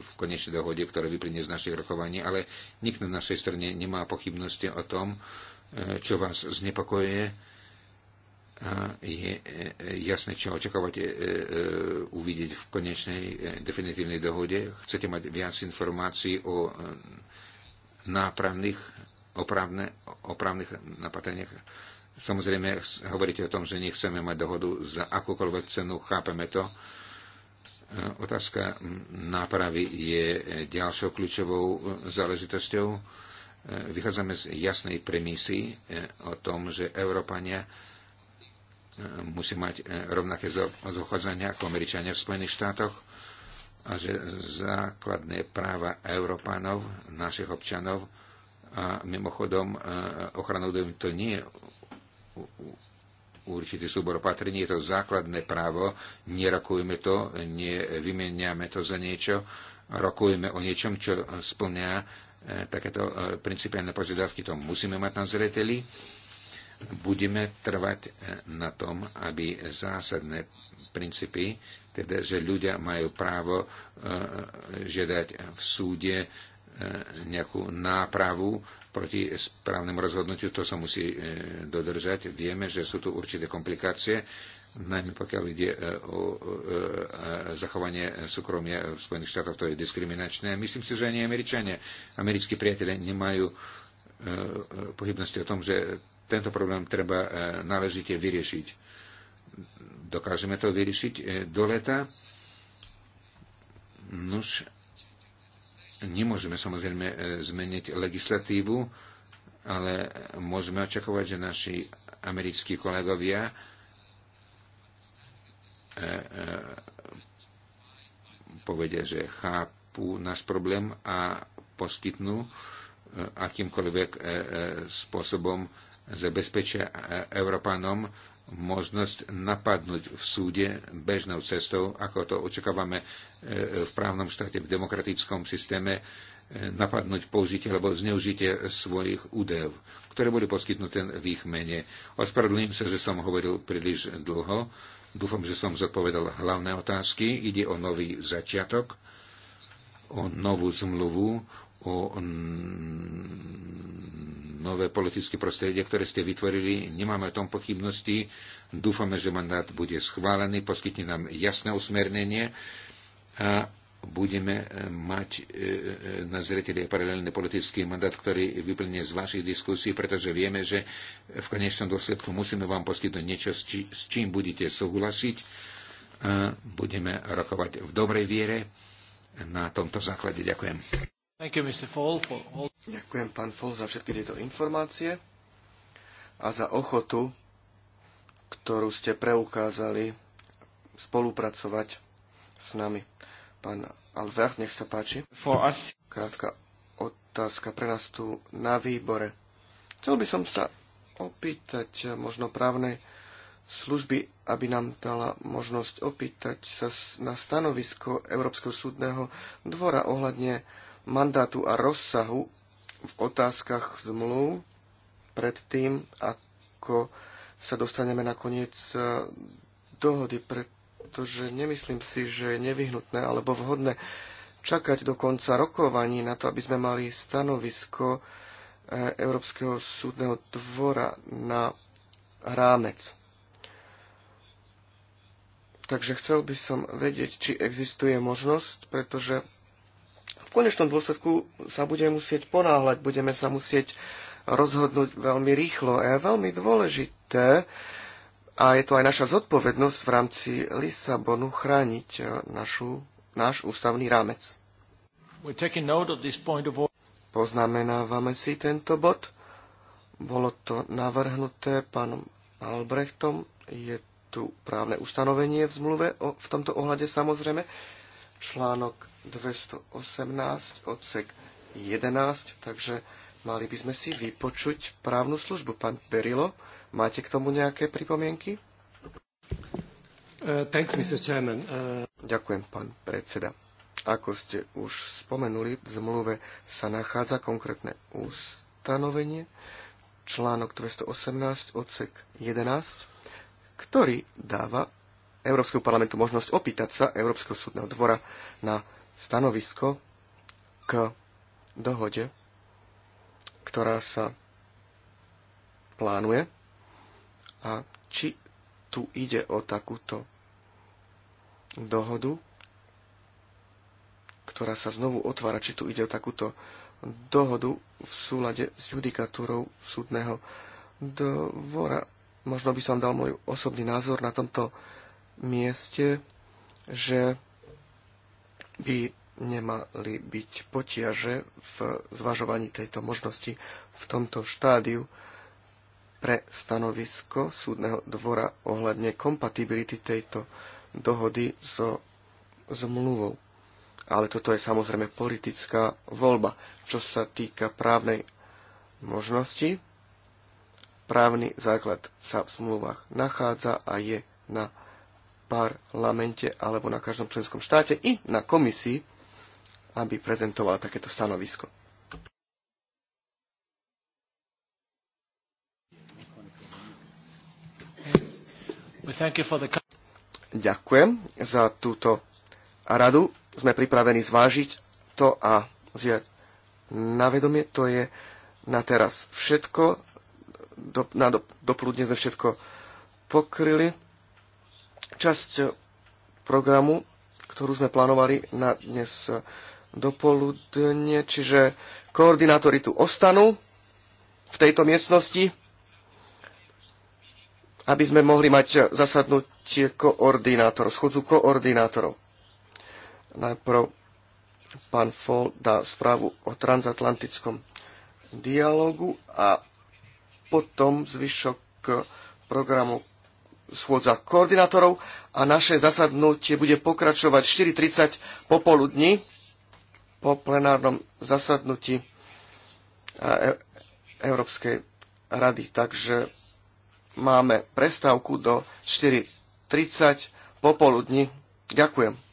v konečnej dohode, ktorá vyplynie z našich rokovaní, ale nikto na našej strane nemá pochybnosti o tom, čo vás znepokojuje. A je e, e, jasné, čo očakávate e, uvidieť v konečnej definitívnej dohode. Chcete mať viac informácií o nápravných, opravne, opravných napatreniach. Samozrejme, hovoríte o tom, že nechceme mať dohodu za akúkoľvek cenu, chápeme to. Otázka nápravy je ďalšou kľúčovou záležitosťou E, vychádzame z jasnej premisy e, o tom, že Európania e, musí mať rovnaké zochádzania ako Američania v Spojených štátoch a že základné práva Európanov, našich občanov a mimochodom ochranou to nie je určitý súbor opatrení, je to základné právo, nerokujeme to, nevymeniame to za niečo, rokujeme o niečom, čo splňa E, takéto e, principiálne požiadavky, to musíme mať na zreteli. Budeme trvať e, na tom, aby zásadné princípy, teda že ľudia majú právo žiadať v súde nejakú nápravu proti správnemu rozhodnutiu, to sa musí dodržať. Vieme, že sú tu určité komplikácie, najmä pokiaľ ide e, o e, e, zachovanie súkromia v Spojených štátoch, to je diskriminačné. Myslím si, že ani Američania, americkí priatelia nemajú pochybnosti o tom, že tento problém treba náležite vyriešiť. Dokážeme to vyriešiť do leta? Nož, nemôžeme samozrejme zmeniť legislatívu, ale môžeme očakovať, že naši americkí kolegovia E, e, povedia, že chápu náš problém a poskytnú e, akýmkoľvek spôsobom zabezpečia Európanom možnosť napadnúť v súde bežnou cestou, ako to očakávame v právnom štáte, v demokratickom systéme, napadnúť použitie alebo zneužitie svojich údajov, ktoré boli poskytnuté v ich mene. Ospravedlňujem sa, že som hovoril príliš dlho Dúfam, že som zodpovedal hlavné otázky. Ide o nový začiatok, o novú zmluvu, o nové politické prostredie, ktoré ste vytvorili. Nemáme o tom pochybnosti. Dúfame, že mandát bude schválený, poskytne nám jasné usmernenie a budeme e, mať e, e, na zreteli paralelný politický mandát, ktorý vyplne z vašich diskusí, pretože vieme, že v konečnom dôsledku musíme vám poskytnúť niečo, s čím budete súhlasiť. A budeme rokovať v dobrej viere. Na tomto základe ďakujem. You, Fall, all... Ďakujem, pán Fall, za všetky tieto informácie a za ochotu, ktorú ste preukázali spolupracovať s nami. Pán Alvach, nech sa páči. Krátka otázka pre nás tu na výbore. Chcel by som sa opýtať eh, možno právnej služby, aby nám dala možnosť opýtať sa na stanovisko Európskeho súdneho dvora ohľadne mandátu a rozsahu v otázkach zmluv pred tým, ako sa dostaneme na koniec eh, dohody, pred pretože nemyslím si, že je nevyhnutné alebo vhodné čakať do konca rokovaní na to, aby sme mali stanovisko e, Európskeho súdneho dvora na rámec. Takže chcel by som vedieť, či existuje možnosť, pretože v konečnom dôsledku sa budeme musieť ponáhľať, budeme sa musieť rozhodnúť veľmi rýchlo a je veľmi dôležité, a je to aj naša zodpovednosť v rámci Lisabonu chrániť e, našu, náš ústavný rámec. Poznamenávame si tento bod. Bolo to navrhnuté pánom Albrechtom. Je tu právne ustanovenie v zmluve o, v tomto ohľade samozrejme. Článok 218 odsek 11, takže mali by sme si vypočuť právnu službu. Pán Perilo, Máte k tomu nejaké pripomienky? Uh, thanks, Mr. Chairman. Uh... Ďakujem, pán predseda. Ako ste už spomenuli, v zmluve sa nachádza konkrétne ustanovenie, článok 218, odsek 11, ktorý dáva Európskeho parlamentu možnosť opýtať sa Európskeho súdneho dvora na stanovisko k dohode, ktorá sa plánuje a či tu ide o takúto dohodu, ktorá sa znovu otvára, či tu ide o takúto dohodu v súlade s judikatúrou súdneho dvora. Možno by som dal môj osobný názor na tomto mieste, že by nemali byť potiaže v zvažovaní tejto možnosti v tomto štádiu pre stanovisko súdneho dvora ohľadne kompatibility tejto dohody so zmluvou. Ale toto je samozrejme politická voľba. Čo sa týka právnej možnosti, právny základ sa v zmluvách nachádza a je na parlamente alebo na každom členskom štáte i na komisii, aby prezentovala takéto stanovisko. Ďakujem za túto radu. Sme pripravení zvážiť to a vziať na vedomie. To je na teraz všetko. Do, na do, dopludne sme všetko pokryli. Časť programu, ktorú sme plánovali na dnes dopoludne, čiže koordinátori tu ostanú v tejto miestnosti aby sme mohli mať zasadnutie koordinátorov, schodzu koordinátorov. Najprv pán Fol dá správu o transatlantickom dialogu a potom zvyšok programu schôdza koordinátorov a naše zasadnutie bude pokračovať 4.30 popoludní po plenárnom zasadnutí e, Európskej rady. Takže máme prestávku do 4.30 popoludní. Ďakujem.